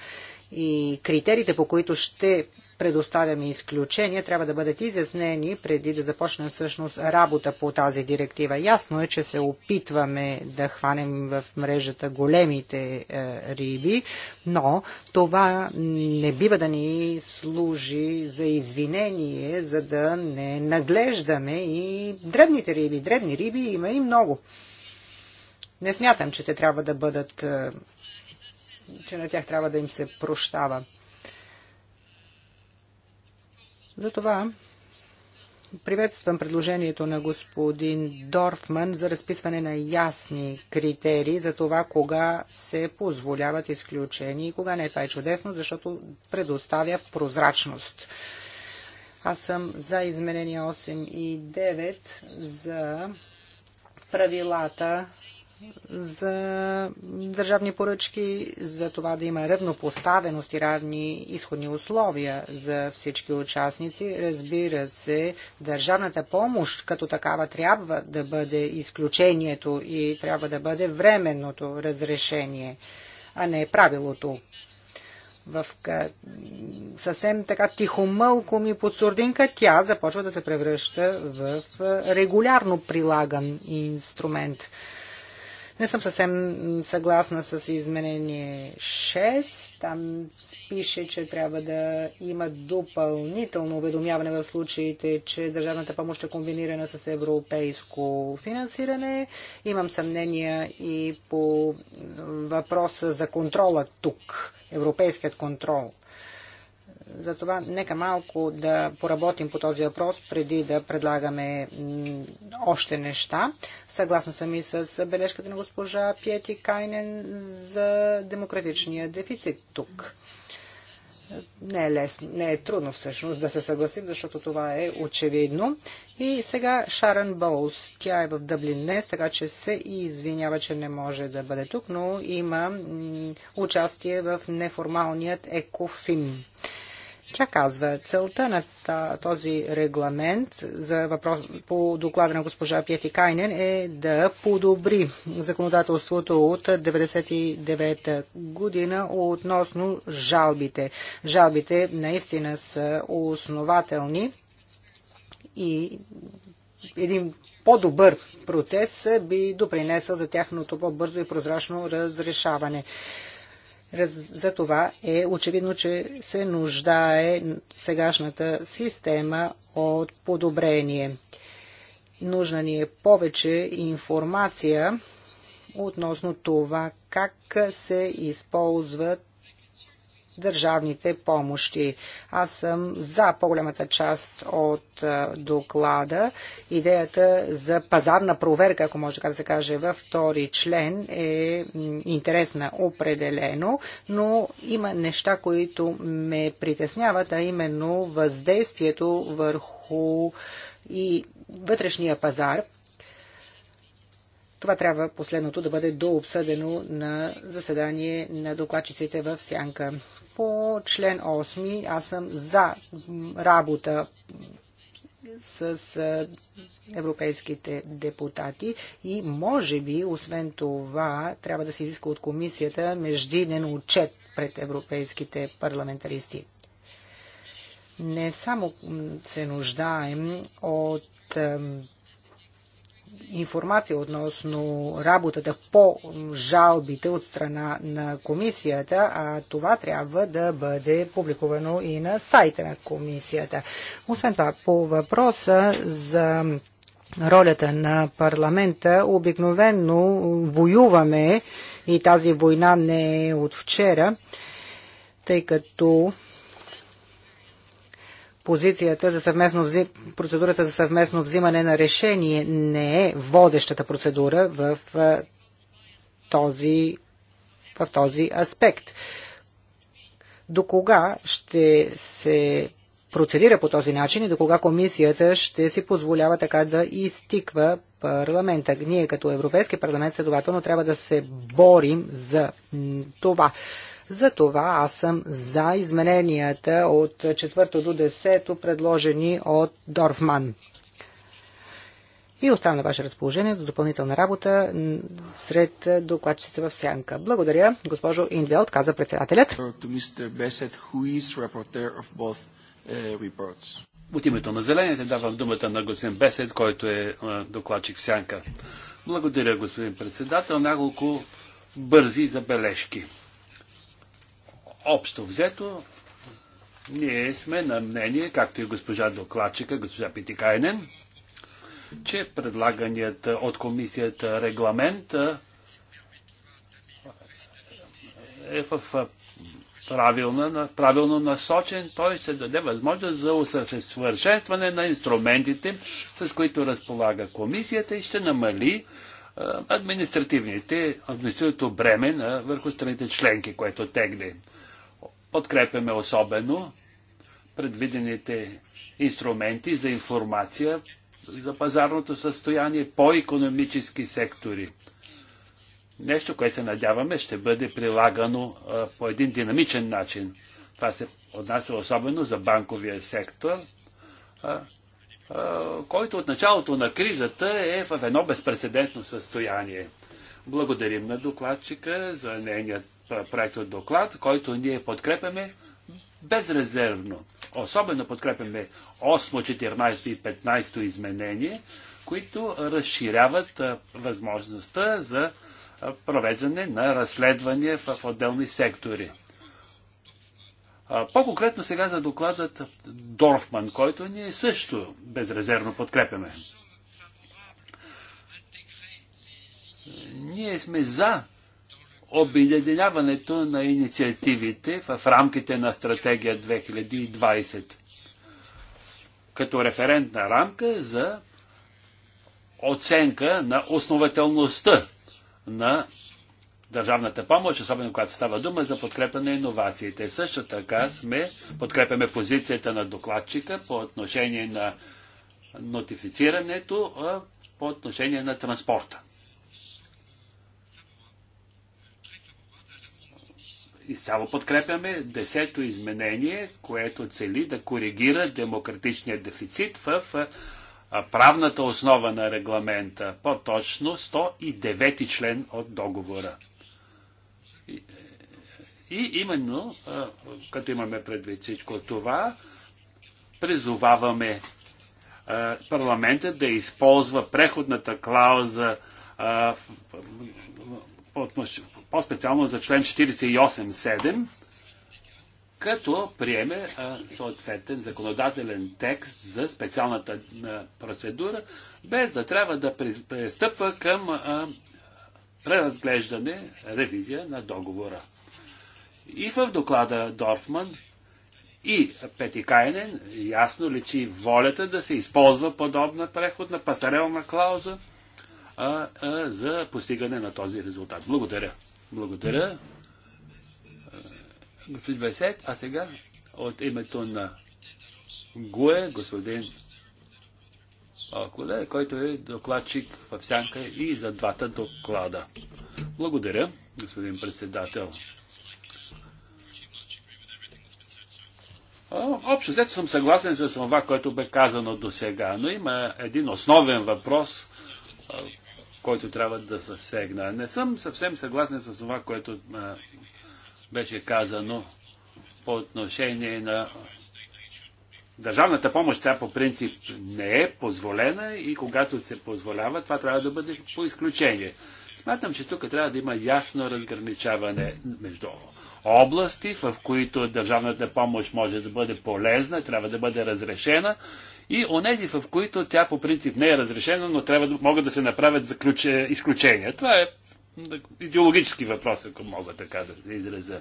И критериите, по които ще предоставяме изключения, трябва да бъдат изяснени преди да започнем всъщност работа по тази директива. Ясно е, че се опитваме да хванем в мрежата големите е, риби, но това не бива да ни служи за извинение, за да не наглеждаме и дребните риби. Дребни риби има и много. Не смятам, че те трябва да бъдат, е, че на тях трябва да им се прощава. Затова приветствам предложението на господин Дорфман за разписване на ясни критерии за това кога се позволяват изключения и кога не. Това е чудесно, защото предоставя прозрачност. Аз съм за изменения 8 и 9 за правилата за държавни поръчки, за това да има равнопоставеност и равни изходни условия за всички участници. Разбира се, държавната помощ като такава трябва да бъде изключението и трябва да бъде временното разрешение, а не правилото в съвсем така тихомълко ми подсурдинка, тя започва да се превръща в регулярно прилаган инструмент. Не съм съвсем съгласна с изменение 6. Там пише, че трябва да има допълнително уведомяване в случаите, че държавната помощ е комбинирана с европейско финансиране. Имам съмнения и по въпроса за контрола тук, европейският контрол – затова нека малко да поработим по този въпрос, преди да предлагаме още неща. Съгласна съм и с бележката на госпожа Пиети Кайнен за демократичния дефицит тук. Не е, лесно, не е трудно всъщност да се съгласим, защото това е очевидно. И сега Шарън Боус, Тя е в Дъблин днес, така че се извинява, че не може да бъде тук, но има участие в неформалният екофим. Тя казва, целта на този регламент за въпрос, по доклада на госпожа Пети Кайнен е да подобри законодателството от 1999 година относно жалбите. Жалбите наистина са основателни и един по-добър процес би допринесъл за тяхното по-бързо и прозрачно разрешаване. За това е очевидно, че се нуждае сегашната система от подобрение. Нужна ни е повече информация относно това как се използват държавните помощи. Аз съм за по-голямата част от доклада. Идеята за пазарна проверка, ако може така да се каже, във втори член е интересна определено, но има неща, които ме притесняват, а именно въздействието върху и вътрешния пазар това трябва последното да бъде дообсъдено на заседание на докладчиците в Сянка. По член 8 аз съм за работа с европейските депутати и може би, освен това, трябва да се изиска от комисията междинен отчет пред европейските парламентаристи. Не само се нуждаем от информация относно работата по жалбите от страна на комисията, а това трябва да бъде публикувано и на сайта на комисията. Освен това, по въпроса за ролята на парламента, обикновенно воюваме и тази война не е от вчера, тъй като позицията за съвместно процедурата за съвместно взимане на решение не е водещата процедура в този, в този аспект. До кога ще се процедира по този начин и до кога комисията ще си позволява така да изтиква парламента. Ние като Европейски парламент следователно трябва да се борим за това. За това аз съм за измененията от 4 до 10, предложени от Дорфман. И оставам на ваше разположение за допълнителна работа сред докладчиците в Сянка. Благодаря, госпожо Индвелт, каза председателят. Uh, от името на зелените давам думата на господин Бесет, който е докладчик в Сянка. Благодаря, господин председател. Няколко бързи забележки. Общо взето, ние сме на мнение, както и госпожа докладчика, госпожа Питикайнен, че предлаганият от комисията регламент е в правилно, правилно насочен, той ще даде възможност за усъвършенстване на инструментите, с които разполага комисията и ще намали административните, административното бреме на върху страните членки, което тегне. Подкрепяме особено предвидените инструменти за информация за пазарното състояние по економически сектори. Нещо, което се надяваме ще бъде прилагано а, по един динамичен начин. Това се отнася особено за банковия сектор, а, а, който от началото на кризата е в едно безпредседентно състояние. Благодарим на докладчика за нейният е, от доклад, който ние подкрепяме безрезервно. Особено подкрепяме 8, 14 и 15 изменение, които разширяват е, възможността за е, провеждане на разследвания в отделни сектори. По-конкретно сега за докладът Дорфман, който ние също безрезервно подкрепяме. Ние сме за обединяването на инициативите в рамките на стратегия 2020 като референтна рамка за оценка на основателността на държавната помощ, особено когато става дума за подкрепа на иновациите. Също така сме подкрепяме позицията на докладчика по отношение на нотифицирането, по отношение на транспорта. изцяло подкрепяме десето изменение, което цели да коригира демократичния дефицит в правната основа на регламента, по-точно 109 член от договора. И, именно, като имаме предвид всичко това, призоваваме парламента да използва преходната клауза по-специално за член 48.7, като приеме съответен законодателен текст за специалната процедура, без да трябва да пристъпва към преразглеждане, ревизия на договора. И в доклада Дорфман и Петикайнен ясно личи волята да се използва подобна преходна пасарелна клауза а, а, за постигане на този резултат. Благодаря. Благодаря. Господин Бесет, а сега от името на Гуе, господин Акуле, който е докладчик в сянка и за двата доклада. Благодаря, господин председател. Общо след съм съгласен с това, което бе казано до сега, но има един основен въпрос, който трябва да засегна. Не съм съвсем съгласен с това, което а, беше казано по отношение на държавната помощ. Тя по принцип не е позволена и когато се позволява, това трябва да бъде по изключение. Смятам, че тук трябва да има ясно разграничаване между области, в които държавната помощ може да бъде полезна, трябва да бъде разрешена и онези, в които тя по принцип не е разрешена, но трябва да могат да се направят изключения. Това е идеологически въпрос, ако мога така да изразя.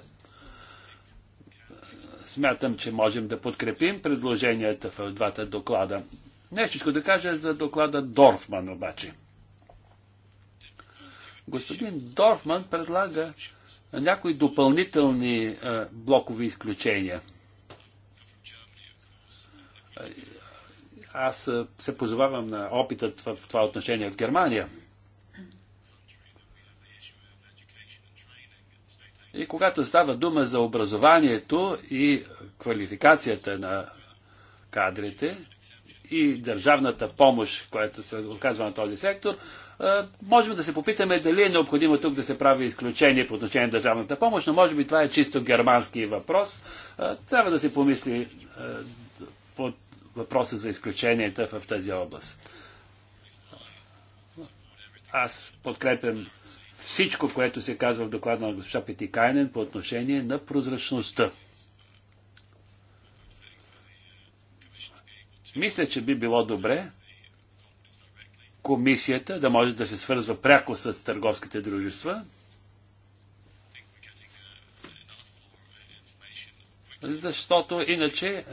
Смятам, че можем да подкрепим предложенията в двата доклада. Нещичко да кажа за доклада Дорфман обаче. Господин Дорфман предлага някои допълнителни блокови изключения. Аз се позовавам на опитът в това отношение в Германия. И когато става дума за образованието и квалификацията на кадрите и държавната помощ, която се оказва на този сектор, можем да се попитаме дали е необходимо тук да се прави изключение по отношение на държавната помощ, но може би това е чисто германски въпрос. Трябва да се помисли по въпроса за изключенията в тази област. Аз подкрепям всичко, което се казва в доклада на госпожа Петикайнен по отношение на прозрачността. Мисля, че би било добре комисията да може да се свързва пряко с търговските дружества, защото иначе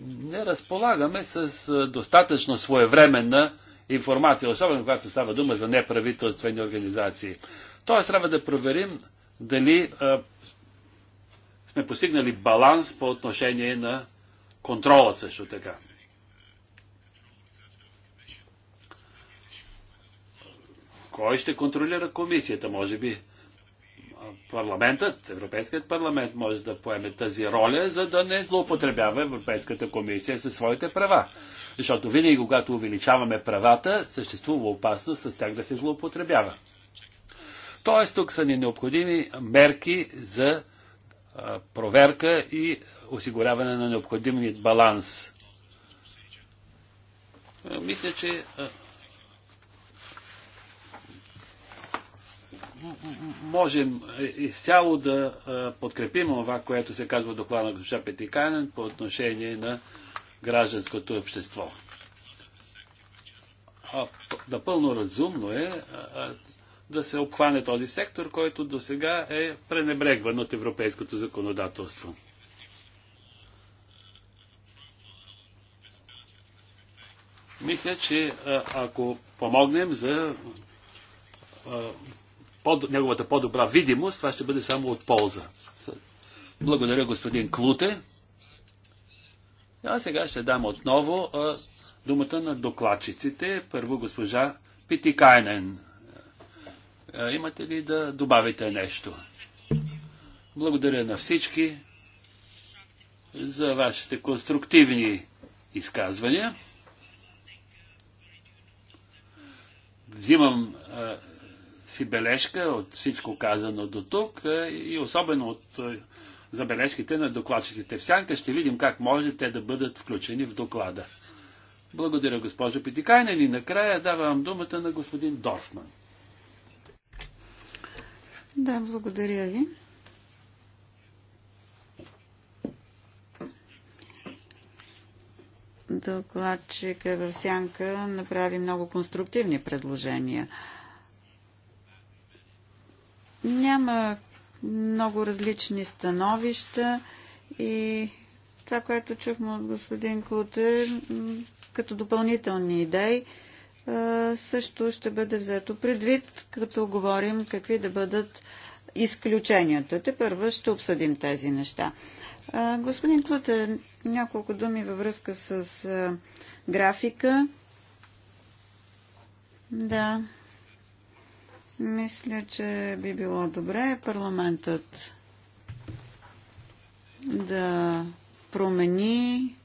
не разполагаме с достатъчно своевременна информация, особено когато става дума за неправителствени организации. Тоест трябва да проверим дали а, сме постигнали баланс по отношение на контрола също така. Кой ще контролира комисията? Може би парламентът, Европейският парламент може да поеме тази роля, за да не злоупотребява Европейската комисия със своите права. Защото винаги, когато увеличаваме правата, съществува опасност с тях да се злоупотребява. Тоест, тук са ни необходими мерки за проверка и осигуряване на необходимият баланс. Мисля, че можем изцяло да подкрепим това, което се казва в доклада на госпожа Петиканен по отношение на гражданското общество. А, напълно разумно е а, да се обхване този сектор, който до сега е пренебрегван от европейското законодателство. Мисля, че а, ако помогнем за под, неговата по-добра видимост, това ще бъде само от полза. Благодаря, господин Клуте. А сега ще дам отново а, думата на докладчиците. Първо госпожа Питикайнен. А, имате ли да добавите нещо? Благодаря на всички за вашите конструктивни изказвания. Взимам а, си бележка от всичко казано до тук е, и особено от е, забележките на докладчиците в сянка. Ще видим как може те да бъдат включени в доклада. Благодаря, госпожо Питикайнен. И накрая давам думата на господин Дорфман. Да, благодаря ви. Докладчик в сянка направи много конструктивни предложения. Няма много различни становища и това, което чухме от господин Куте, като допълнителни идеи, също ще бъде взето предвид, като говорим какви да бъдат изключенията. Те първо ще обсъдим тези неща. Господин Клуте, няколко думи във връзка с графика. Да. Мисля, че би било добре парламентът да промени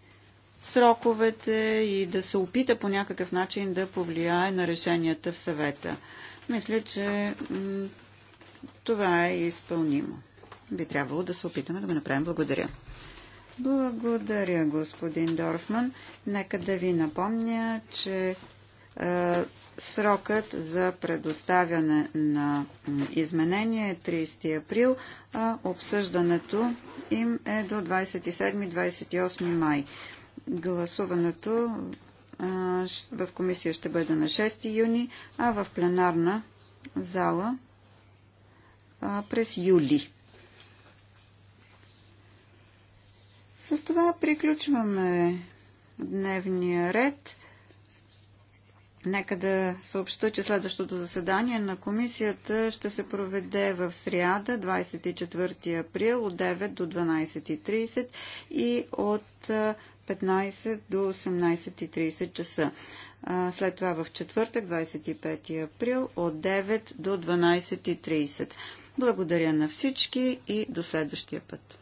сроковете и да се опита по някакъв начин да повлияе на решенията в съвета. Мисля, че това е изпълнимо. Би трябвало да се опитаме да го направим. Благодаря. Благодаря, господин Дорфман. Нека да ви напомня, че Срокът за предоставяне на изменения е 30 април, а обсъждането им е до 27-28 май. Гласуването в комисия ще бъде на 6 юни, а в пленарна зала през юли. С това приключваме дневния ред. Нека да съобща, че следващото заседание на комисията ще се проведе в сряда, 24 април, от 9 до 12.30 и от 15 до 18.30 часа. След това в четвъртък, 25 април, от 9 до 12.30. Благодаря на всички и до следващия път.